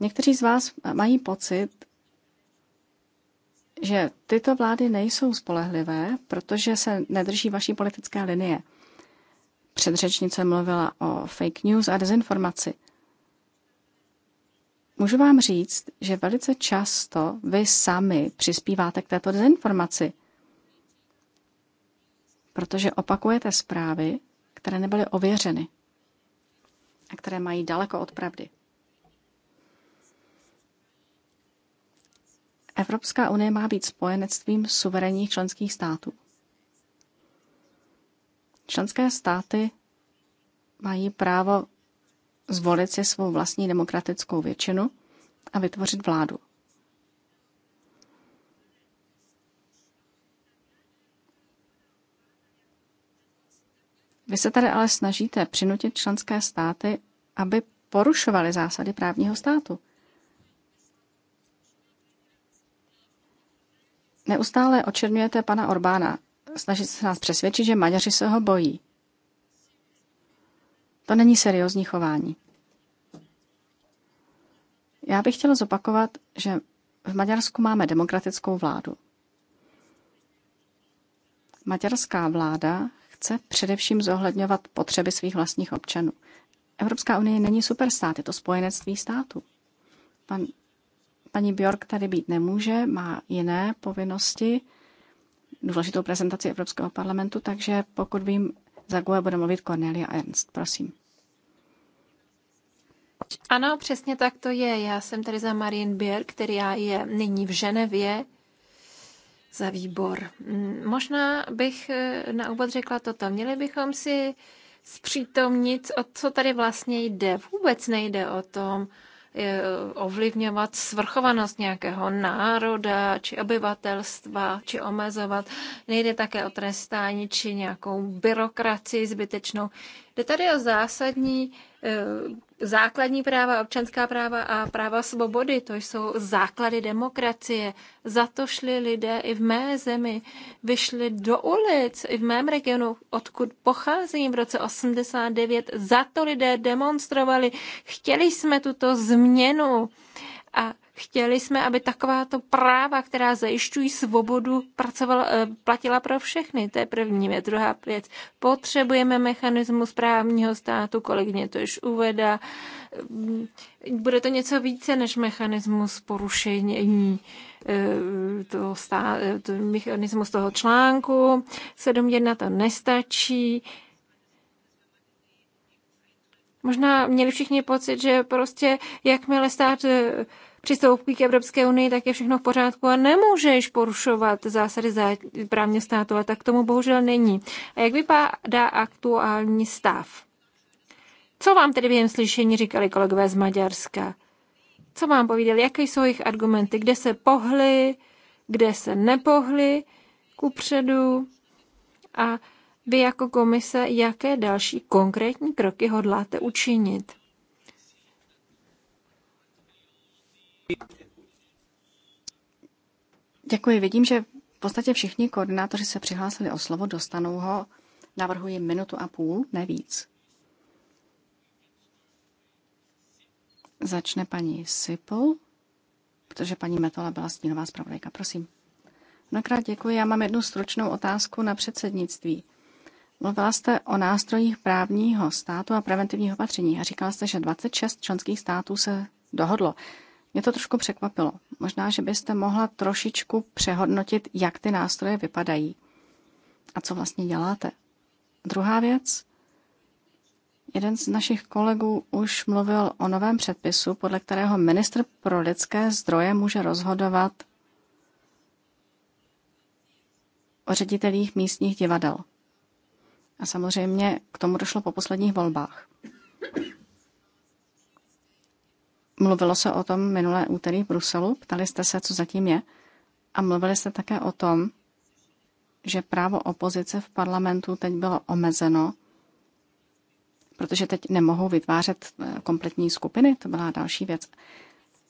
Speaker 3: Někteří z vás mají pocit, že tyto vlády nejsou spolehlivé, protože se nedrží vaší politické linie. Předřečnice mluvila o fake news a dezinformaci – Můžu vám říct, že velice často vy sami přispíváte k této dezinformaci, protože opakujete zprávy, které nebyly ověřeny a které mají daleko od pravdy. Evropská unie má být spojenectvím suverénních členských států. Členské státy mají právo zvolit si svou vlastní demokratickou většinu a vytvořit vládu. Vy se tady ale snažíte přinutit členské státy, aby porušovaly zásady právního státu. Neustále očernujete pana Orbána. Snažíte se nás přesvědčit, že Maďaři se ho bojí. To není seriózní chování. Já bych chtěla zopakovat, že v Maďarsku máme demokratickou vládu. Maďarská vláda chce především zohledňovat potřeby svých vlastních občanů. Evropská unie není superstát, je to spojenectví států. Pan, paní Bjork tady být nemůže, má jiné povinnosti, důležitou prezentaci Evropského parlamentu, takže pokud vím, za GUE bude mluvit Cornelia Ernst, prosím.
Speaker 4: Ano, přesně tak to je. Já jsem tady za Marien Bier, která je nyní v Ženevě za výbor. Mm, možná bych eh, na úvod řekla toto. Měli bychom si zpřítomnit, o co tady vlastně jde. Vůbec nejde o tom, E, ovlivňovat svrchovanost nějakého národa či obyvatelstva, či omezovat. Nejde také o trestání či nějakou byrokracii zbytečnou. Jde tady o zásadní e, základní práva, občanská práva a práva svobody, to jsou základy demokracie. Za to šli lidé i v mé zemi, vyšli do ulic, i v mém regionu, odkud pocházím v roce 89. Za to lidé demonstrovali. Chtěli jsme tuto změnu a chtěli jsme, aby takováto práva, která zajišťují svobodu, pracovala, eh, platila pro všechny. To je první věc. Druhá věc. Potřebujeme mechanismus právního státu, kolegyně to již uvedá. Ehm, bude to něco více než mechanismus porušení eh, toho stá, eh, to mechanismus toho článku. 7.1 to nestačí. Možná měli všichni pocit, že prostě jakmile stát přistoupí k Evropské unii, tak je všechno v pořádku a nemůžeš porušovat zásady právně státu, a tak tomu bohužel není. A jak vypadá aktuální stav? Co vám tedy během slyšení říkali kolegové z Maďarska? Co vám povídali, jaké jsou jejich argumenty, kde se pohly, kde se nepohly, kupředu a vy jako komise, jaké další konkrétní kroky
Speaker 3: hodláte učinit? Děkuji. Vidím, že v podstatě všichni koordinátoři se přihlásili o slovo, dostanou ho. Navrhuji minutu a půl, ne víc. Začne paní Sipol, protože paní Metola byla stínová zpravodajka. Prosím. Mnohokrát děkuji. Já mám jednu stručnou otázku na předsednictví. Mluvila jste o nástrojích právního státu a preventivního opatření a říkala jste, že 26 členských států se dohodlo. Mě to trošku překvapilo. Možná, že byste mohla trošičku přehodnotit, jak ty nástroje vypadají a co vlastně děláte. Druhá věc. Jeden z našich kolegů už mluvil o novém předpisu, podle kterého ministr pro lidské zdroje může rozhodovat o ředitelích místních divadel. A samozřejmě k tomu došlo po posledních volbách. Mluvilo se o tom minulé úterý v Bruselu, ptali jste se, co zatím je, a mluvili jste také o tom, že právo opozice v parlamentu teď bylo omezeno, protože teď nemohou vytvářet eh, kompletní skupiny, to byla další věc.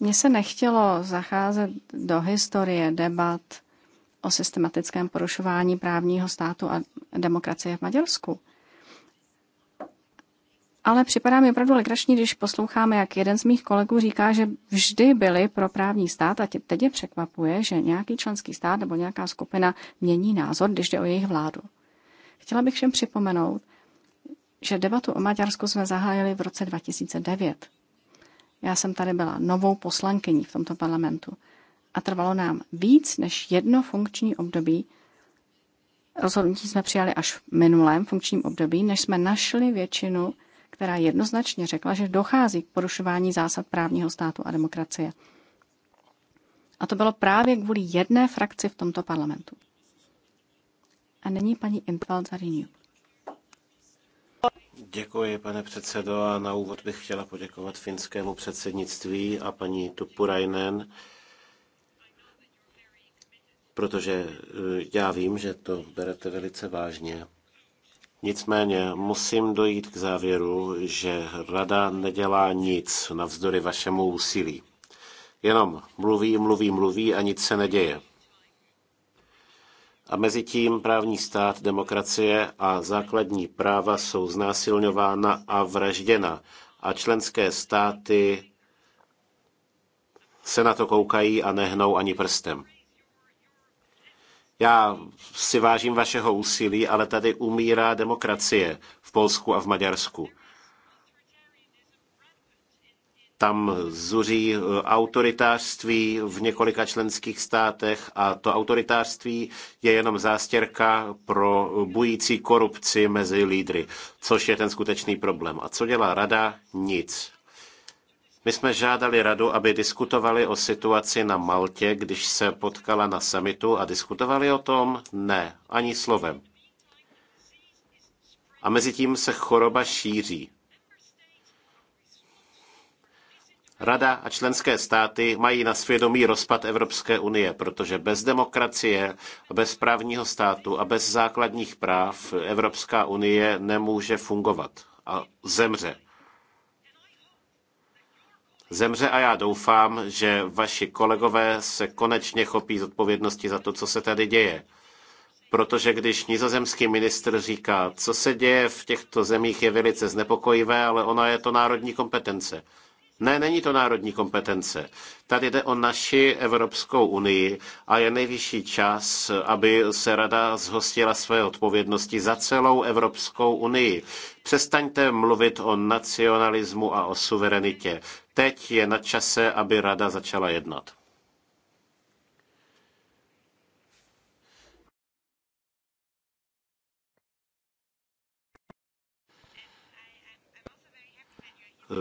Speaker 3: Mně se nechtělo zacházet do historie debat o systematickém porušování právního státu a demokracie v Maďarsku. Ale připadá mi opravdu legrační, když posloucháme, jak jeden z mých kolegů říká, že vždy byli pro právní stát a tě teď je překvapuje, že nějaký členský stát nebo nějaká skupina mění názor, když jde o jejich vládu. Chtěla bych všem připomenout, že debatu o Maďarsku jsme zahájili v roce 2009. Já jsem tady byla novou poslankyní v tomto parlamentu a trvalo nám víc než jedno funkční období. Rozhodnutí jsme přijali až v minulém funkčním období, než jsme našli většinu která jednoznačně řekla, že dochází k porušování zásad právního státu a demokracie. A to bylo právě kvůli jedné frakci v tomto parlamentu. A nyní paní Intvald Zariniuk.
Speaker 1: Děkuji, pane předsedo, a na úvod bych chtěla poděkovat finskému předsednictví a paní Tupurainen, protože eh, já vím, že to berete velice vážně. Nicméně musím dojít k závěru, že rada nedělá nic navzdory vašemu úsilí. Jenom mluví, mluví, mluví a nic se neděje. A mezi tím právní stát, demokracie a základní práva jsou znásilňována a vražděna. A členské státy se na to koukají a nehnou ani prstem. Já si vážím vašeho úsilí, ale tady umírá demokracie v Polsku a v Maďarsku. Tam zuří e, autoritářství v několika členských státech a to autoritářství je jenom zástěrka pro bující korupci mezi lídry, což je ten skutečný problém. A co dělá rada? Nic. My jsme žádali radu, aby diskutovali o situaci na Maltě, když se potkala na summitu a diskutovali o tom? Ne, ani slovem. A mezi tím se choroba šíří. Rada a členské státy mají na svědomí rozpad Evropské unie, protože bez demokracie, bez právního státu a bez základních práv Evropská unie nemůže fungovat a zemře zemře a já doufám, že vaši kolegové se konečně chopí zodpovědnosti za to, co se tady děje. Protože když nizozemský ministr říká, co se děje v těchto zemích je velice znepokojivé, ale ona je to národní kompetence. Ne, není to národní kompetence. Tady jde o naši Evropskou unii a je nejvyšší čas, aby se Rada zhostila své odpovědnosti za celou Evropskou unii. Přestaňte mluvit o nacionalismu a o suverenitě. Teď je na čase, aby Rada začala jednat.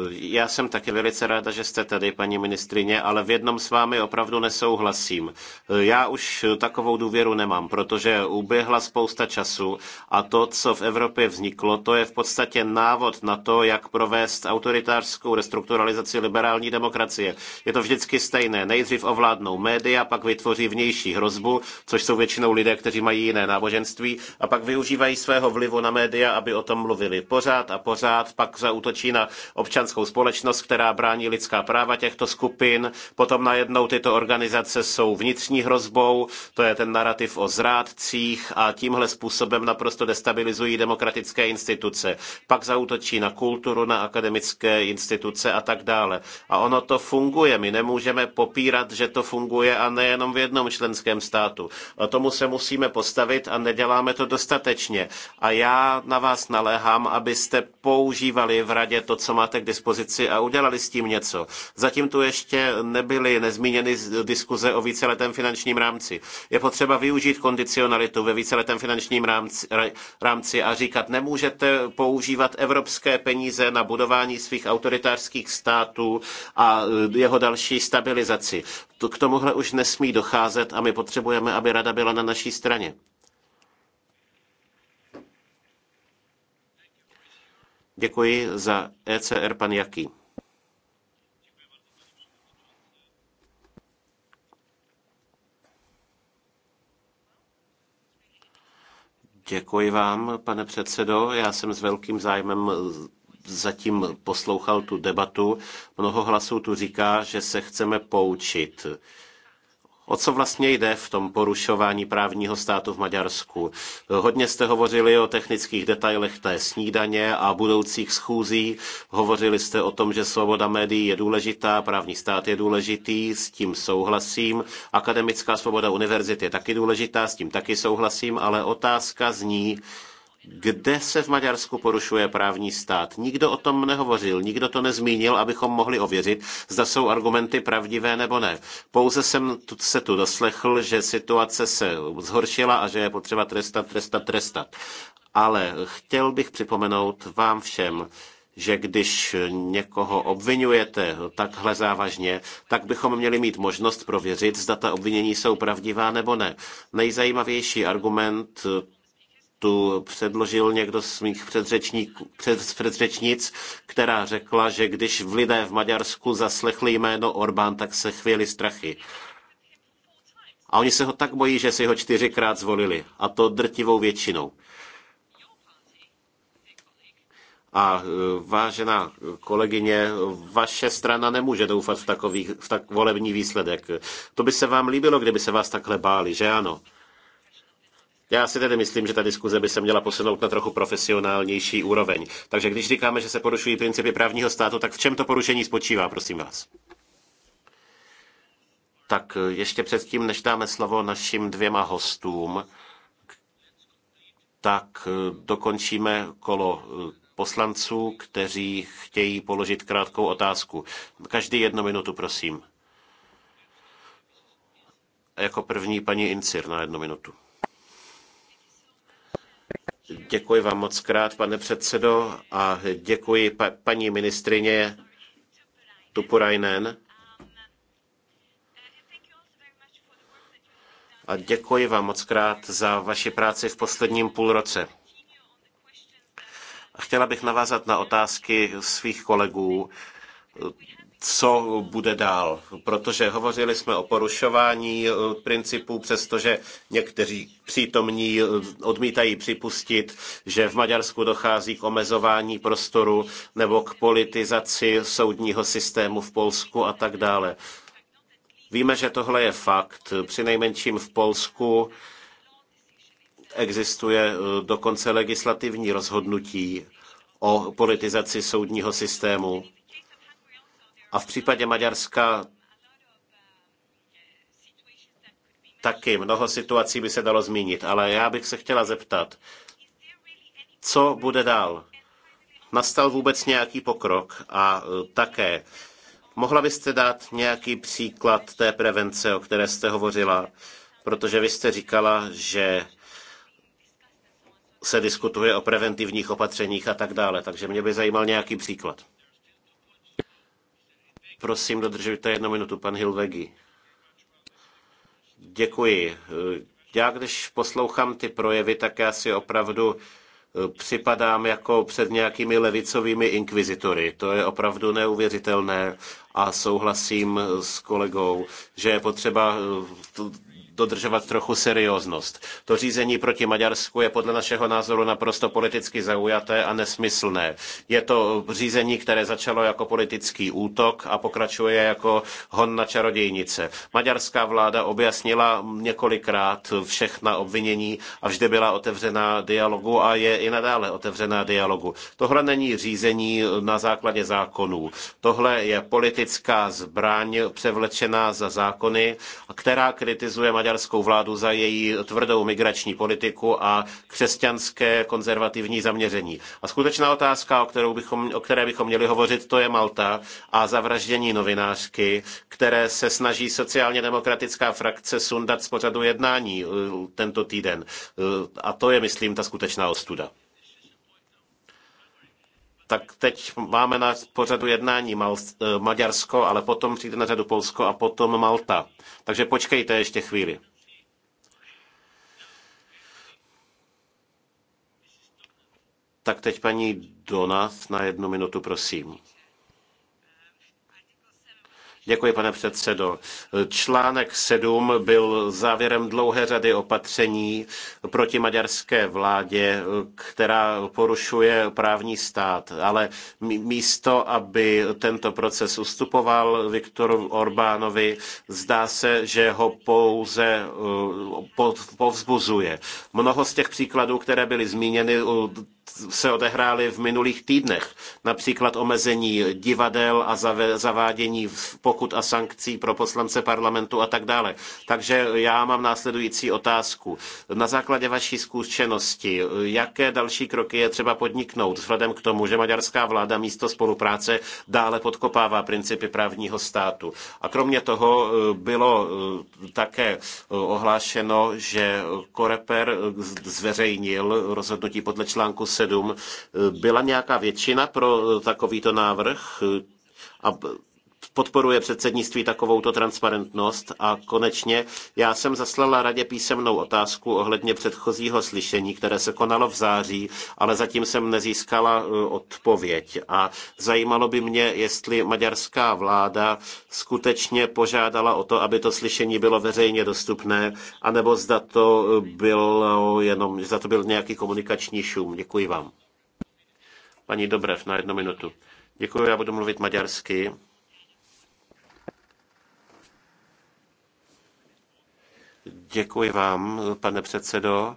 Speaker 1: Já jsem taky velice ráda, že jste tady, paní ministrině, ale v jednom s vámi opravdu nesouhlasím. Já už takovou důvěru nemám, protože uběhla spousta času a to, co v Evropě vzniklo, to je v podstatě návod na to, jak provést autoritářskou restrukturalizaci liberální demokracie. Je to vždycky stejné. Nejdřív ovládnou média, pak vytvoří vnější hrozbu, což jsou většinou lidé, kteří mají jiné náboženství, a pak využívají svého vlivu na média, aby o tom mluvili pořád a pořád, pak zaútočí na občany občanskou společnost, která brání lidská práva těchto skupin. Potom najednou tyto organizace jsou vnitřní hrozbou, to je ten narrativ o zrádcích a tímhle způsobem naprosto destabilizují demokratické instituce. Pak zautočí na kulturu, na akademické instituce a tak dále. A ono to funguje. My nemůžeme popírat, že to funguje a nejenom v jednom členském státu. A tomu se musíme postavit a neděláme to dostatečně. A já na vás naléhám, abyste používali v radě to, co máte dispozici a udělali s tím něco. Zatím tu ještě nebyly nezmíněny diskuze o víceletém finančním rámci. Je potřeba využít kondicionalitu ve víceletém finančním rámci, rámci a říkat, nemůžete používat evropské peníze na budování svých autoritářských států a eh, jeho další stabilizaci. K tomuhle už nesmí docházet a my potřebujeme, aby rada byla na naší straně. Děkuji za ECR pan Jaký. Děkuji vám, pane předsedo. Já jsem s velkým zájmem zatím poslouchal tu debatu. Mnoho hlasů tu říká, že se chceme poučit O co vlastně jde v tom porušování právního státu v Maďarsku? Hodně jste hovořili o technických detailech té snídaně a budoucích schůzí. Hovořili jste o tom, že svoboda médií je důležitá, právní stát je důležitý, s tím souhlasím. Akademická svoboda univerzit je taky důležitá, s tím taky souhlasím, ale otázka zní, kde se v Maďarsku porušuje právní stát. Nikdo o tom nehovořil, nikdo to nezmínil, abychom mohli ověřit, zda jsou argumenty pravdivé nebo ne. Pouze jsem se tu doslechl, že situace se zhoršila a že je potřeba trestat, trestat, trestat. Ale chtěl bych připomenout vám všem, že když někoho obvinujete takhle závažně, tak bychom měli mít možnost prověřit, zda ta obvinění jsou pravdivá nebo ne. Nejzajímavější argument tu předložil někdo z mých před, předřečnic, která řekla, že když v lidé v Maďarsku zaslechli jméno Orbán, tak se chvěli strachy. A oni se ho tak bojí, že si ho čtyřikrát zvolili. A to drtivou většinou. A e, vážená kolegyně, vaše strana nemůže doufat v, takový, v tak volební výsledek. To by se vám líbilo, kdyby se vás takhle báli, že ano? Já si tedy myslím, že ta diskuze by se měla posunout na trochu profesionálnější úroveň. Takže když říkáme, že se porušují principy právního státu, tak v čem to porušení spočívá, prosím vás? Tak ještě předtím, než dáme slovo našim dvěma hostům, tak dokončíme kolo poslanců, kteří chtějí položit krátkou otázku. Každý jednu minutu, prosím. Jako první paní Incir na jednu minutu. Děkuji vám moc krát, pane předsedo, a děkuji pa- paní ministrině Tupurajnen. A děkuji vám moc krát za vaši práci v posledním půlroce. Chtěla bych navázat na otázky svých kolegů co bude dál, protože hovořili jsme o porušování eh, principů, přestože někteří přítomní eh, odmítají připustit, že v Maďarsku dochází k omezování prostoru nebo k politizaci soudního systému v Polsku a tak dále. Víme, že tohle je fakt. Přinejmenším v Polsku existuje eh, dokonce legislativní rozhodnutí o politizaci soudního systému a v případě Maďarska taky mnoho situací by se dalo zmínit, ale já bych se chtěla zeptat, co bude dál? Nastal vůbec nějaký pokrok a e, také mohla byste dát nějaký příklad té prevence, o které jste hovořila, protože vy jste říkala, že se diskutuje o preventivních opatřeních a tak dále, takže mě by zajímal nějaký příklad. Prosím, dodržujte jednu minutu, pan Hilvegi. Děkuji. Já, když poslouchám ty projevy, tak já si opravdu eh, připadám jako před nějakými levicovými inkvizitory. To je opravdu neuvěřitelné a souhlasím eh, s kolegou, že je potřeba eh, dodržovat trochu serióznost. To řízení proti Maďarsku je podle našeho názoru naprosto politicky zaujaté a nesmyslné. Je to řízení, které začalo jako politický útok a pokračuje jako hon na čarodějnice. Maďarská vláda objasnila několikrát všechna obvinění a vždy byla otevřená dialogu a je i nadále otevřená dialogu. Tohle není řízení na základě zákonů. Tohle je politická zbraň převlečená za zákony, která kritizuje Maďarskou maďarskou vládu za její tvrdou migrační politiku a křesťanské konzervativní zaměření. A skutečná otázka, o, kterou bychom, o které bychom měli hovořit, to je Malta a zavraždění novinářky, které se snaží sociálně demokratická frakce sundat z pořadu jednání uh, tento týden. Uh, a to je, myslím, ta skutečná ostuda tak teď máme na pořadu jednání Mal- eh, Maďarsko, ale potom přijde na řadu Polsko a potom Malta. Takže počkejte ještě chvíli. Tak teď paní Donas na jednu minutu, prosím. Děkuji, pane předsedo. Článek 7 byl závěrem dlouhé řady opatření proti maďarské vládě, která porušuje právní stát. Ale místo, aby tento proces ustupoval Viktoru Orbánovi, zdá se, že ho pouze eh, povzbuzuje. Mnoho z těch příkladů, které byly zmíněny, eh, se odehrály v minulých týdnech, například omezení divadel a zavádění pokut a sankcí pro poslance parlamentu a tak dále. Takže já mám následující otázku. Na základě vaší zkušenosti, jaké další kroky je třeba podniknout vzhledem k tomu, že maďarská vláda místo spolupráce dále podkopává principy právního státu? A kromě toho eh, bylo eh, také eh, ohlášeno, že Koreper zveřejnil rozhodnutí podle článku 2007, byla nějaká většina pro takovýto návrh? A podporuje předsednictví takovouto transparentnost. A konečně já jsem zaslala radě písemnou otázku ohledně předchozího slyšení, které se konalo v září, ale zatím jsem nezískala e, odpověď. A zajímalo by mě, jestli maďarská vláda skutečně požádala o to, aby to slyšení bylo veřejně dostupné, anebo zda to bylo jenom, zda to byl nějaký komunikační šum. Děkuji vám. Paní Dobrev, na jednu minutu. Děkuji, já budu mluvit maďarsky. Děkuji vám, pane předsedo.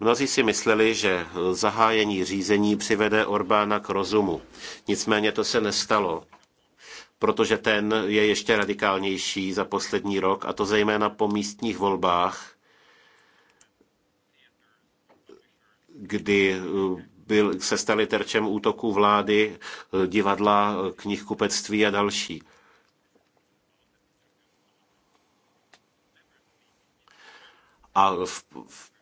Speaker 1: Mnozí si mysleli, že zahájení řízení přivede Orbána k rozumu. Nicméně to se nestalo, protože ten je ještě radikálnější za poslední rok, a to zejména po místních volbách, kdy eh, byl, se staly terčem útoků vlády, eh, divadla, eh, knihkupectví a další. A v, v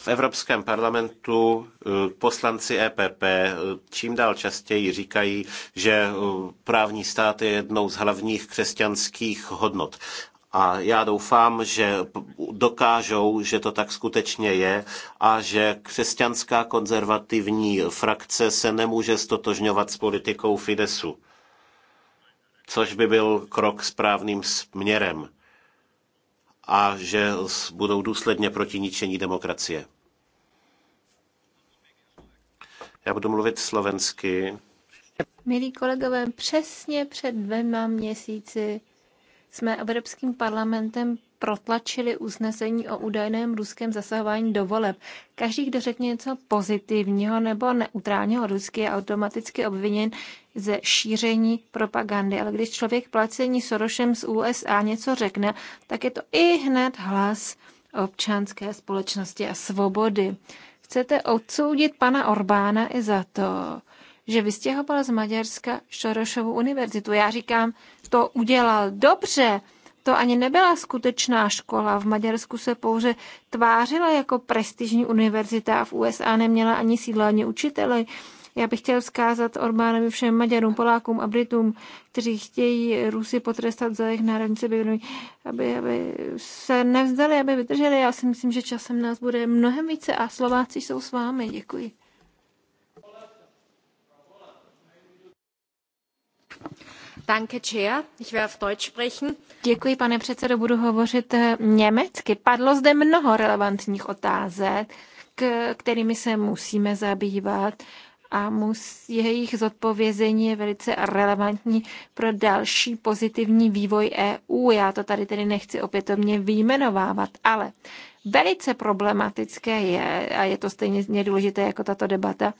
Speaker 1: v Evropském parlamentu eh, poslanci EPP eh, čím dál častěji říkají, že eh, právní stát je jednou z hlavních křesťanských hodnot. A já doufám, že dokážou, že to tak skutečně je a že křesťanská konzervativní frakce se nemůže stotožňovat s politikou Fidesu, což by byl krok správným směrem a že budou důsledně proti ničení demokracie. Já budu mluvit slovensky.
Speaker 4: Milí kolegové, přesně před dvěma měsíci jsme Evropským parlamentem protlačili usnesení o údajném ruském zasahování do voleb. Každý, kdo řekne něco pozitivního nebo neutrálního rusky, je automaticky obviněn ze šíření propagandy. Ale když člověk placení Sorošem z USA něco řekne, tak je to i hned hlas občanské společnosti a svobody. Chcete odsoudit pana Orbána i za to, že vystěhoval z Maďarska Šorošovu univerzitu. Já říkám, to udělal dobře, to ani nebyla skutečná škola. V Maďarsku se pouze tvářila jako prestižní univerzita a v USA neměla ani sídla, ani učitele. Já bych chtěl vzkázat Orbánovi všem Maďarům, Polákům a Britům, kteří chtějí Rusy potrestat za jejich národní sebevědomí, aby, aby se nevzdali, aby vydrželi. Já si myslím, že časem nás bude mnohem více a Slováci jsou s vámi. Děkuji. Danke, Chair. Ich werde auf Deutsch sprechen. Děkuji, pane předsedo, budu hovořit eh, německy. Padlo zde mnoho relevantních otázek, kterými se musíme zabývat a mus, jejich zodpovězení je velice relevantní pro další pozitivní vývoj EU. Já to tady tedy nechci opětovně vyjmenovávat, ale Velice problematické je, a je to stejně důležité jako tato debata,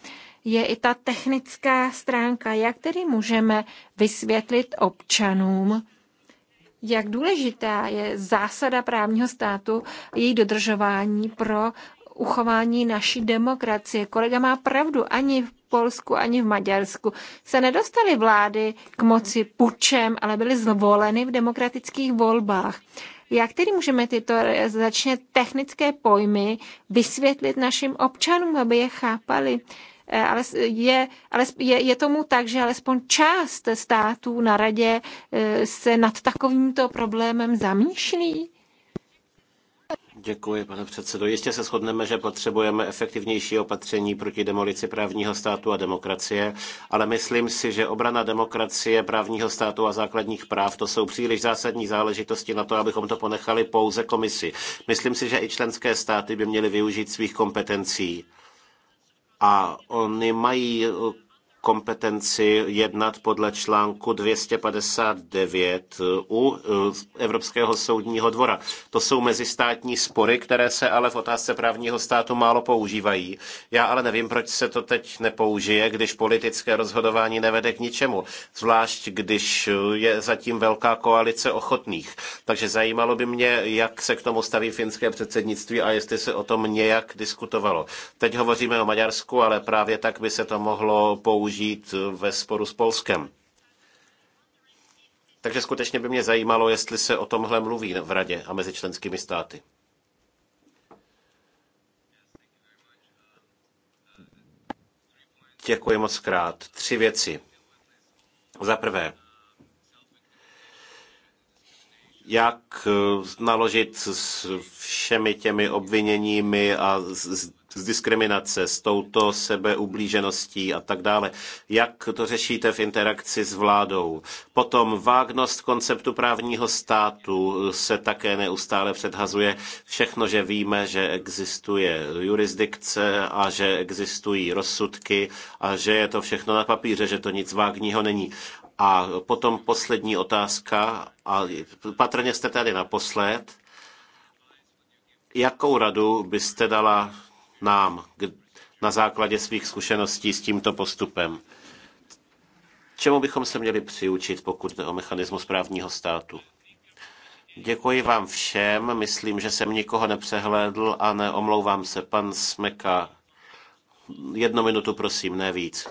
Speaker 4: je i ta technická stránka, jak tedy můžeme vysvětlit občanům, jak důležitá je zásada právního státu, její dodržování pro uchování naší demokracie. Kolega má pravdu, ani v Polsku, ani v Maďarsku se nedostaly vlády k moci pučem, ale byly zvoleny v demokratických volbách. Jak tedy můžeme tyto začně technické pojmy vysvětlit našim občanům, aby je chápali? Eh, ale je, ale je, je tomu tak, že alespoň část států na radě eh, se nad takovýmto problémem zamýšlí?
Speaker 1: Děkuji, pane předsedo. Jistě se shodneme, že potřebujeme efektivnější opatření proti demolici právního státu a demokracie, ale myslím si, že obrana demokracie, právního státu a základních práv to jsou příliš zásadní záležitosti na to, abychom to ponechali pouze komisi. Myslím si, že i členské státy by měly využít svých kompetencí. A oni mají kompetenci jednat podle článku 259 eh, u eh, Evropského soudního dvora. To jsou mezistátní spory, které se ale v otázce právního státu málo používají. Já ale nevím, proč se to teď nepoužije, když politické rozhodování nevede k ničemu, zvlášť když eh, je zatím velká koalice ochotných. Takže zajímalo by mě, jak se k tomu staví finské předsednictví a jestli se o tom nějak diskutovalo. Teď hovoříme o Maďarsku, ale právě tak by se to mohlo použít použít ve sporu s Polskem. Takže skutečně by mě zajímalo, jestli se o tomhle mluví v Radě a mezi členskými státy. Děkuji moc krát. Tři věci. Za prvé, jak naložit s všemi těmi obviněními a s z diskriminace, s touto sebeublížeností a tak dále. Jak to řešíte v interakci s vládou? Potom vágnost konceptu právního státu se také neustále předhazuje. Všechno, že víme, že existuje jurisdikce a že existují rozsudky a že je to všechno na papíře, že to nic vágního není. A potom poslední otázka, a patrně jste tady naposled. Jakou radu byste dala nám na základě svých zkušeností s tímto postupem. Čemu bychom se měli přiučit, pokud jde o mechanismus právního státu? Děkuji vám všem. Myslím, že jsem nikoho nepřehlédl a neomlouvám se. Pan Smeka, jednu minutu prosím, ne víc.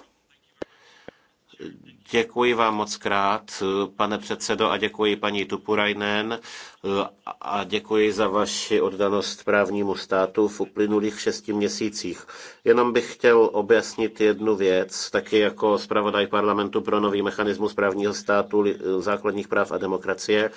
Speaker 1: Děkuji vám moc krát, pane předsedo, a děkuji paní Tupurajnen a děkuji za vaši oddanost právnímu státu v uplynulých šesti měsících. Jenom bych chtěl objasnit jednu věc, taky jako zpravodaj parlamentu pro nový mechanismus právního státu, základních práv a demokracie.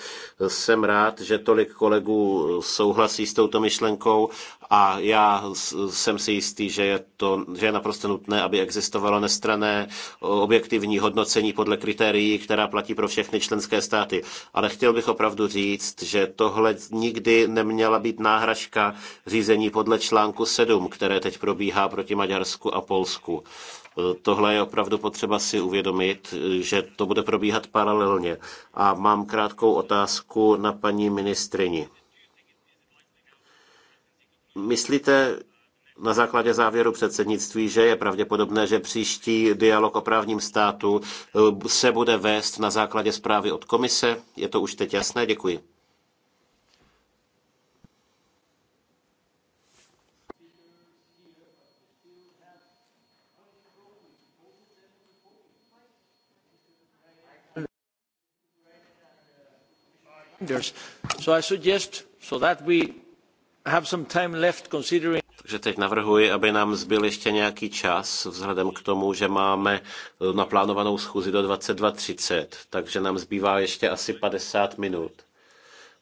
Speaker 1: Jsem rád, že tolik kolegů souhlasí s touto myšlenkou a já jsem si jistý, že je, to, že je naprosto nutné, aby existovalo nestrané objektivní hodnocení podle kritérií, která platí pro všechny členské státy. Ale chtěl bych opravdu říct, že tohle nikdy neměla být náhražka řízení podle článku 7, které teď probíhá proti Maďarsku a Polsku. E, tohle je opravdu potřeba si uvědomit, e, že to bude probíhat paralelně. A mám krátkou otázku na paní ministrini. Myslíte, na základě závěru předsednictví, že je pravděpodobné, že příští dialog o právním státu e, se bude vést na základě zprávy od komise. Je to už teď jasné? Děkuji. takže teď navrhuji, aby nám zbyl ještě nějaký čas, vzhledem k tomu, že máme eh, naplánovanou schůzi do 22.30, takže nám zbývá ještě asi 50 minut.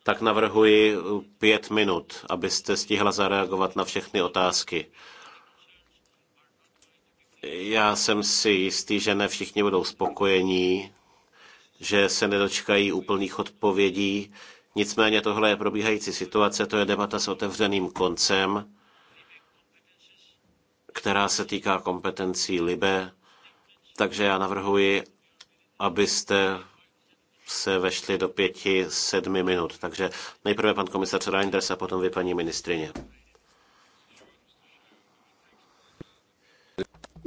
Speaker 1: Tak navrhuji eh, pět minut, abyste stihla zareagovat na všechny otázky. Já jsem si jistý, že ne všichni budou spokojení že se nedočkají úplných odpovědí. Nicméně tohle je probíhající situace, to je debata s otevřeným koncem, která se týká kompetencí LIBE, takže já navrhuji, abyste se vešli do pěti, sedmi minut. Takže nejprve pan komisař Reinders a potom vy, paní ministrině.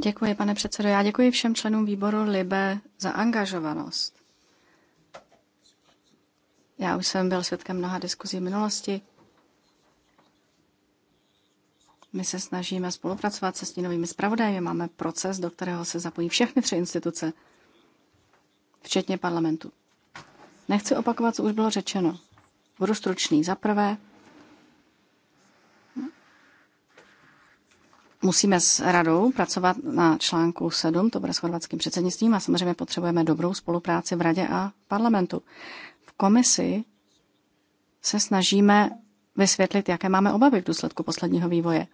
Speaker 3: Děkuji, pane předsedo. Já děkuji všem členům výboru LIBE za angažovanost. Já už jsem byl svědkem mnoha diskuzí v minulosti. My se snažíme spolupracovat se stínovými zpravodaji, máme proces, do kterého se zapojí všechny tři instituce, včetně parlamentu. Nechci opakovat, co už bylo řečeno. Budu stručný. Za prvé, musíme s radou pracovat na článku 7, to bude s chorvatským předsednictvím a samozřejmě potřebujeme dobrou spolupráci v radě a parlamentu komisi se snažíme vysvětlit, jaké máme obavy v důsledku posledního vývoje.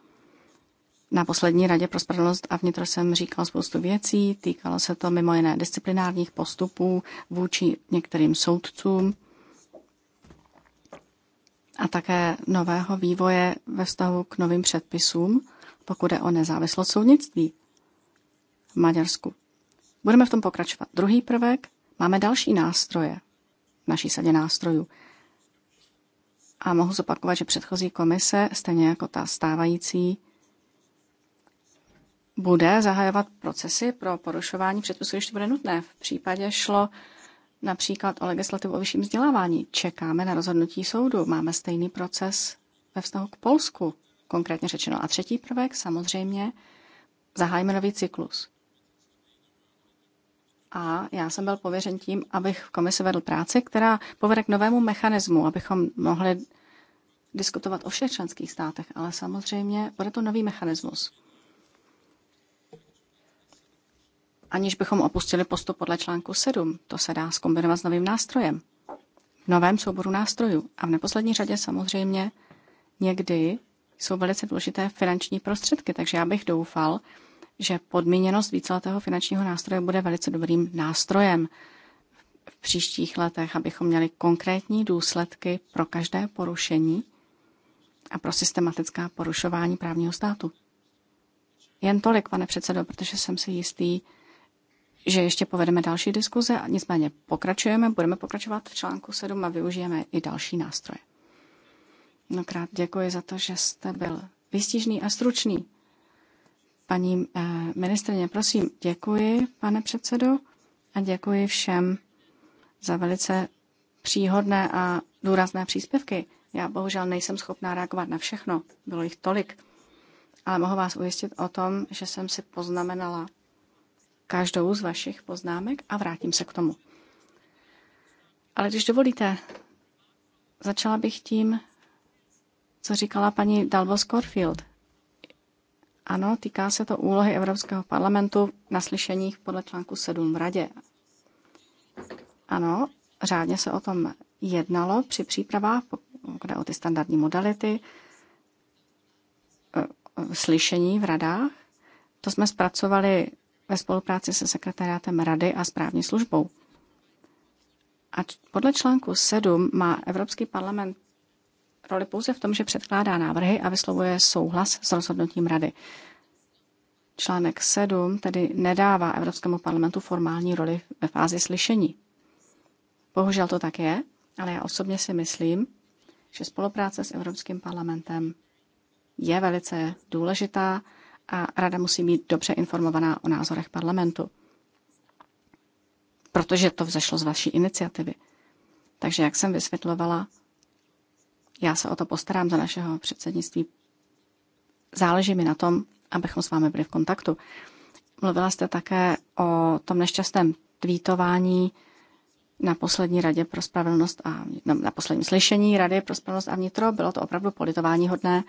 Speaker 3: Na poslední radě pro spravedlnost a vnitro jsem říkal spoustu věcí, týkalo se to mimo jiné disciplinárních postupů vůči některým soudcům a také nového vývoje ve vztahu k novým předpisům, pokud je o nezávislost soudnictví v Maďarsku. Budeme v tom pokračovat. Druhý prvek, máme další nástroje v naší sadě nástrojů. A mohu zopakovat, že předchozí komise, stejně jako ta stávající, bude zahajovat procesy pro porušování předpisů, když to bude nutné. V případě šlo například o legislativu o vyšším vzdělávání. Čekáme na rozhodnutí soudu. Máme stejný proces ve vztahu k Polsku, konkrétně řečeno. A třetí prvek, samozřejmě, zahájíme nový cyklus. A já jsem byl pověřen tím, abych v komisi vedl práci, která povede k novému mechanismu, abychom mohli diskutovat o všech členských státech, ale samozřejmě bude to nový mechanismus. Aniž bychom opustili postup podle článku 7, to se dá skombinovat s novým nástrojem, v novém souboru nástrojů. A v neposlední řadě samozřejmě někdy jsou velice důležité finanční prostředky, takže já bych doufal, že podmíněnost víceletého finančního nástroje bude velice dobrým nástrojem v příštích letech, abychom měli konkrétní důsledky pro každé porušení a pro systematická porušování právního státu. Jen tolik, pane předsedo, protože jsem si jistý, že ještě povedeme další diskuze, a nicméně pokračujeme, budeme pokračovat v článku 7 a využijeme i další nástroje. Mnohokrát děkuji za to, že jste byl vystižný a stručný. Paní eh, ministrině, prosím, děkuji, pane předsedo, a děkuji všem za velice příhodné a důrazné příspěvky. Já bohužel nejsem schopná reagovat na všechno, bylo jich tolik, ale mohu vás ujistit o tom, že jsem si poznamenala každou z vašich poznámek a vrátím se k tomu. Ale když dovolíte, začala bych tím, co říkala paní Dalvo Scorfield. Ano, týká se to úlohy Evropského parlamentu na slyšeních podle článku 7 v Radě. Ano, řádně se o tom jednalo při přípravách, kde o ty standardní modality, eh, slyšení v radách. To jsme zpracovali ve spolupráci se sekretariátem Rady a správní službou. A podle článku 7 má Evropský parlament roli pouze v tom, že předkládá návrhy a vyslovuje souhlas s rozhodnutím rady. Článek 7 tedy nedává Evropskému parlamentu formální roli ve fázi slyšení. Bohužel to tak je, ale já osobně si myslím, že spolupráce s Evropským parlamentem je velice důležitá a rada musí být dobře informovaná o názorech parlamentu. Protože to vzešlo z vaší iniciativy. Takže, jak jsem vysvětlovala, já se o to postarám za našeho předsednictví. Záleží mi na tom, abychom s vámi byli v kontaktu. Mluvila jste také o tom nešťastném tweetování na poslední radě pro spravedlnost a na, na posledním slyšení Rady pro spravedlnost a vnitro. Bylo to opravdu politování hodné.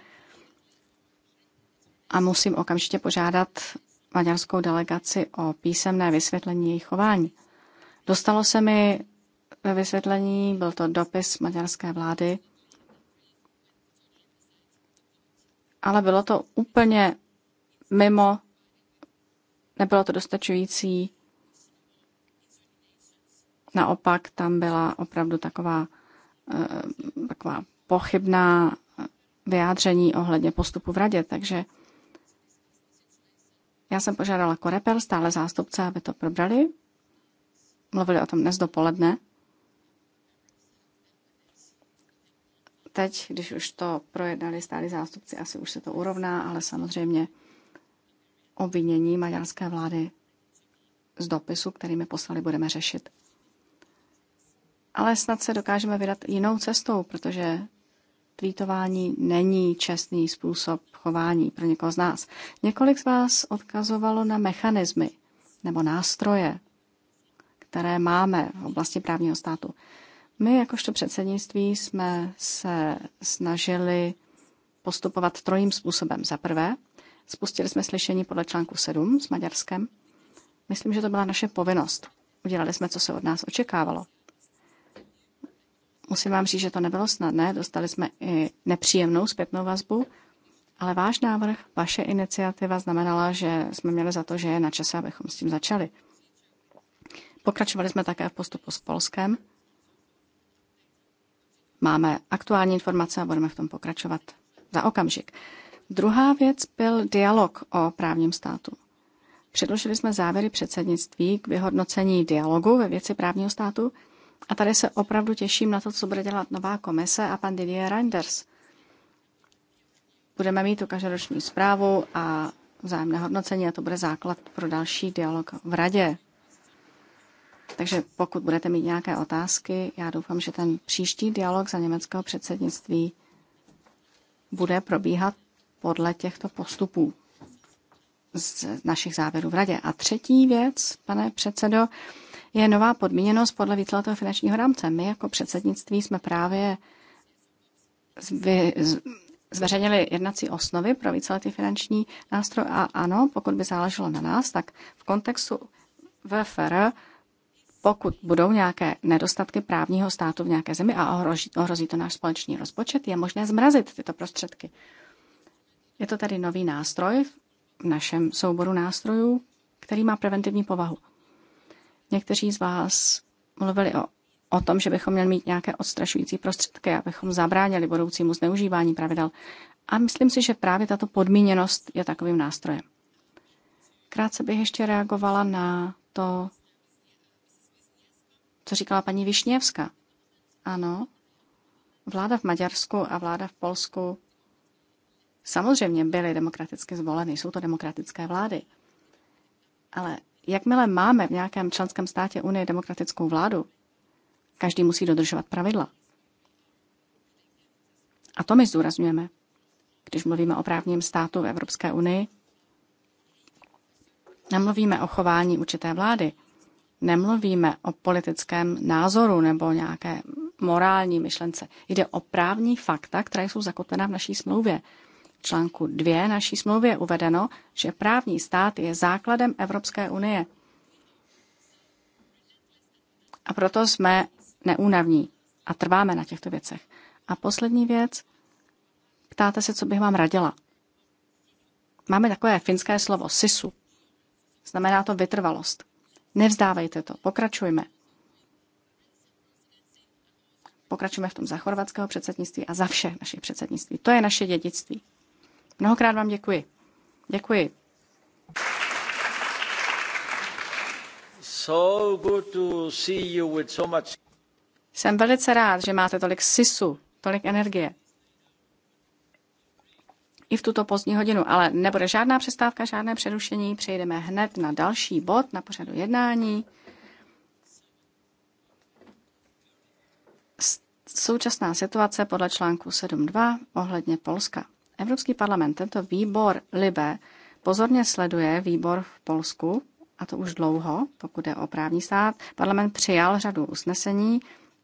Speaker 3: A musím okamžitě požádat maďarskou delegaci o písemné vysvětlení jejich chování. Dostalo se mi ve vysvětlení, byl to dopis maďarské vlády, ale bylo to úplně mimo, nebylo to dostačující. Naopak tam byla opravdu taková, eh, taková pochybná vyjádření ohledně postupu v radě, takže já jsem požádala Korepel, stále zástupce, aby to probrali. Mluvili o tom dnes dopoledne. Teď, když už to projednali stáli zástupci, asi už se to urovná, ale samozřejmě obvinění maďarské vlády z dopisu, který mi poslali, budeme řešit. Ale snad se dokážeme vydat jinou cestou, protože tweetování není čestný způsob chování pro někoho z nás. Několik z vás odkazovalo na mechanismy nebo nástroje, které máme v oblasti právního státu. My jakožto předsednictví jsme se snažili postupovat trojím způsobem. Za prvé, spustili jsme slyšení podle článku 7 s Maďarskem. Myslím, že to byla naše povinnost. Udělali jsme, co se od nás očekávalo. Musím vám říct, že to nebylo snadné. Dostali jsme i nepříjemnou zpětnou vazbu, ale váš návrh, vaše iniciativa znamenala, že jsme měli za to, že je na čase, abychom s tím začali. Pokračovali jsme také v postupu s Polskem Máme aktuální informace a budeme v tom pokračovat za okamžik. Druhá věc byl dialog o právním státu. Předložili jsme závěry předsednictví k vyhodnocení dialogu ve věci právního státu a tady se opravdu těším na to, co bude dělat nová komise a pan Didier Reinders. Budeme mít tu každoroční zprávu a vzájemné hodnocení a to bude základ pro další dialog v radě takže pokud budete mít nějaké otázky, já doufám, že ten příští dialog za německého předsednictví bude probíhat podle těchto postupů z našich závěrů v radě. A třetí věc, pane předsedo, je nová podmíněnost podle výtletého finančního rámce. My jako předsednictví jsme právě zvy, zveřejnili jednací osnovy pro víceletý finanční nástroj a ano, pokud by záleželo na nás, tak v kontextu VFR pokud budou nějaké nedostatky právního státu v nějaké zemi a ohrozí, ohrozí to náš společný rozpočet, je možné zmrazit tyto prostředky. Je to tedy nový nástroj v našem souboru nástrojů, který má preventivní povahu. Někteří z vás mluvili o, o tom, že bychom měli mít nějaké odstrašující prostředky, abychom zabránili budoucímu zneužívání pravidel. A myslím si, že právě tato podmíněnost je takovým nástrojem. Krátce bych ještě reagovala na to, co říkala paní Višněvská. Ano, vláda v Maďarsku a vláda v Polsku samozřejmě byly demokraticky zvoleny, jsou to demokratické vlády. Ale jakmile máme v nějakém členském státě Unie demokratickou vládu, každý musí dodržovat pravidla. A to my zdůrazňujeme, když mluvíme o právním státu v Evropské unii. Nemluvíme o chování určité vlády – Nemluvíme o politickém názoru nebo nějaké morální myšlence. Jde o právní fakta, které jsou zakotvená v naší smlouvě. V článku 2 naší smlouvy je uvedeno, že právní stát je základem Evropské unie. A proto jsme neúnavní a trváme na těchto věcech. A poslední věc, ptáte se, co bych vám radila. Máme takové finské slovo sisu. Znamená to vytrvalost. Nevzdávejte to, pokračujme. Pokračujeme v tom za chorvatského předsednictví a za vše naše předsednictví. To je naše dědictví. Mnohokrát vám děkuji. Děkuji.
Speaker 2: So good to see you with so much...
Speaker 3: Jsem velice rád, že máte tolik sisu, tolik energie i v tuto pozdní hodinu, ale nebude žádná přestávka, žádné přerušení. Přejdeme hned na další bod na pořadu jednání. Současná situace podle článku 7.2 ohledně Polska. Evropský parlament tento výbor Libe pozorně sleduje výbor v Polsku, a to už dlouho, pokud je o právní stát. Parlament přijal řadu usnesení,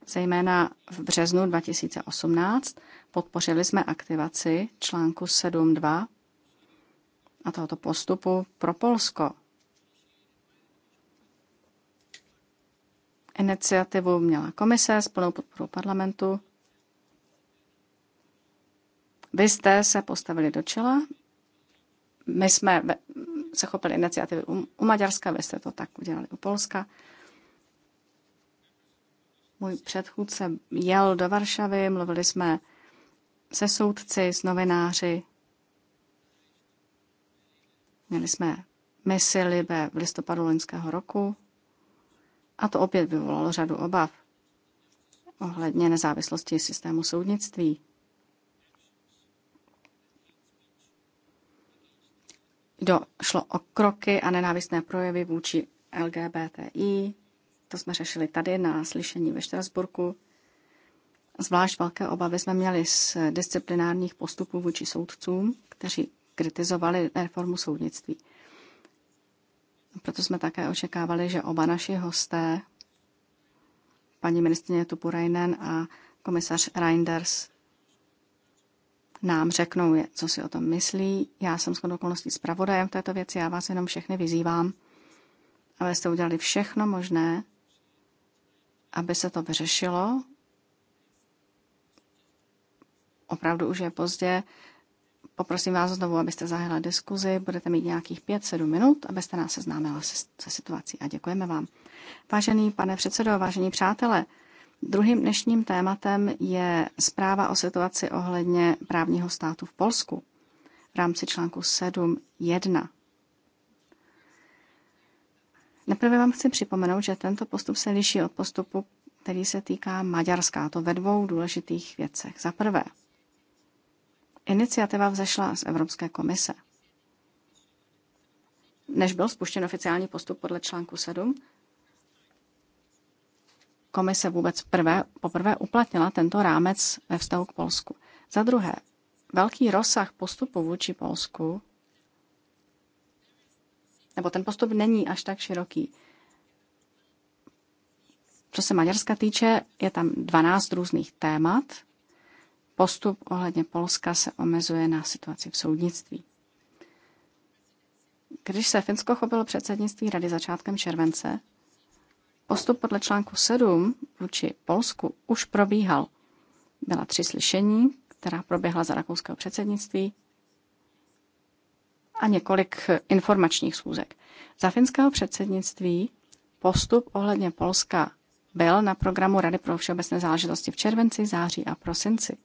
Speaker 3: zejména v březnu 2018 Podpořili jsme aktivaci článku 7.2 a tohoto postupu pro Polsko. Iniciativu měla komise s plnou podporou parlamentu. Vy jste se postavili do čela. My jsme se chopili iniciativy u Maďarska, vy jste to tak udělali u Polska. Můj předchůdce jel do Varšavy, mluvili jsme se soudci, s novináři. Měli jsme misi Libe v listopadu loňského roku a to opět vyvolalo řadu obav ohledně nezávislosti systému soudnictví. Do, šlo o kroky a nenávistné projevy vůči LGBTI. To jsme řešili tady na slyšení ve Štrasburku. Zvlášť velké obavy jsme měli z disciplinárních postupů vůči soudcům, kteří kritizovali reformu soudnictví. Proto jsme také očekávali, že oba naši hosté, paní ministrině Tupurajnen a komisař Reinders, nám řeknou, co si o tom myslí. Já jsem s okolností zpravodajem v této věci, já vás jenom všechny vyzývám, abyste udělali všechno možné, aby se to vyřešilo opravdu už je pozdě. Poprosím vás znovu, abyste zahájila diskuzi. Budete mít nějakých 5-7 minut, abyste nás seznámila se, se situací. A děkujeme vám. Vážený pane předsedo, vážení přátelé, druhým dnešním tématem je zpráva o situaci ohledně právního státu v Polsku v rámci článku 7.1. Neprve vám chci připomenout, že tento postup se liší od postupu, který se týká Maďarska, a to ve dvou důležitých věcech. Za prvé, Iniciativa vzešla z Evropské komise. Než byl spuštěn oficiální postup podle článku 7, komise vůbec prvé, poprvé uplatnila tento rámec ve vztahu k Polsku. Za druhé, velký rozsah postupu vůči Polsku, nebo ten postup není až tak široký. Co se Maďarska týče, je tam 12 různých témat – Postup ohledně Polska se omezuje na situaci v soudnictví. Když se Finsko chopilo předsednictví rady začátkem července, postup podle článku 7 vůči Polsku už probíhal. Byla tři slyšení, která proběhla za rakouského předsednictví a několik informačních schůzek. Za finského předsednictví postup ohledně Polska byl na programu Rady pro všeobecné záležitosti v červenci, září a prosinci.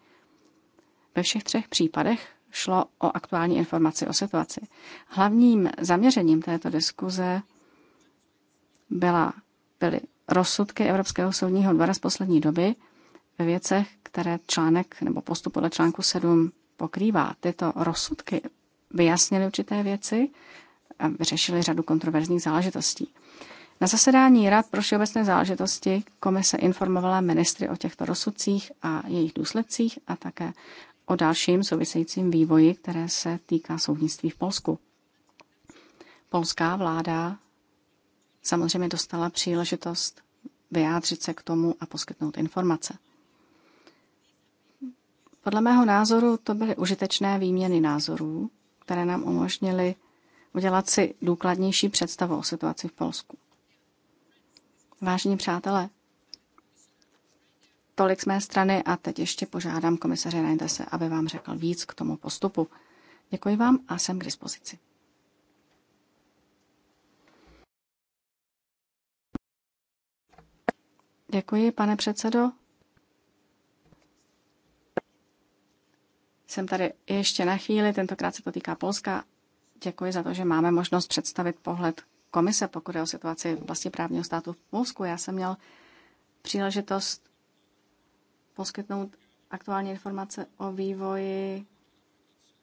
Speaker 3: Ve všech třech případech šlo o aktuální informaci o situaci. Hlavním zaměřením této diskuze byla, byly rozsudky Evropského soudního dvora z poslední doby ve věcech, které článek nebo postup podle článku 7 pokrývá. Tyto rozsudky vyjasnily určité věci a vyřešily řadu kontroverzních záležitostí. Na zasedání Rad pro všeobecné záležitosti komise informovala ministry o těchto rozsudcích a jejich důsledcích a také o dalším souvisejícím vývoji, které se týká soudnictví v Polsku. Polská vláda samozřejmě dostala příležitost vyjádřit se k tomu a poskytnout informace. Podle mého názoru to byly užitečné výměny názorů, které nám umožnily udělat si důkladnější představu o situaci v Polsku. Vážení přátelé, Tolik z mé strany a teď ještě požádám komisaře Reindese, aby vám řekl víc k tomu postupu. Děkuji vám a jsem k dispozici. Děkuji, pane předsedo. Jsem tady ještě na chvíli, tentokrát se to týká Polska. Děkuji za to, že máme možnost představit pohled komise, pokud je o situaci vlastně právního státu v Polsku. Já jsem měl příležitost poskytnout aktuální informace o vývoji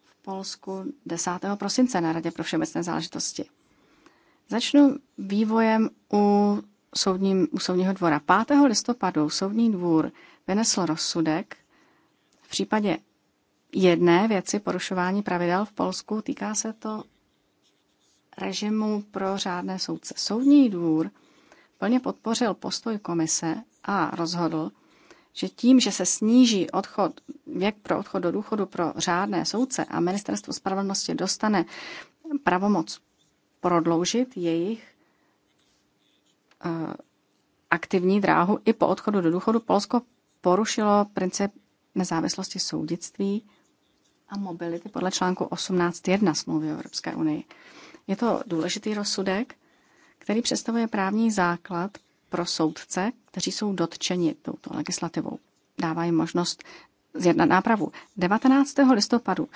Speaker 3: v Polsku 10. prosince na Radě pro všeobecné záležitosti. Začnu vývojem u, soudním, u soudního dvora. 5. listopadu soudní dvůr vynesl rozsudek v případě jedné věci porušování pravidel v Polsku. Týká se to režimu pro řádné soudce. Soudní dvůr plně podpořil postoj komise a rozhodl, že tím, že se sníží odchod, věk pro odchod do důchodu pro řádné soudce a ministerstvo spravedlnosti dostane pravomoc prodloužit jejich eh, aktivní dráhu i po odchodu do důchodu, Polsko porušilo princip nezávislosti soudictví a mobility podle článku 18.1 smlouvy o Evropské unii. Je to důležitý rozsudek, který představuje právní základ pro soudce, kteří jsou dotčeni touto legislativou. Dává jim možnost zjednat nápravu. 19. listopadu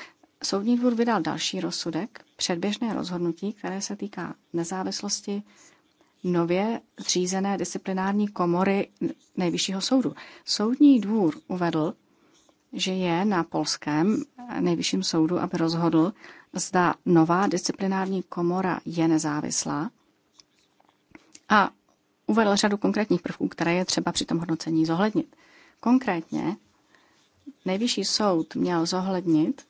Speaker 3: Soudní dvůr vydal další rozsudek, předběžné rozhodnutí, které se týká nezávislosti nově zřízené disciplinární komory Nejvyššího soudu. Soudní dvůr uvedl, že je na polském nejvyšším soudu, aby rozhodl, zda nová disciplinární komora je nezávislá a uvedl řadu konkrétních prvků, které je třeba při tom hodnocení zohlednit. Konkrétně nejvyšší soud měl zohlednit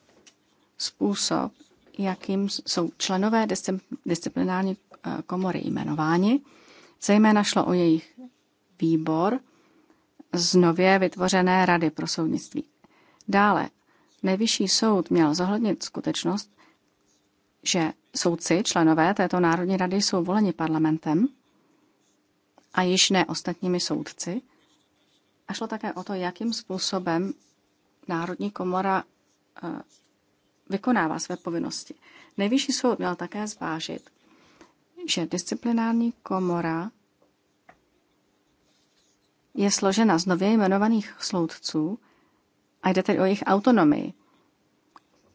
Speaker 3: způsob, jakým jsou členové disciplinární eh, komory jmenováni. Zejména šlo o jejich výbor z nově vytvořené Rady pro soudnictví. Dále, nejvyšší soud měl zohlednit skutečnost, že soudci, členové této Národní rady jsou voleni parlamentem a již ne ostatními soudci. A šlo také o to, jakým způsobem Národní komora eh, vykonává své povinnosti. Nejvyšší soud měl také zvážit, že disciplinární komora je složena z nově jmenovaných soudců a jde tedy o jejich autonomii.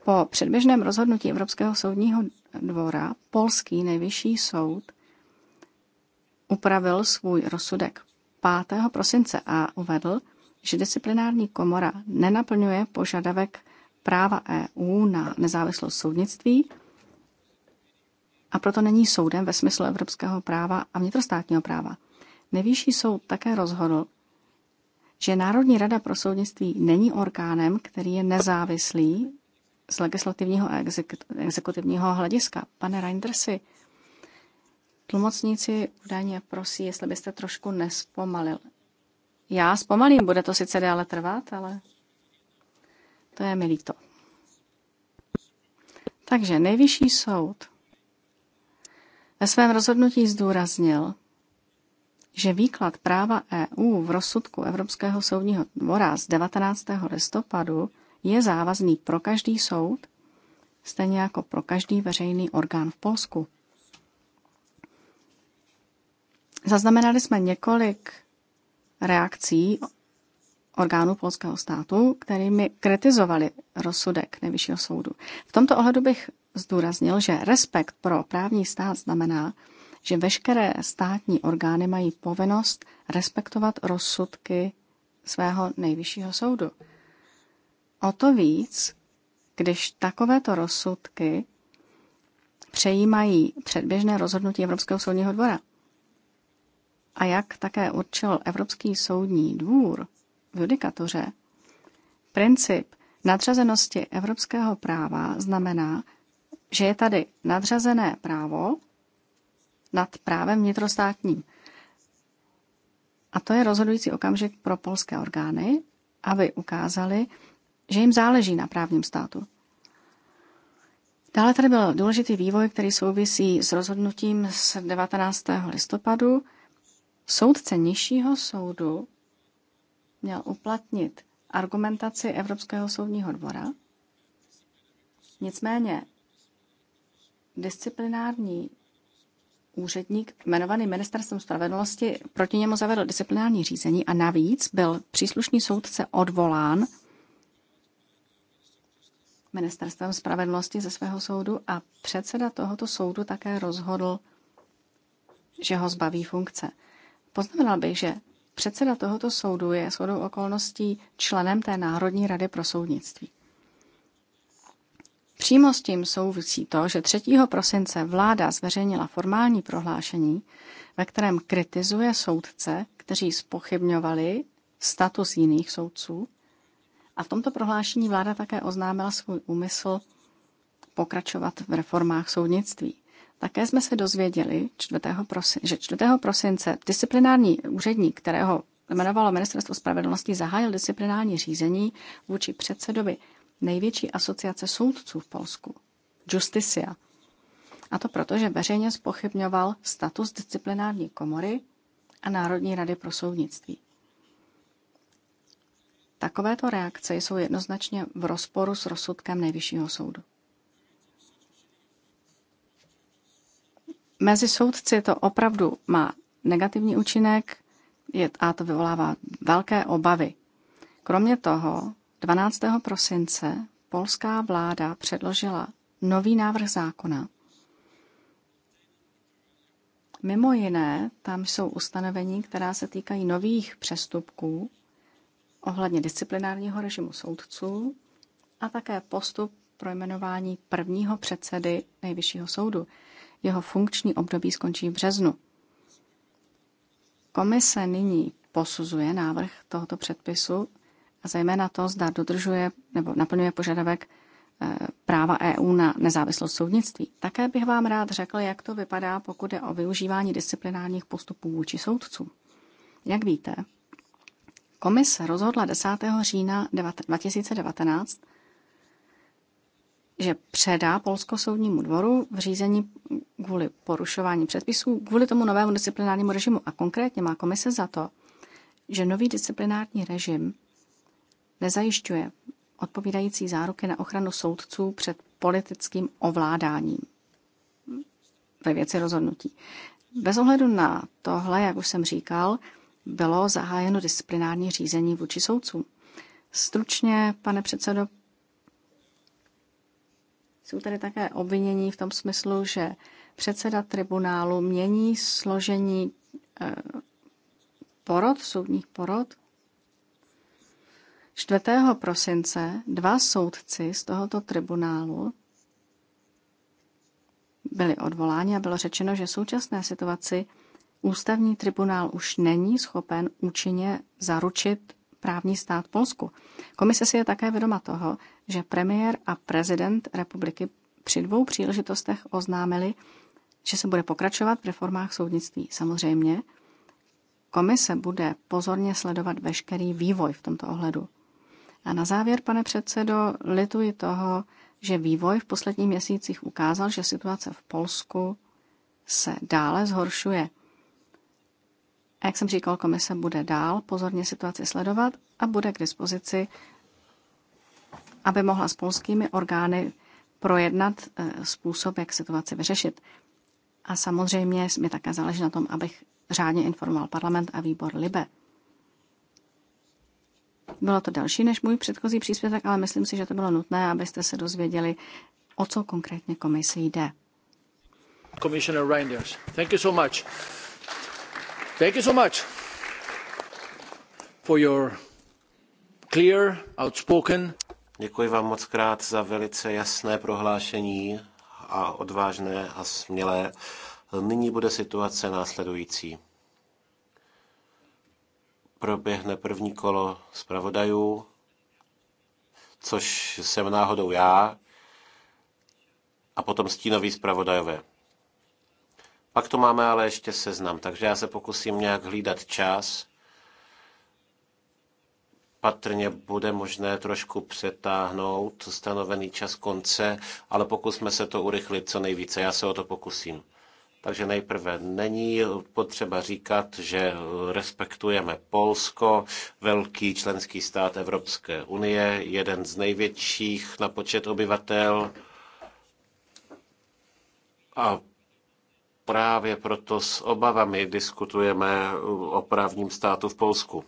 Speaker 3: Po předběžném rozhodnutí Evropského soudního dvora polský nejvyšší soud upravil svůj rozsudek 5. prosince a uvedl, že disciplinární komora nenaplňuje požadavek práva EU na nezávislost soudnictví a proto není soudem ve smyslu evropského práva a vnitrostátního práva. Nejvyšší soud také rozhodl, že Národní rada pro soudnictví není orgánem, který je nezávislý z legislativního a exekutivního hlediska. Pane Reindersi, Tlumočníci údajně prosí, jestli byste trošku nespomalil. Já zpomalím, bude to sice déle trvat, ale to je mi líto. Takže nejvyšší soud ve svém rozhodnutí zdůraznil, že výklad práva EU v rozsudku Evropského soudního dvora z 19. listopadu je závazný pro každý soud, stejně jako pro každý veřejný orgán v Polsku. Zaznamenali jsme několik reakcí orgánů polského státu, kterými kritizovali rozsudek nejvyššího soudu. V tomto ohledu bych zdůraznil, že respekt pro právní stát znamená, že veškeré státní orgány mají povinnost respektovat rozsudky svého nejvyššího soudu. O to víc, když takovéto rozsudky přejímají předběžné rozhodnutí Evropského soudního dvora. A jak také určil Evropský soudní dvůr v judikatoře, princip nadřazenosti evropského práva znamená, že je tady nadřazené právo nad právem vnitrostátním. A to je rozhodující okamžik pro polské orgány, aby ukázali, že jim záleží na právním státu. Dále tady byl důležitý vývoj, který souvisí s rozhodnutím z 19. listopadu, Soudce nižšího soudu měl uplatnit argumentaci Evropského soudního dvora, nicméně disciplinární úředník jmenovaný ministerstvem spravedlnosti proti němu zavedl disciplinární řízení a navíc byl příslušný soudce odvolán ministerstvem spravedlnosti ze svého soudu a předseda tohoto soudu také rozhodl, že ho zbaví funkce. Poznamenal bych, že předseda tohoto soudu je shodou okolností členem té Národní rady pro soudnictví. Přímo s tím souvisí to, že 3. prosince vláda zveřejnila formální prohlášení, ve kterém kritizuje soudce, kteří spochybňovali status jiných soudců. A v tomto prohlášení vláda také oznámila svůj úmysl pokračovat v reformách soudnictví. Také jsme se dozvěděli 4. Prosin, že 4. prosince disciplinární úředník, kterého jmenovalo Ministerstvo spravedlnosti, zahájil disciplinární řízení vůči předsedovi největší asociace soudců v Polsku, Justicia. A to proto, že veřejně spochybňoval status disciplinární komory a Národní rady pro soudnictví. Takovéto reakce jsou jednoznačně v rozporu s rozsudkem Nejvyššího soudu. Mezi soudci to opravdu má negativní účinek a to vyvolává velké obavy. Kromě toho, 12. prosince polská vláda předložila nový návrh zákona. Mimo jiné, tam jsou ustanovení, která se týkají nových přestupků ohledně disciplinárního režimu soudců a také postup pro jmenování prvního předsedy Nejvyššího soudu. Jeho funkční období skončí v březnu. Komise nyní posuzuje návrh tohoto předpisu a zejména to, zda dodržuje nebo naplňuje požadavek eh, práva EU na nezávislost soudnictví. Také bych vám rád řekl, jak to vypadá, pokud je o využívání disciplinárních postupů vůči soudcům. Jak víte, komise rozhodla 10. října 2019 že předá Polsko soudnímu dvoru v řízení kvůli porušování předpisů kvůli tomu novému disciplinárnímu režimu. A konkrétně má komise za to, že nový disciplinární režim nezajišťuje odpovídající záruky na ochranu soudců před politickým ovládáním ve věci rozhodnutí. Bez ohledu na tohle, jak už jsem říkal, bylo zahájeno disciplinární řízení vůči soudcům. Stručně, pane předsedo, jsou tady také obvinění v tom smyslu, že předseda tribunálu mění složení eh, porod, soudních porod. 4. prosince dva soudci z tohoto tribunálu byli odvoláni a bylo řečeno, že v současné situaci ústavní tribunál už není schopen účinně zaručit právní stát Polsku. Komise si je také vědoma toho, že premiér a prezident republiky při dvou příležitostech oznámili, že se bude pokračovat v reformách soudnictví. Samozřejmě, komise bude pozorně sledovat veškerý vývoj v tomto ohledu. A na závěr, pane předsedo, lituji toho, že vývoj v posledních měsících ukázal, že situace v Polsku se dále zhoršuje – a jak jsem říkal, komise bude dál pozorně situaci sledovat a bude k dispozici, aby mohla s polskými orgány projednat eh, způsob, jak situaci vyřešit. A samozřejmě mi také záleží na tom, abych řádně informoval parlament a výbor Libe. Bylo to delší než můj předchozí příspěvek, ale myslím si, že to bylo nutné, abyste se dozvěděli, o co konkrétně komisi jde.
Speaker 2: Commissioner Reinders, thank you so much thank you so much for your clear, outspoken.
Speaker 1: Děkuji vám moc krát za velice jasné prohlášení a odvážné a smělé. Nyní bude situace následující. Proběhne první kolo zpravodajů, což jsem náhodou já, a potom stínový zpravodajové. Pak tu máme ale ještě seznam, takže já se pokusím nějak hlídat čas. Patrně bude možné trošku přetáhnout stanovený čas konce, ale pokusme se to urychlit co nejvíce. Já se o to pokusím. Takže nejprve není potřeba říkat, že respektujeme Polsko, velký členský stát Evropské unie, jeden z největších na počet obyvatel. A právě proto s obavami diskutujeme o právním státu v Polsku.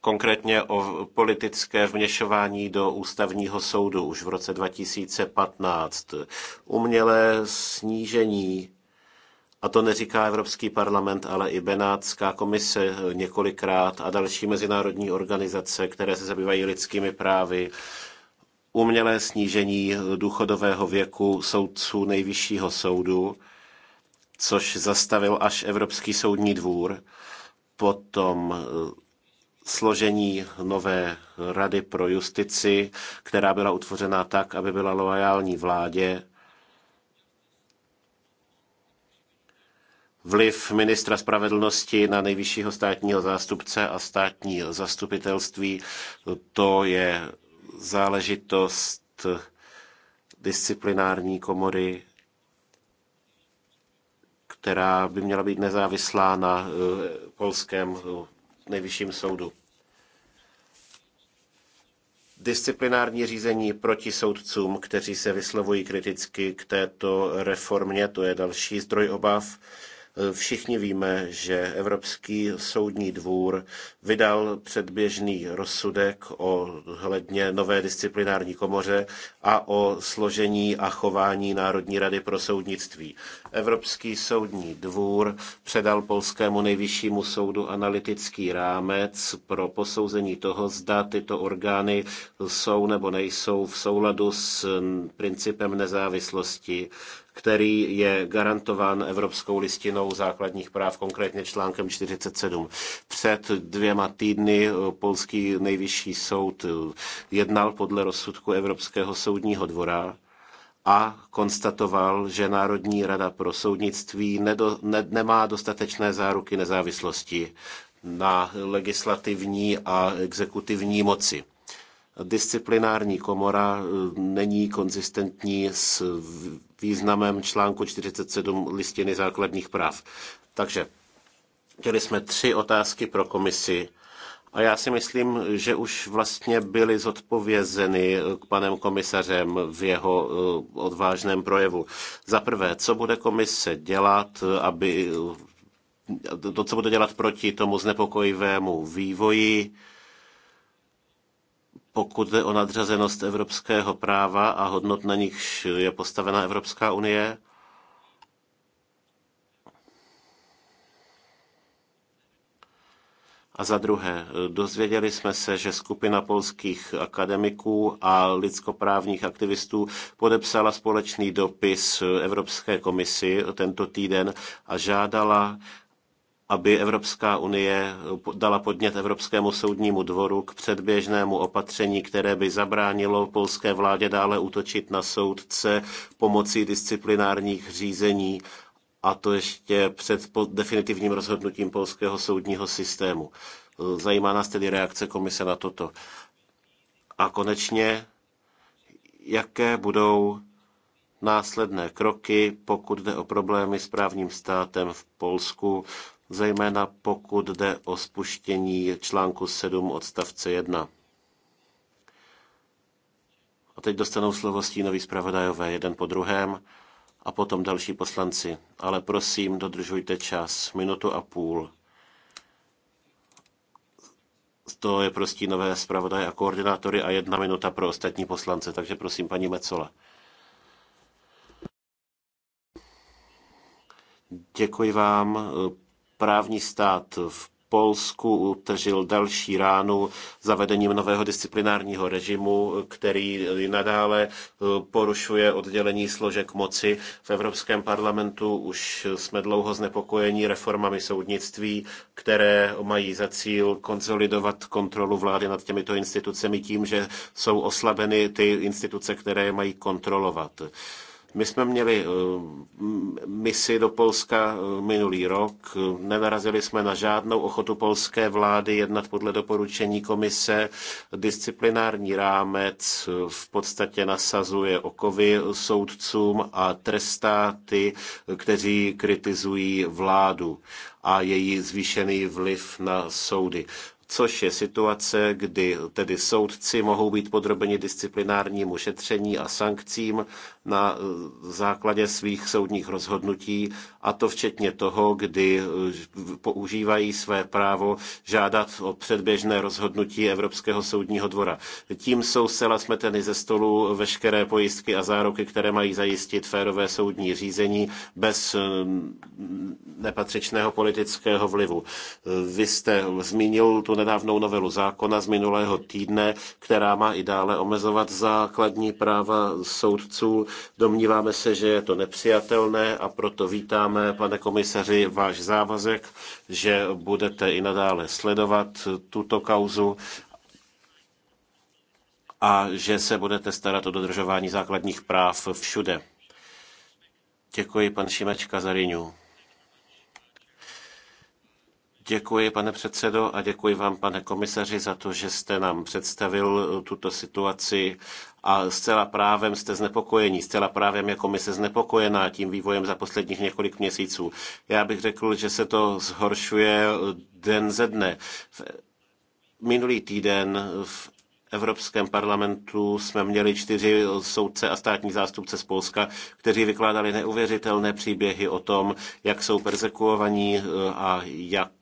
Speaker 1: Konkrétně o politické vměšování do ústavního soudu už v roce 2015. Umělé snížení, a to neříká Evropský parlament, ale i Benátská komise několikrát a další mezinárodní organizace, které se zabývají lidskými právy, umělé snížení důchodového věku soudců nejvyššího soudu, což zastavil až Evropský soudní dvůr, potom eh, složení nové rady pro justici, která byla utvořena tak, aby byla loajální vládě, vliv ministra spravedlnosti na nejvyššího státního zástupce a státní zastupitelství, to je záležitost disciplinární komory, která by měla být nezávislá na eh, polském eh, nejvyšším soudu. Disciplinární řízení proti soudcům, kteří se vyslovují kriticky k této reformě, to je další zdroj obav. Eh, všichni víme, že Evropský soudní dvůr vydal předběžný rozsudek ohledně nové disciplinární komoře a o složení a chování Národní rady pro soudnictví. Evropský soudní dvůr předal Polskému nejvyššímu soudu analytický rámec pro posouzení toho, zda tyto orgány jsou nebo nejsou v souladu s principem nezávislosti který je garantován Evropskou listinou základních práv, konkrétně článkem 47. Před dvěma týdny eh, polský nejvyšší soud eh, jednal podle rozsudku Evropského soudního dvora a konstatoval, že Národní rada pro soudnictví nedo, ne, nemá dostatečné záruky nezávislosti na legislativní a exekutivní moci. Disciplinární komora eh, není konzistentní s významem článku 47 listiny základních práv. Takže chtěli jsme tři otázky pro komisi. A já si myslím, že už vlastně byly zodpovězeny k panem komisařem v jeho eh, odvážném projevu. Za prvé, co bude komise dělat, aby to, co bude dělat proti tomu znepokojivému vývoji, pokud jde o nadřazenost evropského práva a hodnot, na nichž je postavena Evropská unie. A za druhé, dozvěděli jsme se, že skupina polských akademiků a lidskoprávních aktivistů podepsala společný dopis Evropské komisi tento týden a žádala aby Evropská unie dala podnět Evropskému soudnímu dvoru k předběžnému opatření, které by zabránilo polské vládě dále útočit na soudce pomocí disciplinárních řízení a to ještě před definitivním rozhodnutím polského soudního systému. Zajímá nás tedy reakce komise na toto. A konečně, jaké budou následné kroky, pokud jde o problémy s právním státem v Polsku zejména pokud jde o spuštění článku 7 odstavce 1. A teď dostanou slovo stínoví zpravodajové jeden po druhém a potom další poslanci. Ale prosím, dodržujte čas, minutu a půl. To je pro stínové zpravodaje a koordinátory a jedna minuta pro ostatní poslance. Takže prosím, paní Mecola. Děkuji vám, právní stát v Polsku utržil další ránu zavedením nového disciplinárního režimu, který nadále eh, porušuje oddělení složek moci. V Evropském parlamentu už jsme dlouho znepokojeni reformami soudnictví, které mají za cíl konsolidovat kontrolu vlády nad těmito institucemi tím, že jsou oslabeny ty instituce, které mají kontrolovat. My jsme měli eh, misi do Polska eh, minulý rok, nenarazili jsme na žádnou ochotu polské vlády jednat podle doporučení komise. Disciplinární rámec eh, v podstatě nasazuje okovy soudcům a trestá ty, kteří kritizují vládu a její zvýšený vliv na soudy což je situace, kdy tedy soudci mohou být podrobeni disciplinárnímu šetření a sankcím na eh, základě svých soudních rozhodnutí, a to včetně toho, kdy eh, používají své právo žádat o předběžné rozhodnutí Evropského soudního dvora. Tím jsou zcela smeteny ze stolu veškeré pojistky a záruky, které mají zajistit férové soudní řízení bez eh, nepatřičného politického vlivu. Vy jste zmínil tu nedávnou novelu zákona z minulého týdne, která má i dále omezovat základní práva soudců Domníváme se, že je to nepřijatelné a proto vítáme, pane komisaři, váš závazek, že budete i nadále sledovat tuto kauzu a že se budete starat o dodržování základních práv všude. Děkuji, pan Šimečka Zariňů. Děkuji, pane předsedo, a děkuji vám, pane komisaři, za to, že jste nám představil eh, tuto situaci. A zcela právem jste znepokojení, zcela právem je komise znepokojená tím vývojem za posledních několik měsíců. Já bych řekl, že se to zhoršuje eh, den ze dne. Minulý týden v Evropském parlamentu jsme měli čtyři soudce a státní zástupce z Polska, kteří vykládali neuvěřitelné příběhy o tom, jak jsou persekuovaní eh, a jak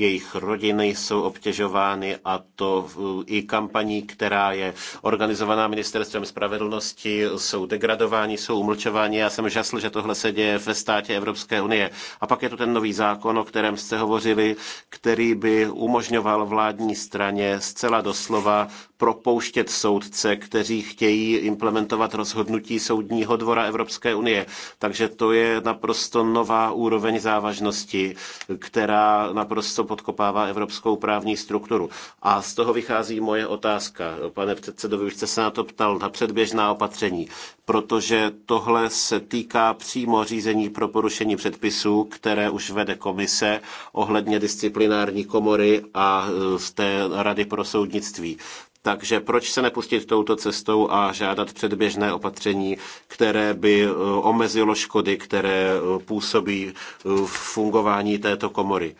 Speaker 1: jejich rodiny jsou obtěžovány a to i kampaní, která je organizovaná ministerstvem spravedlnosti, jsou degradováni, jsou umlčováni. Já jsem žasl, že tohle se děje ve státě Evropské unie. A pak je tu ten nový zákon, o kterém jste hovořili, který by umožňoval vládní straně zcela doslova propouštět soudce, kteří chtějí implementovat rozhodnutí Soudního dvora Evropské unie. Takže to je naprosto nová úroveň závažnosti, která naprosto podkopává evropskou právní strukturu. A z toho vychází moje otázka. Pane předsedo, vy už jste se na to ptal, na předběžná opatření, protože tohle se týká přímo řízení pro porušení předpisů, které už vede komise ohledně disciplinární komory a e, z té Rady pro soudnictví. Takže proč se nepustit touto cestou a žádat předběžné opatření, které by e, omezilo škody, které e, působí v fungování této komory?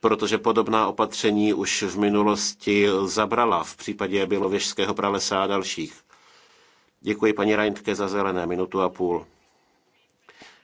Speaker 1: protože podobná opatření už v minulosti zabrala v případě bělověžského pralesa a dalších. Děkuji paní Reintke za zelené minutu a půl.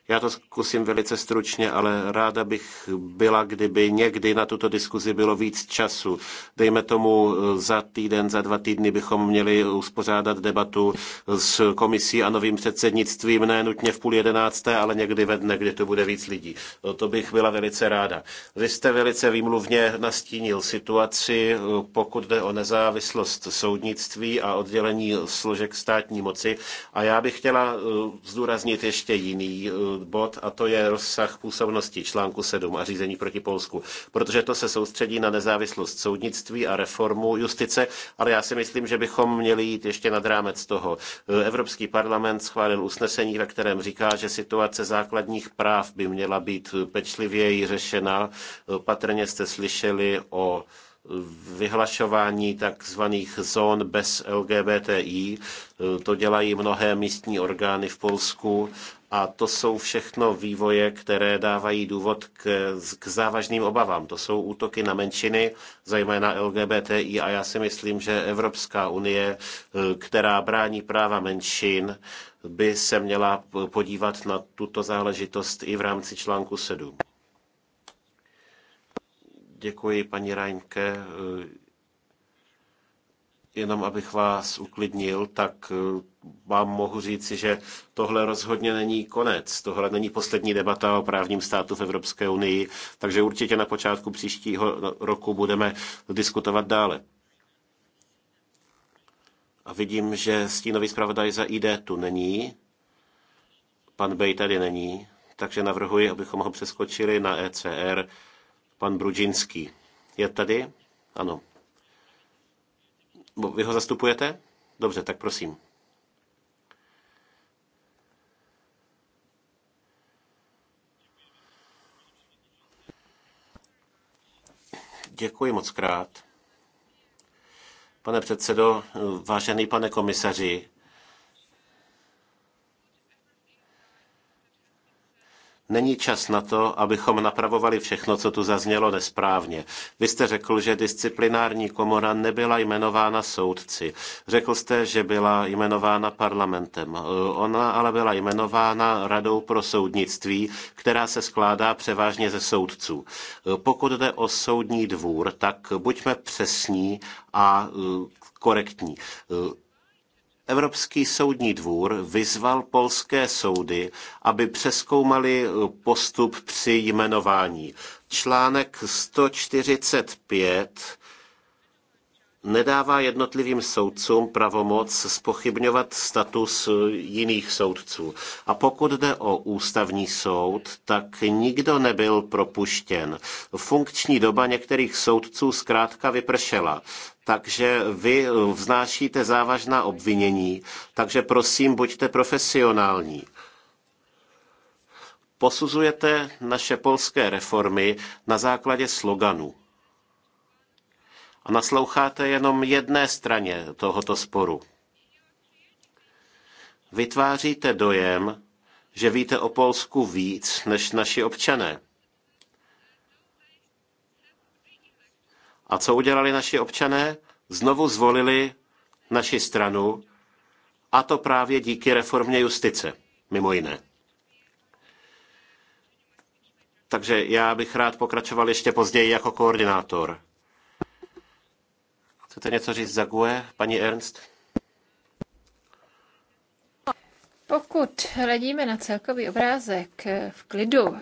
Speaker 1: Já to zkusím velice stručně, ale ráda bych byla, kdyby někdy na tuto diskuzi bylo víc času. Dejme tomu eh, za týden, za dva týdny bychom měli uspořádat debatu s komisí a novým předsednictvím, ne nutně v půl jedenácté, ale někdy ve dne, kdy to bude víc lidí. To bych byla velice ráda. Vy jste velice výmluvně nastínil situaci, eh, pokud jde o nezávislost soudnictví a oddělení složek státní moci. A já bych chtěla eh, zdůraznit ještě jiný bod a to je rozsah působnosti článku 7 a řízení proti Polsku, protože to se soustředí na nezávislost soudnictví a reformu justice, ale já si myslím, že bychom měli jít ještě nad rámec toho. Evropský parlament schválil usnesení, ve kterém říká, že situace základních práv by měla být pečlivěji řešena. Patrně jste slyšeli o vyhlašování takzvaných zón bez LGBTI. To dělají mnohé místní orgány v Polsku a to jsou všechno vývoje, které dávají důvod k, k závažným obavám. To jsou útoky na menšiny, zejména LGBTI, a já si myslím, že Evropská unie, která brání práva menšin, by se měla podívat na tuto záležitost i v rámci článku 7. Děkuji, paní Rajnke. Jenom abych vás uklidnil, tak vám mohu říci, že tohle rozhodně není konec. Tohle není poslední debata o právním státu v Evropské unii, takže určitě na počátku příštího roku budeme diskutovat dále. A vidím, že stínový zpravodaj za ID tu není. Pan Bej tady není, takže navrhuji, abychom ho přeskočili na ECR. Pan Brudžinský je tady? Ano. Vy ho zastupujete? Dobře, tak prosím. Děkuji moc krát. Pane předsedo, vážený pane komisaři, Není čas na to, abychom napravovali všechno, co tu zaznělo nesprávně. Vy jste řekl, že disciplinární komora nebyla jmenována soudci. Řekl jste, že byla jmenována parlamentem. Ona ale byla jmenována radou pro soudnictví, která se skládá převážně ze soudců. Pokud jde o soudní dvůr, tak buďme přesní a korektní. Evropský soudní dvůr vyzval polské soudy, aby přeskoumali eh, postup při jmenování. Článek 145 nedává jednotlivým soudcům pravomoc spochybňovat status eh, jiných soudců. A pokud jde o ústavní soud, tak nikdo nebyl propuštěn. Funkční doba některých soudců zkrátka vypršela takže vy eh, vznášíte závažná obvinění, takže prosím, buďte profesionální. Posuzujete naše polské reformy na základě sloganů. A nasloucháte jenom jedné straně tohoto sporu. Vytváříte dojem, že víte o Polsku víc než naši občané. A co udělali naši občané? Znovu zvolili naši stranu, a to právě díky reformě justice, mimo jiné. Takže já bych rád pokračoval ještě později jako koordinátor. Chcete něco říct za GUE, paní Ernst?
Speaker 4: Pokud hledíme na celkový obrázek eh, v klidu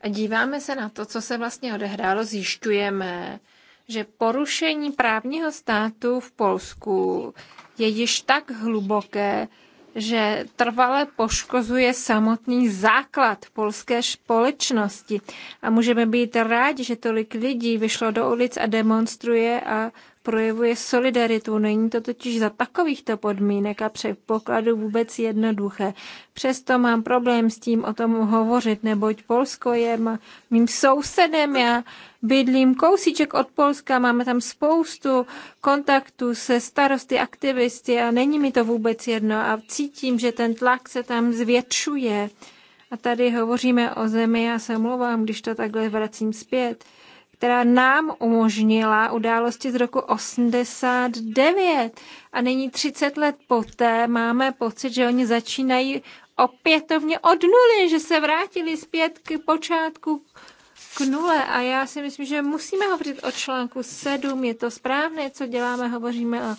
Speaker 4: a díváme se na to, co se vlastně odehrálo, zjišťujeme, že porušení právního státu v Polsku je již tak hluboké, že trvale poškozuje samotný základ polské společnosti. A můžeme být rádi, že tolik lidí vyšlo do ulic a demonstruje a projevuje solidaritu. Není to totiž za takovýchto podmínek a předpokladů vůbec jednoduché. Přesto mám problém s tím o tom hovořit, neboť Polsko je mým sousedem. Já bydlím kousíček od Polska, máme tam spoustu kontaktů se starosty, aktivisty a není mi to vůbec jedno a cítím, že ten tlak se tam zvětšuje. A tady hovoříme o zemi, já se omlouvám, když to takhle vracím zpět, která nám umožnila události z roku 89. A nyní 30 let poté máme pocit, že oni začínají opětovně od nuly, že se vrátili zpět k počátku, nule a já si myslím, že musíme hovořit o článku 7, je to správné, co děláme, hovoříme o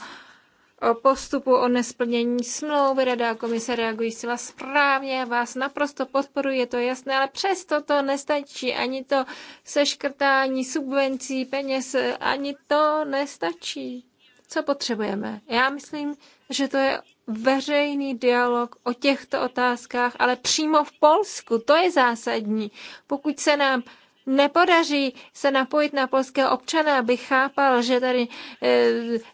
Speaker 4: o postupu o nesplnění smlouvy. Rada a komise reagují zcela správně, vás naprosto podporuje, je to jasné, ale přesto to nestačí. Ani to seškrtání subvencí, peněz, ani to nestačí. Co potřebujeme? Já myslím, že to je veřejný dialog o těchto otázkách, ale přímo v Polsku. To je zásadní. Pokud se nám nepodaří se napojit na polského občana, aby chápal, že tady eh,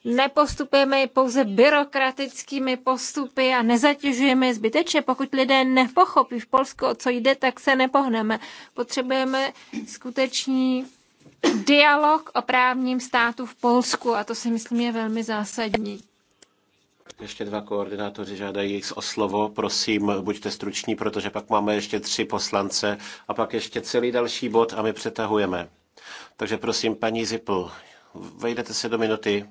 Speaker 4: nepostupujeme pouze byrokratickými postupy a nezatěžujeme zbytečně. Pokud lidé nepochopí v Polsku, o co jde, tak se nepohneme. Potřebujeme skutečný dialog o právním státu v Polsku a to si myslím je velmi zásadní.
Speaker 1: Ještě dva koordinátoři žádají o slovo. Prosím, buďte struční, protože pak máme ještě tři poslance a pak ještě celý další bod a my přetahujeme. Takže prosím, paní Zipl, vejdete se do minuty.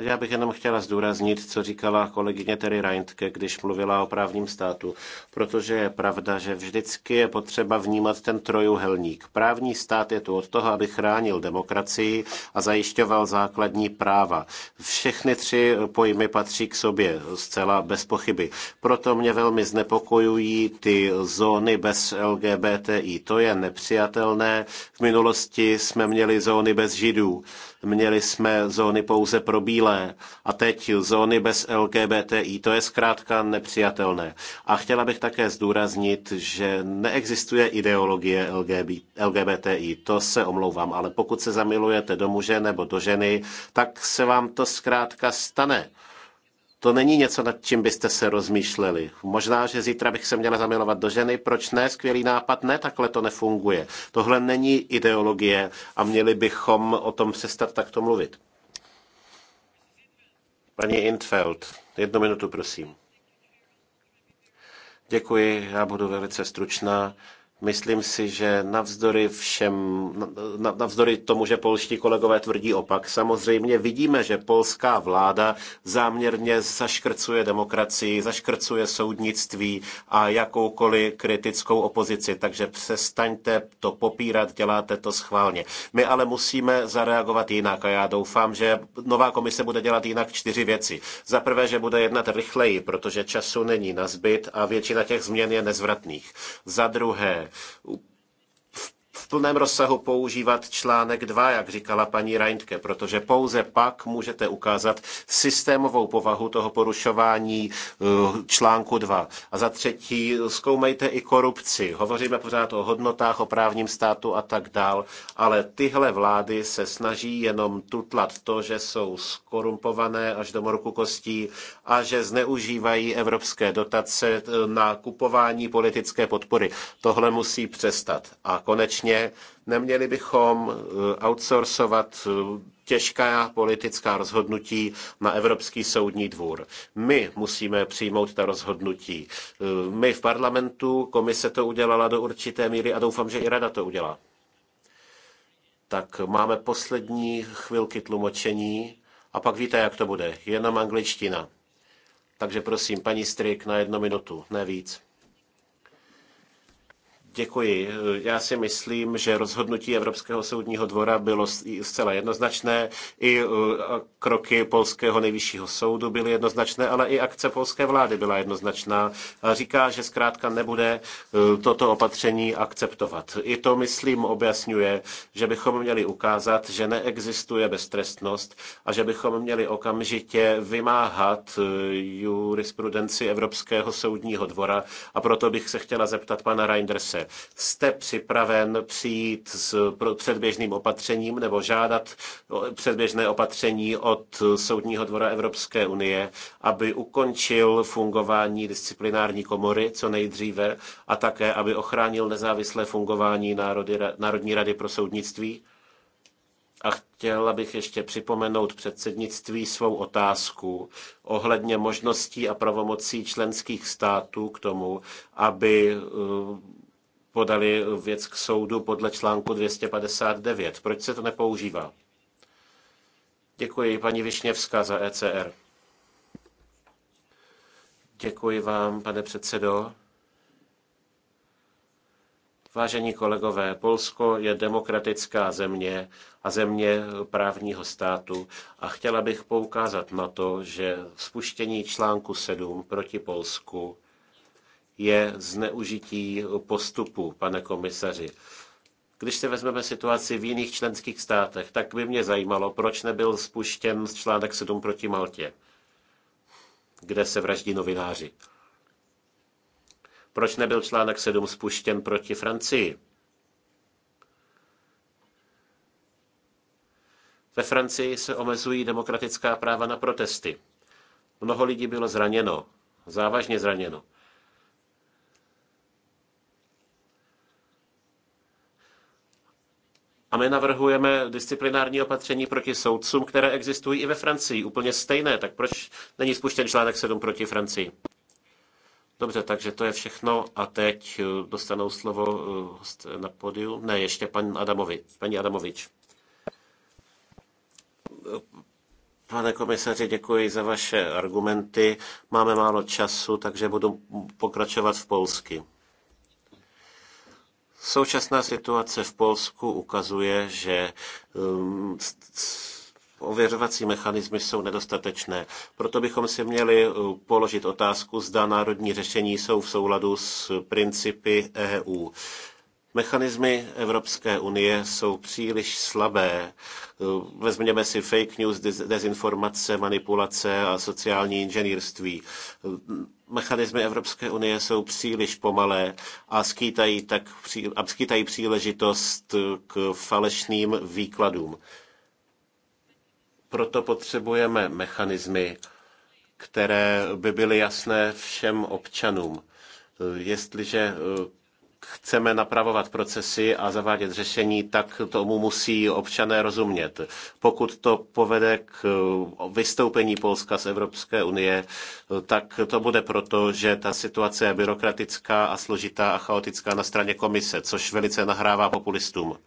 Speaker 1: Já bych jenom chtěla zdůraznit, co říkala kolegyně Terry Reintke, když mluvila o právním státu, protože je pravda, že vždycky je potřeba vnímat ten trojuhelník. Právní stát je tu od toho, aby chránil demokracii a zajišťoval základní práva. Všechny tři pojmy patří k sobě zcela bez pochyby. Proto mě velmi znepokojují ty zóny bez LGBTI. To je nepřijatelné. V minulosti jsme měli zóny bez židů měli jsme zóny pouze pro bílé a teď zóny bez LGBTI. To je zkrátka nepřijatelné. A chtěla bych také zdůraznit, že neexistuje ideologie LGBTI. To se omlouvám, ale pokud se zamilujete do muže nebo do ženy, tak se vám to zkrátka stane. To není něco, nad čím byste se rozmýšleli. Možná, že zítra bych se měla zamilovat do ženy, proč ne, skvělý nápad, ne, takhle to nefunguje. Tohle není ideologie a měli bychom o tom přestat takto mluvit. Paní Intfeld, jednu minutu, prosím. Děkuji, já budu velice stručná. Myslím si, že navzdory všem, navzdory tomu, že polští kolegové tvrdí opak, samozřejmě vidíme, že polská vláda záměrně zaškrcuje demokracii, zaškrcuje soudnictví a jakoukoliv kritickou opozici. Takže přestaňte to popírat, děláte to schválně. My ale musíme zareagovat jinak a já doufám, že nová komise bude dělat jinak čtyři věci. Za prvé, že bude jednat rychleji, protože času není na zbyt a většina těch změn je nezvratných. Za druhé, úplně plném rozsahu používat článek 2, jak říkala paní Reintke, protože pouze pak můžete ukázat systémovou povahu toho porušování eh, článku 2. A za třetí, zkoumejte i korupci. Hovoříme pořád o hodnotách, o právním státu a tak dál, ale tyhle vlády se snaží jenom tutlat to, že jsou skorumpované až do morku kostí a že zneužívají evropské dotace eh, na kupování politické podpory. Tohle musí přestat. A konečně Neměli bychom eh, outsourcovat eh, těžká politická rozhodnutí na Evropský soudní dvůr. My musíme přijmout ta rozhodnutí. Eh, my v parlamentu, komise to udělala do určité míry a doufám, že i rada to udělá. Tak máme poslední chvilky tlumočení a pak víte, jak to bude. Jenom angličtina. Takže prosím, paní Strik na jednu minutu, ne víc. Děkuji. Já si myslím, že rozhodnutí Evropského soudního dvora bylo zcela jednoznačné. I e, kroky polského nejvyššího soudu byly jednoznačné, ale i akce polské vlády byla jednoznačná. Říká, že zkrátka nebude e, toto opatření akceptovat. I to, myslím, objasňuje, že bychom měli ukázat, že neexistuje beztrestnost a že bychom měli okamžitě vymáhat e, jurisprudenci Evropského soudního dvora. A proto bych se chtěla zeptat pana Reinderse. Jste připraven přijít s předběžným opatřením nebo žádat předběžné opatření od Soudního dvora Evropské unie, aby ukončil fungování disciplinární komory co nejdříve a také, aby ochránil nezávislé fungování Národy, Národní rady pro soudnictví? A chtěla bych ještě připomenout předsednictví svou otázku ohledně možností a pravomocí členských států k tomu, aby eh, podali věc k soudu podle článku 259. Proč se to nepoužívá? Děkuji, paní Višněvská za ECR. Děkuji vám, pane předsedo. Vážení kolegové, Polsko je demokratická země a země právního státu a chtěla bych poukázat na to, že spuštění článku 7 proti Polsku je zneužití postupu, pane komisaři. Když si vezmeme situaci v jiných členských státech, tak by mě zajímalo, proč nebyl spuštěn článek 7 proti Maltě, kde se vraždí novináři. Proč nebyl článek 7 spuštěn proti Francii? Ve Francii se omezují demokratická práva na protesty. Mnoho lidí bylo zraněno, závažně zraněno. A my navrhujeme disciplinární opatření proti soudcům, které existují i ve Francii, úplně stejné. Tak proč není spuštěn článek 7 proti Francii? Dobře, takže to je všechno a teď eh, dostanou slovo eh, host na podiu. Ne, ještě pan Adamovi, paní Adamovič. Pane komisaři, děkuji za vaše argumenty. Máme málo času, takže budu pokračovat v polsky. Současná situace v Polsku ukazuje, že um, ověřovací mechanismy jsou nedostatečné. Proto bychom si měli uh, položit otázku, zda národní řešení jsou v souladu s principy EU. Mechanismy Evropské unie jsou příliš slabé. Uh, vezměme si fake news, dezinformace, manipulace a sociální inženýrství. Uh, mechanismy Evropské unie jsou příliš pomalé a skýtají, tak, a skýtají příležitost k falešným výkladům. Proto potřebujeme mechanismy, které by byly jasné všem občanům. Jestliže chceme napravovat procesy a zavádět řešení, tak tomu musí občané rozumět. Pokud to povede k eh, vystoupení Polska z Evropské unie, eh, tak to bude proto, že ta situace je byrokratická a složitá a chaotická na straně komise, což velice nahrává populistům.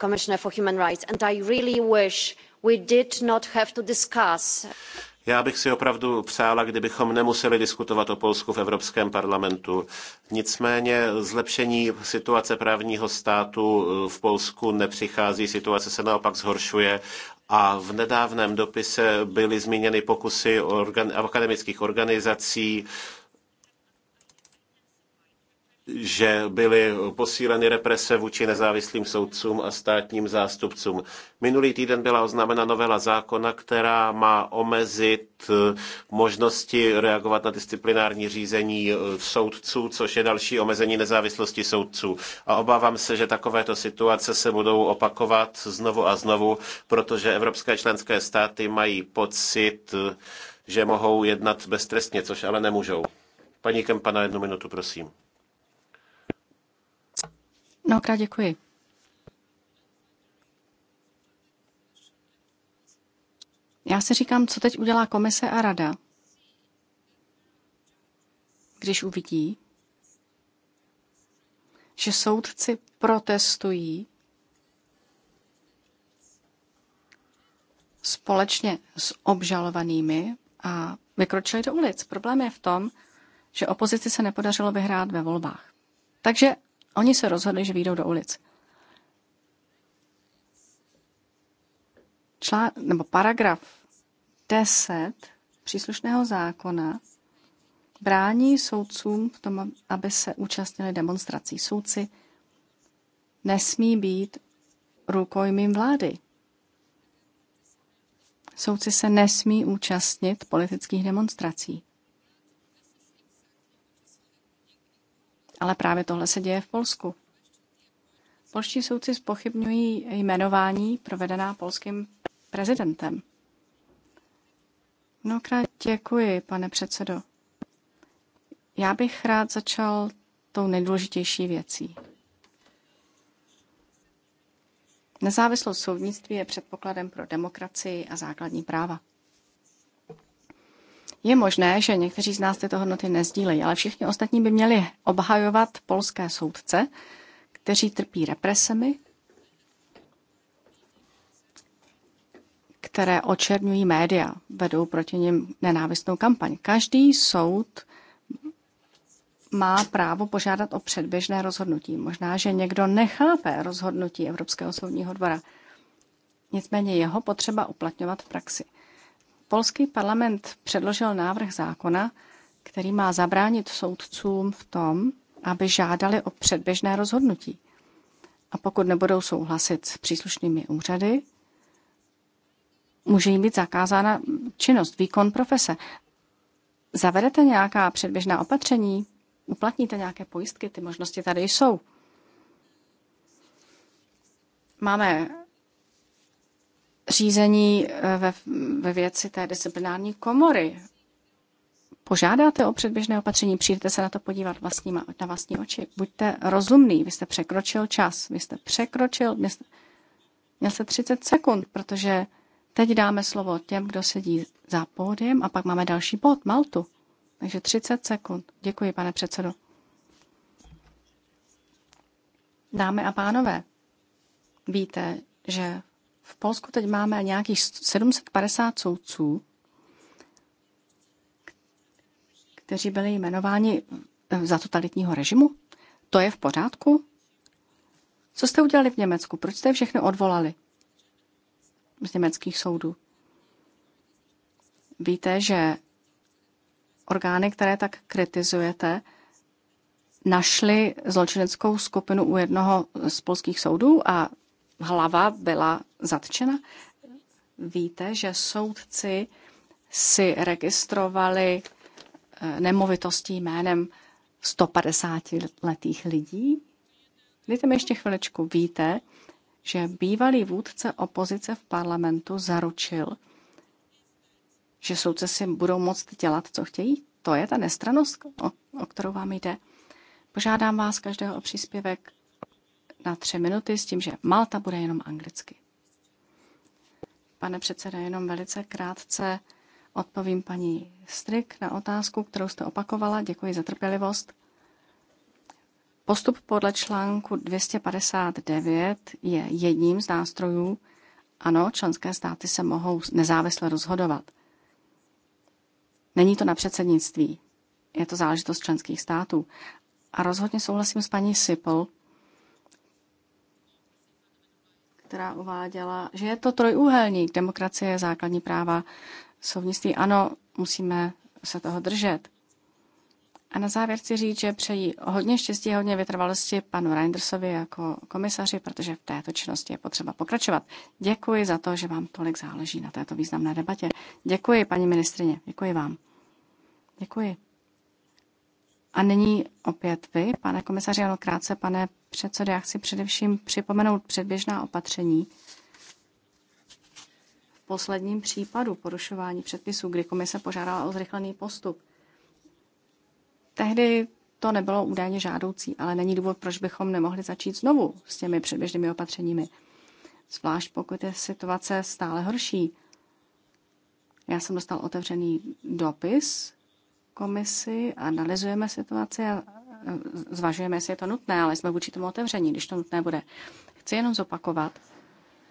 Speaker 1: Commissioner for Human Rights, and I really wish we did not have to
Speaker 3: discuss
Speaker 1: já bych si opravdu přála, kdybychom nemuseli diskutovat o Polsku v Evropském parlamentu. Nicméně zlepšení situace právního státu eh, v Polsku nepřichází, situace se naopak zhoršuje a v nedávném dopise byly zmíněny pokusy organ- akademických organizací že byly posíleny represe vůči nezávislým soudcům a státním zástupcům. Minulý týden byla oznámena novela zákona, která má omezit eh, možnosti reagovat na disciplinární řízení eh, soudců, což je další omezení nezávislosti soudců. A obávám se, že takovéto situace se budou opakovat znovu a znovu, protože evropské členské státy mají pocit, eh, že mohou jednat beztrestně, což ale nemůžou. Paní Kempa na jednu minutu, prosím.
Speaker 3: Mnohokrát děkuji. Já si říkám, co teď udělá komise a rada, když uvidí, že soudci protestují společně s obžalovanými a vykročili do ulic. Problém je v tom, že opozici se nepodařilo vyhrát ve volbách. Takže Oni se rozhodli, že vyjdou do ulic. Člán, nebo paragraf 10 příslušného zákona brání soudcům v tom, aby se účastnili demonstrací. Soudci nesmí být rukojmím vlády. Soudci se nesmí účastnit politických demonstrací. Ale právě tohle se děje v Polsku. Polští soudci spochybňují jmenování provedená polským prezidentem. Mnohokrát děkuji, pane předsedo. Já bych rád začal tou nejdůležitější věcí. Nezávislost soudnictví je předpokladem pro demokracii a základní práva. Je možné, že někteří z nás tyto hodnoty nezdílejí, ale všichni ostatní by měli obhajovat polské soudce, kteří trpí represemi, které očerňují média, vedou proti nim nenávistnou kampaň. Každý soud má právo požádat o předběžné rozhodnutí. Možná, že někdo nechápe rozhodnutí Evropského soudního dvora. Nicméně jeho potřeba uplatňovat v praxi. Polský parlament předložil návrh zákona, který má zabránit soudcům v tom, aby žádali o předběžné rozhodnutí. A pokud nebudou souhlasit s příslušnými úřady, může jim být zakázána činnost, výkon profese. Zavedete nějaká předběžná opatření? Uplatníte nějaké pojistky? Ty možnosti tady jsou. Máme řízení eh, ve, ve věci té disciplinární komory. Požádáte o předběžné opatření, přijdete se na to podívat vlastní, na vlastní oči. Buďte rozumný, vy jste překročil čas, vy jste překročil, měl jste, měl jste 30 sekund, protože teď dáme slovo těm, kdo sedí za pódiem a pak máme další bod, Maltu. Takže 30 sekund. Děkuji, pane předsedo. Dámy a pánové, víte, že v Polsku teď máme nějakých 750 soudců, kteří byli jmenováni za totalitního režimu. To je v pořádku? Co jste udělali v Německu? Proč jste všechny odvolali z německých soudů? Víte, že orgány, které tak kritizujete, našli zločineckou skupinu u jednoho z polských soudů a hlava byla zatčena. Víte, že soudci si registrovali eh, nemovitostí jménem 150 letých lidí. Dejte mi ještě chviličku. Víte, že bývalý vůdce opozice v parlamentu zaručil, že soudce si budou moct dělat, co chtějí. To je ta nestranost, o, o kterou vám jde. Požádám vás každého o příspěvek na tři minuty s tím, že Malta bude jenom anglicky. Pane předseda, jenom velice krátce odpovím paní Strik na otázku, kterou jste opakovala. Děkuji za trpělivost. Postup podle článku 259 je jedním z nástrojů. Ano, členské státy se mohou nezávisle rozhodovat. Není to na předsednictví, je to záležitost členských států. A rozhodně souhlasím s paní Sipol, která uváděla, že je to trojúhelník, demokracie, základní práva, souvnictví. Ano, musíme se toho držet. A na závěr chci říct, že přeji hodně štěstí hodně vytrvalosti panu Reindersovi jako komisaři, protože v této činnosti je potřeba pokračovat. Děkuji za to, že vám tolik záleží na této významné debatě. Děkuji, paní ministrině. Děkuji vám. Děkuji. A nyní opět vy, pane komisaři, ano krátce, pane předsedo, já chci především připomenout předběžná opatření. V posledním případu porušování předpisů, kdy komise požádala o zrychlený postup, tehdy to nebylo údajně žádoucí, ale není důvod, proč bychom nemohli začít znovu s těmi předběžnými opatřeními. Zvlášť pokud je situace stále horší. Já jsem dostal otevřený dopis komisi, analyzujeme situaci a e, zvažujeme, jestli je to nutné, ale jsme vůči tomu otevření, když to nutné bude. Chci jenom zopakovat,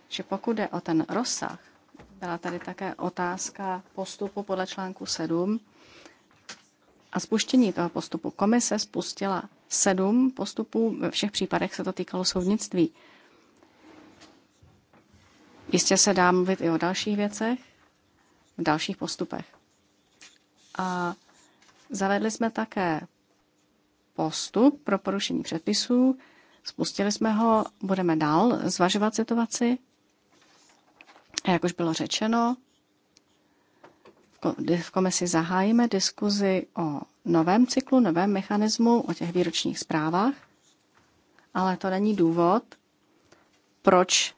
Speaker 3: že pokud jde o ten rozsah, byla tady také otázka postupu podle článku 7 a spuštění toho postupu. Komise spustila sedm postupů, ve všech případech se to týkalo soudnictví. Jistě se dá mluvit i o dalších věcech, v dalších postupech. A Zavedli jsme také postup pro porušení předpisů, spustili jsme ho, budeme dál zvažovat situaci. A jak už bylo řečeno, v komisi zahájíme diskuzi o novém cyklu, novém mechanismu, o těch výročních zprávách, ale to není důvod, proč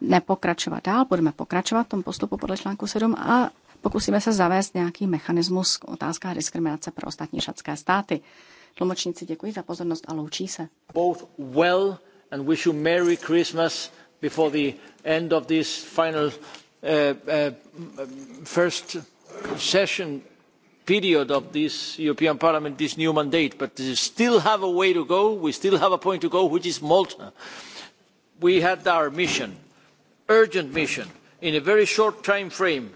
Speaker 3: nepokračovat dál. Budeme pokračovat v tom postupu podle článku 7 a Pokusíme se zavést nějaký mechanismus k otázka diskriminace pro ostatní šatské státy. Tlumočníci děkuji za pozornost a loučí se.
Speaker 2: Both well and wish you Merry Christmas before the end of this final uh, uh, first session period of this European Parliament, this new mandate. But we still have a way to go. We still have a point to go, which is Malta. We had our mission, urgent mission, in a very short time frame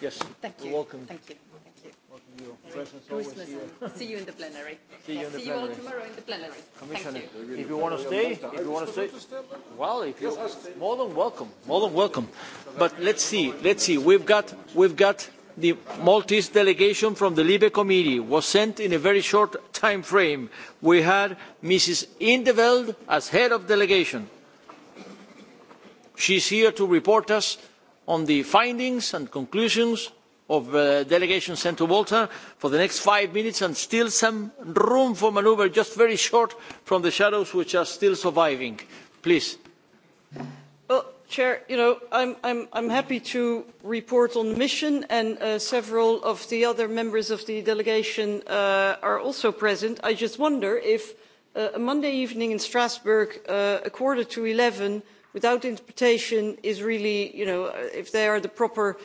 Speaker 2: Yes. Thank you. Welcome. Thank you. Thank you. Welcome your presence always here. See you in the plenary. See you in the plenary. See you all tomorrow in the plenary. Commissioner, Thank you. if you want to stay, if you want to stay, well, if you more than welcome, more than welcome. But let's see, let's see. We've got, we've got the Maltese delegation from the Libe Committee was sent in a very short time frame. We had Mrs. Indeveld as head of delegation. She's here to report us on the findings and conclusions of uh, delegation sent to Malta for the next five minutes and still some room for manoeuvre, just very short from the shadows which are still surviving. Please.
Speaker 3: Well, Chair, you know, I'm, I'm, I'm happy to report on the mission and uh, several of the other members of the delegation uh, are also present. I just wonder if uh, a Monday evening in Strasbourg, uh, a quarter to eleven without interpretation is really you know if there are the proper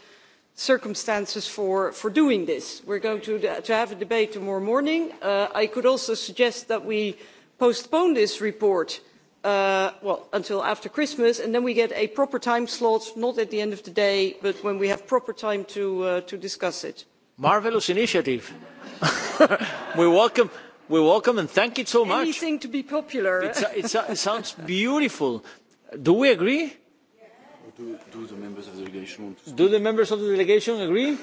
Speaker 3: circumstances for for doing this we're going to, to have a debate tomorrow morning uh, i could also suggest that we postpone this report uh, well until after christmas and then we get a proper time slot not at the end of the day but when we have proper time to uh, to discuss it
Speaker 2: marvelous initiative we welcome we welcome and thank you so much anything to be popular it's, it's, it sounds beautiful do we agree? Do, do the members of the delegation want to speak? Do the members of the delegation agree?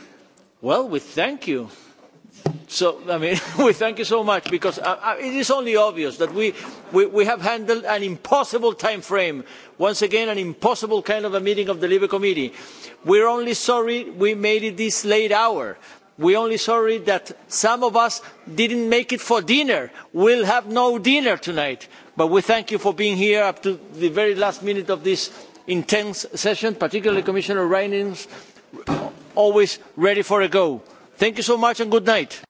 Speaker 2: Well, we thank you. So, I mean, we thank you so much because uh, uh, it is only obvious that we, we, we have handled an impossible time frame. Once again, an impossible kind of a meeting of the Libre Committee. We're only sorry we made it this late hour. We're only sorry that some of us didn't make it for dinner. We'll have no dinner tonight but we thank you for being here up to the very last minute of this intense session particularly commissioner reynders always ready for a go. thank you so much and good night.